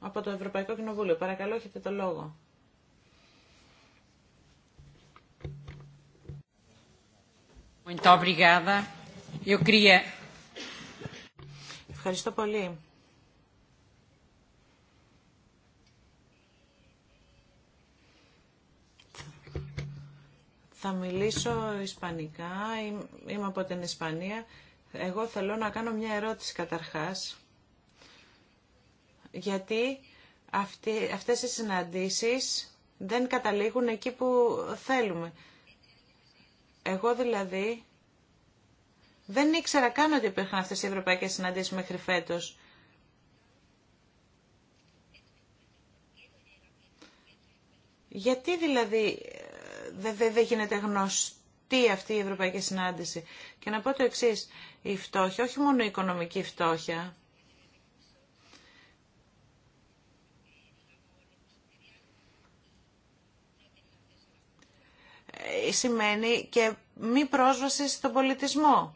από το Ευρωπαϊκό Κοινοβούλιο. Παρακαλώ, έχετε το λόγο. Ευχαριστώ πολύ. Θα μιλήσω ισπανικά, είμαι από την Ισπανία εγώ θέλω να κάνω μια ερώτηση καταρχάς. Γιατί αυτοί, αυτές οι συναντήσεις δεν καταλήγουν εκεί που θέλουμε. Εγώ δηλαδή δεν ήξερα καν ότι υπήρχαν αυτές οι ευρωπαϊκές συναντήσεις μέχρι φέτος. Γιατί δηλαδή ε, δεν δε, γίνεται γνωστό τι αυτή η Ευρωπαϊκή Συνάντηση. Και να πω το εξή. Η φτώχεια, όχι μόνο η οικονομική φτώχεια, ε, σημαίνει και μη πρόσβαση στον πολιτισμό.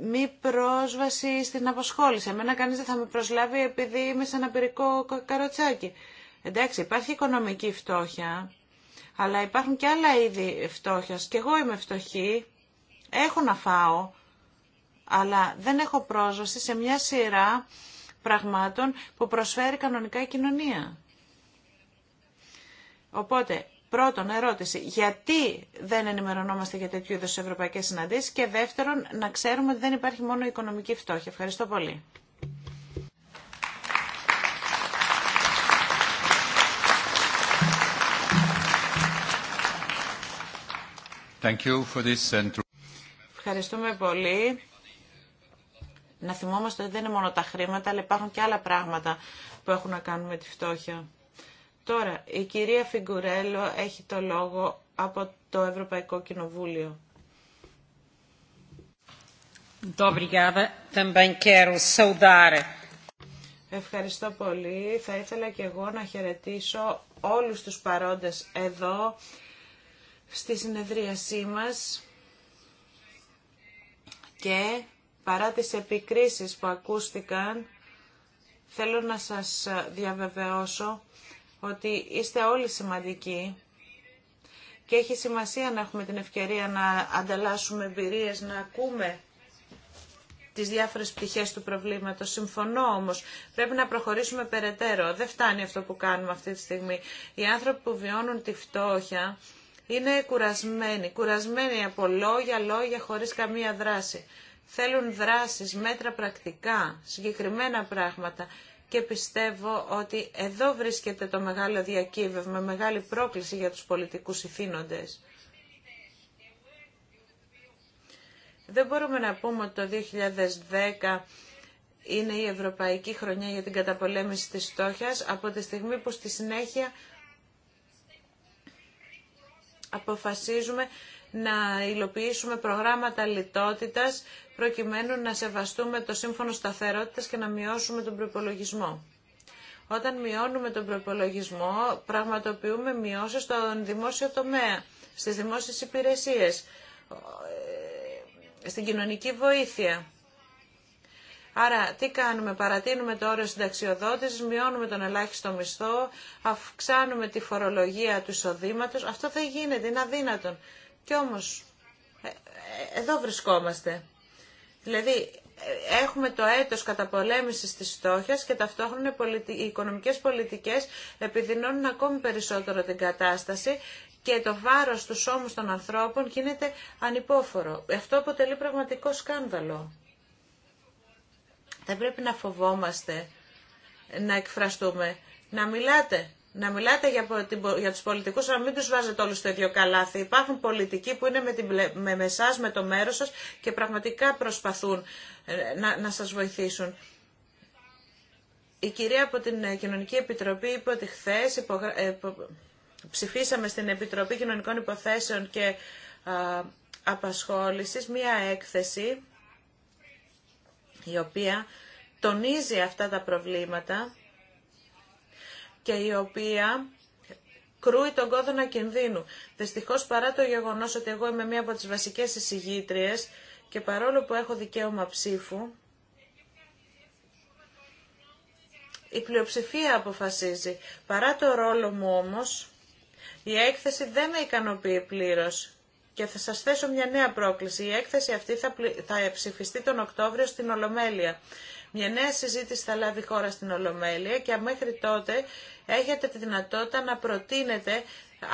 Μη πρόσβαση στην αποσχόληση. Εμένα κανείς δεν θα με προσλάβει επειδή είμαι σαν απειρικό καροτσάκι. Εντάξει, υπάρχει οικονομική φτώχεια αλλά υπάρχουν και άλλα είδη φτώχειας. Και εγώ είμαι φτωχή, έχω να φάω, αλλά δεν έχω πρόσβαση σε μια σειρά πραγμάτων που προσφέρει κανονικά η κοινωνία. Οπότε, πρώτον, ερώτηση, γιατί δεν ενημερωνόμαστε για τέτοιου είδους ευρωπαϊκές συναντήσεις και δεύτερον, να ξέρουμε ότι δεν υπάρχει μόνο οικονομική φτώχεια. Ευχαριστώ πολύ. Uh, Ευχαριστούμε πολύ. Να θυμόμαστε ότι δεν είναι μόνο τα χρήματα, αλλά υπάρχουν και άλλα πράγματα που έχουν να κάνουν με τη φτώχεια. Τώρα, η κυρία Φιγκουρέλο έχει το λόγο από το Ευρωπαϊκό Κοινοβούλιο. Ευχαριστώ πολύ. Θα ήθελα και εγώ να χαιρετήσω όλους τους παρόντες εδώ στη συνεδρίασή μας και παρά τις επικρίσεις που ακούστηκαν θέλω να σας διαβεβαιώσω ότι είστε όλοι σημαντικοί και έχει σημασία να έχουμε την ευκαιρία να ανταλλάσσουμε εμπειρίες, να ακούμε τις διάφορες πτυχές του προβλήματος. Συμφωνώ όμως, πρέπει να προχωρήσουμε περαιτέρω. Δεν φτάνει αυτό που κάνουμε αυτή τη στιγμή. Οι άνθρωποι που βιώνουν τη φτώχεια είναι κουρασμένοι. Κουρασμένοι από λόγια, λόγια χωρίς καμία δράση. Θέλουν δράσεις, μέτρα πρακτικά, συγκεκριμένα πράγματα. Και πιστεύω ότι εδώ βρίσκεται το μεγάλο διακύβευμα, μεγάλη πρόκληση για τους πολιτικούς ηθήνοντες. Δεν μπορούμε να πούμε ότι το 2010 είναι η Ευρωπαϊκή Χρονιά για την καταπολέμηση της στόχιας από τη στιγμή που στη συνέχεια αποφασίζουμε να υλοποιήσουμε προγράμματα λιτότητας προκειμένου να σεβαστούμε το σύμφωνο σταθερότητας και να μειώσουμε τον προπολογισμό. Όταν μειώνουμε τον προπολογισμό, πραγματοποιούμε μειώσεις στον δημόσιο τομέα, στις δημόσιες υπηρεσίες, ε, στην κοινωνική βοήθεια. Άρα τι κάνουμε, παρατείνουμε το όριο συνταξιοδότησης, μειώνουμε τον ελάχιστο μισθό, αυξάνουμε τη φορολογία του εισοδήματο. Αυτό δεν γίνεται, είναι αδύνατον. Και όμως ε, ε, εδώ βρισκόμαστε. Δηλαδή ε, έχουμε το έτος καταπολέμησης της στόχιας και ταυτόχρονα οι οικονομικές πολιτικές επιδεινώνουν ακόμη περισσότερο την κατάσταση και το βάρος του σώμου των ανθρώπων γίνεται ανυπόφορο. Αυτό αποτελεί πραγματικό σκάνδαλο. Δεν πρέπει να φοβόμαστε να εκφραστούμε. Να μιλάτε. Να μιλάτε για, για τους πολιτικούς, αλλά μην τους βάζετε όλους στο ίδιο καλάθι. Υπάρχουν πολιτικοί που είναι με, την, με, με με το μέρος σας και πραγματικά προσπαθούν ε, να, να σας βοηθήσουν. Η κυρία από την ε, Κοινωνική Επιτροπή είπε ότι χθε ε, ψηφίσαμε στην Επιτροπή Κοινωνικών Υποθέσεων και α, Απασχόλησης μία έκθεση η οποία τονίζει αυτά τα προβλήματα και η οποία κρούει τον κόδωνα κινδύνου. Δυστυχώς παρά το γεγονός ότι εγώ είμαι μία από τις βασικές εισηγήτριες και παρόλο που έχω δικαίωμα ψήφου, η πλειοψηφία αποφασίζει. Παρά το ρόλο μου όμως, η έκθεση δεν με ικανοποιεί πλήρως και θα σας θέσω μια νέα πρόκληση. Η έκθεση αυτή θα, θα ψηφιστεί τον Οκτώβριο στην Ολομέλεια. Μια νέα συζήτηση θα λάβει χώρα στην Ολομέλεια και μέχρι τότε έχετε τη δυνατότητα να προτείνετε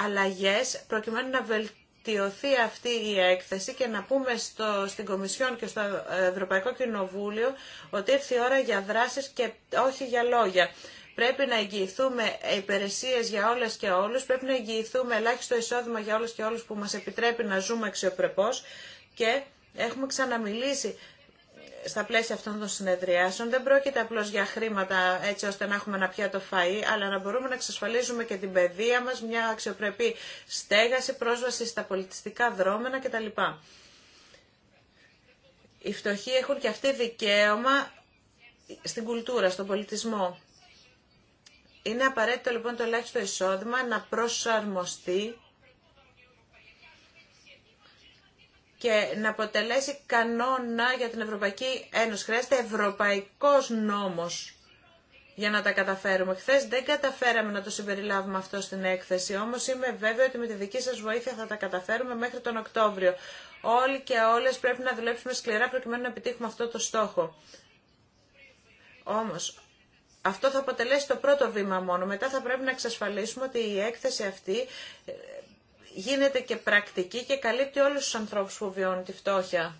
αλλαγές προκειμένου να βελτιωθεί αυτή η έκθεση και να πούμε στο, στην Κομισιόν και στο ε, Ευρωπαϊκό Κοινοβούλιο ότι ήρθε η ώρα για δράσεις και όχι για λόγια. Πρέπει να εγγυηθούμε υπηρεσίες για όλες και όλους, πρέπει να εγγυηθούμε ελάχιστο εισόδημα για όλες και όλους που μας επιτρέπει να ζούμε αξιοπρεπώς και έχουμε ξαναμιλήσει στα πλαίσια αυτών των συνεδριάσεων δεν πρόκειται απλώς για χρήματα έτσι ώστε να έχουμε ένα πιάτο φαΐ, αλλά να μπορούμε να εξασφαλίζουμε και την παιδεία μας, μια αξιοπρεπή στέγαση, πρόσβαση στα πολιτιστικά δρόμενα κτλ. Οι φτωχοί έχουν και αυτοί δικαίωμα στην κουλτούρα, στον πολιτισμό. Είναι απαραίτητο λοιπόν το ελάχιστο εισόδημα να προσαρμοστεί και να αποτελέσει κανόνα για την Ευρωπαϊκή Ένωση. Χρειάζεται ευρωπαϊκός νόμος για να τα καταφέρουμε. Χθε δεν καταφέραμε να το συμπεριλάβουμε αυτό στην έκθεση, όμως είμαι βέβαιο ότι με τη δική σας βοήθεια θα τα καταφέρουμε μέχρι τον Οκτώβριο. Όλοι και όλες πρέπει να δουλέψουμε σκληρά προκειμένου να επιτύχουμε αυτό το στόχο. Όμως, αυτό θα αποτελέσει το πρώτο βήμα μόνο. Μετά θα πρέπει να εξασφαλίσουμε ότι η έκθεση αυτή ε, γίνεται και πρακτική και καλύπτει όλους τους ανθρώπους που βιώνουν τη φτώχεια.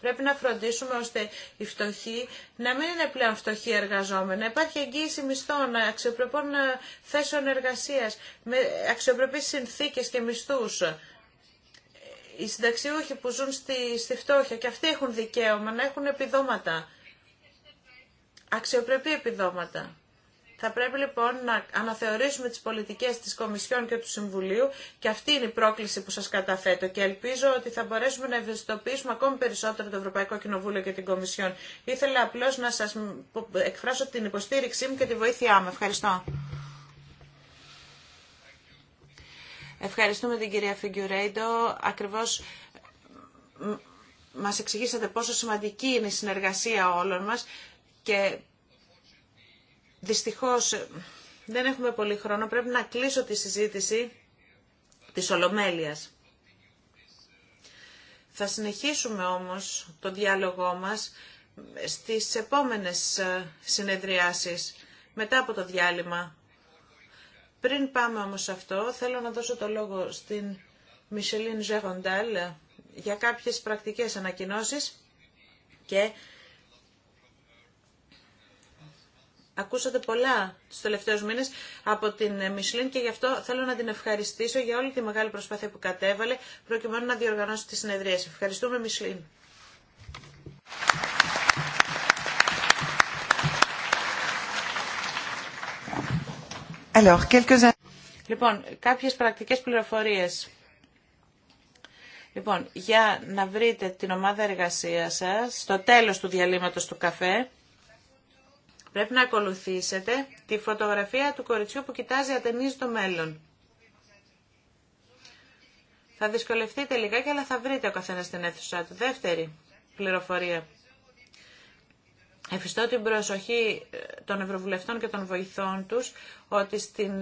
Πρέπει να φροντίσουμε ώστε οι φτωχοί να μην είναι πλέον φτωχοί εργαζόμενοι. Να υπάρχει εγγύηση μισθών, αξιοπρεπών ε, θέσεων εργασίας, με αξιοπρεπείς συνθήκες και μισθούς. Ε, οι συνταξιούχοι που ζουν στη, στη φτώχεια και αυτοί έχουν δικαίωμα να έχουν επιδόματα αξιοπρεπή επιδόματα. Θα πρέπει λοιπόν να αναθεωρήσουμε τις πολιτικές της Κομισιόν και του Συμβουλίου και αυτή είναι η πρόκληση που σας καταθέτω και ελπίζω ότι θα μπορέσουμε να ευαισθητοποιήσουμε ακόμη περισσότερο το Ευρωπαϊκό Κοινοβούλιο και την Κομισιόν. Ήθελα απλώς να σας εκφράσω την υποστήριξή μου και τη βοήθειά μου. Ευχαριστώ. Ευχαριστούμε την κυρία Φιγκιουρέιντο. Ακριβώς μας εξηγήσατε πόσο σημαντική είναι η συνεργασία όλων μας και δυστυχώς δεν έχουμε πολύ χρόνο, πρέπει να κλείσω τη συζήτηση της Ολομέλειας. Θα συνεχίσουμε όμως το διάλογό μας στις επόμενες ε, συνεδριάσεις, μετά από το διάλειμμα. Πριν πάμε όμως αυτό, θέλω να δώσω το λόγο στην Μισελίν Ζεγοντάλ για κάποιες πρακτικές ανακοινώσεις και Ακούσατε πολλά τους τελευταίες μήνες από την Μισλίν και γι' αυτό θέλω να την ευχαριστήσω για όλη τη μεγάλη προσπάθεια που κατέβαλε προκειμένου να διοργανώσει τη συνεδρία. Ευχαριστούμε Μισλίν. Alors, quelques... Λοιπόν, κάποιες πρακτικές πληροφορίες. Λοιπόν, για να βρείτε την ομάδα εργασίας σας στο τέλος του διαλύματος του καφέ. Πρέπει να ακολουθήσετε τη φωτογραφία του κοριτσιού που κοιτάζει ατενίζει το μέλλον. Θα δυσκολευτείτε λιγάκι, αλλά θα βρείτε ο καθένας την αίθουσά του. Δεύτερη πληροφορία. Εφιστώ την προσοχή ε, των Ευρωβουλευτών και των βοηθών τους ότι στην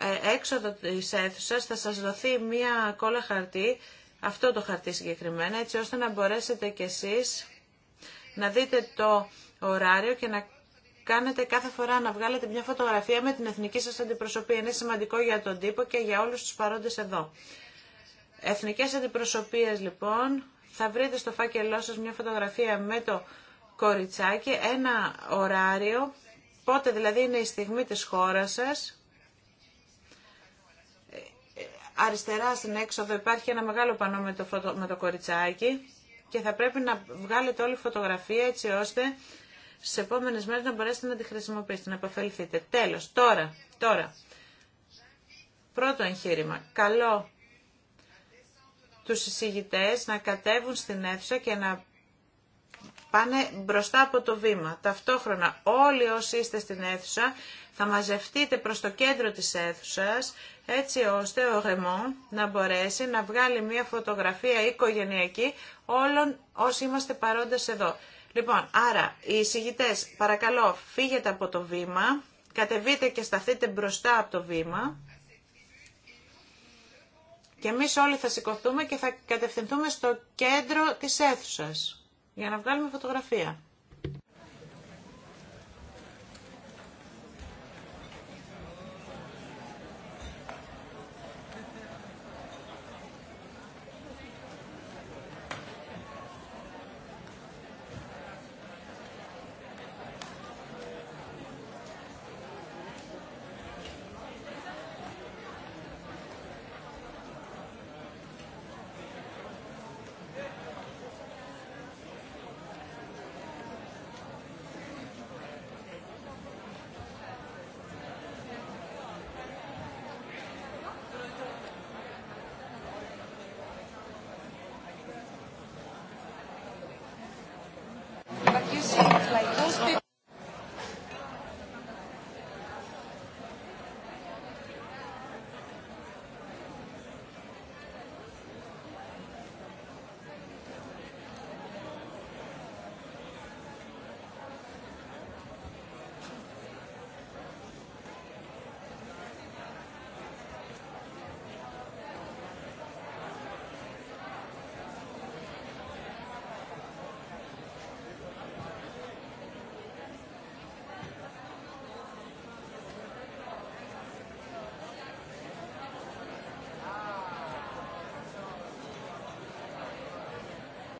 ε, έξοδο της αίθουσας θα σας δοθεί μία κόλλα χαρτί, αυτό το χαρτί συγκεκριμένα, έτσι ώστε να μπορέσετε κι εσείς να δείτε το ωράριο και να κάνετε κάθε φορά να βγάλετε μια φωτογραφία με την εθνική σας αντιπροσωπεία. Είναι σημαντικό για τον τύπο και για όλους τους παρόντες εδώ. Εθνικές αντιπροσωπείες λοιπόν, θα βρείτε στο φάκελό σας μια φωτογραφία με το κοριτσάκι, ένα ωράριο, πότε δηλαδή είναι η στιγμή της χώρας σας. Αριστερά στην έξοδο υπάρχει ένα μεγάλο πανό με το, με το κοριτσάκι και θα πρέπει να βγάλετε όλη φωτογραφία έτσι ώστε στι επόμενε μέρε να μπορέσετε να τη χρησιμοποιήσετε, να αποφελθείτε. Τέλο, τώρα, τώρα. Πρώτο εγχείρημα. Καλό του συζητητέ να κατέβουν στην αίθουσα και να πάνε μπροστά από το βήμα. Ταυτόχρονα όλοι όσοι είστε στην αίθουσα θα μαζευτείτε προς το κέντρο της αίθουσας έτσι ώστε ο γεμό να μπορέσει να βγάλει μια φωτογραφία οικογενειακή όλων όσοι είμαστε παρόντες εδώ. Λοιπόν, άρα οι εισηγητέ, παρακαλώ, φύγετε από το βήμα, κατεβείτε και σταθείτε μπροστά από το βήμα. Και εμείς όλοι θα σηκωθούμε και θα κατευθυνθούμε στο κέντρο της αίθουσας για να βγάλουμε φωτογραφία.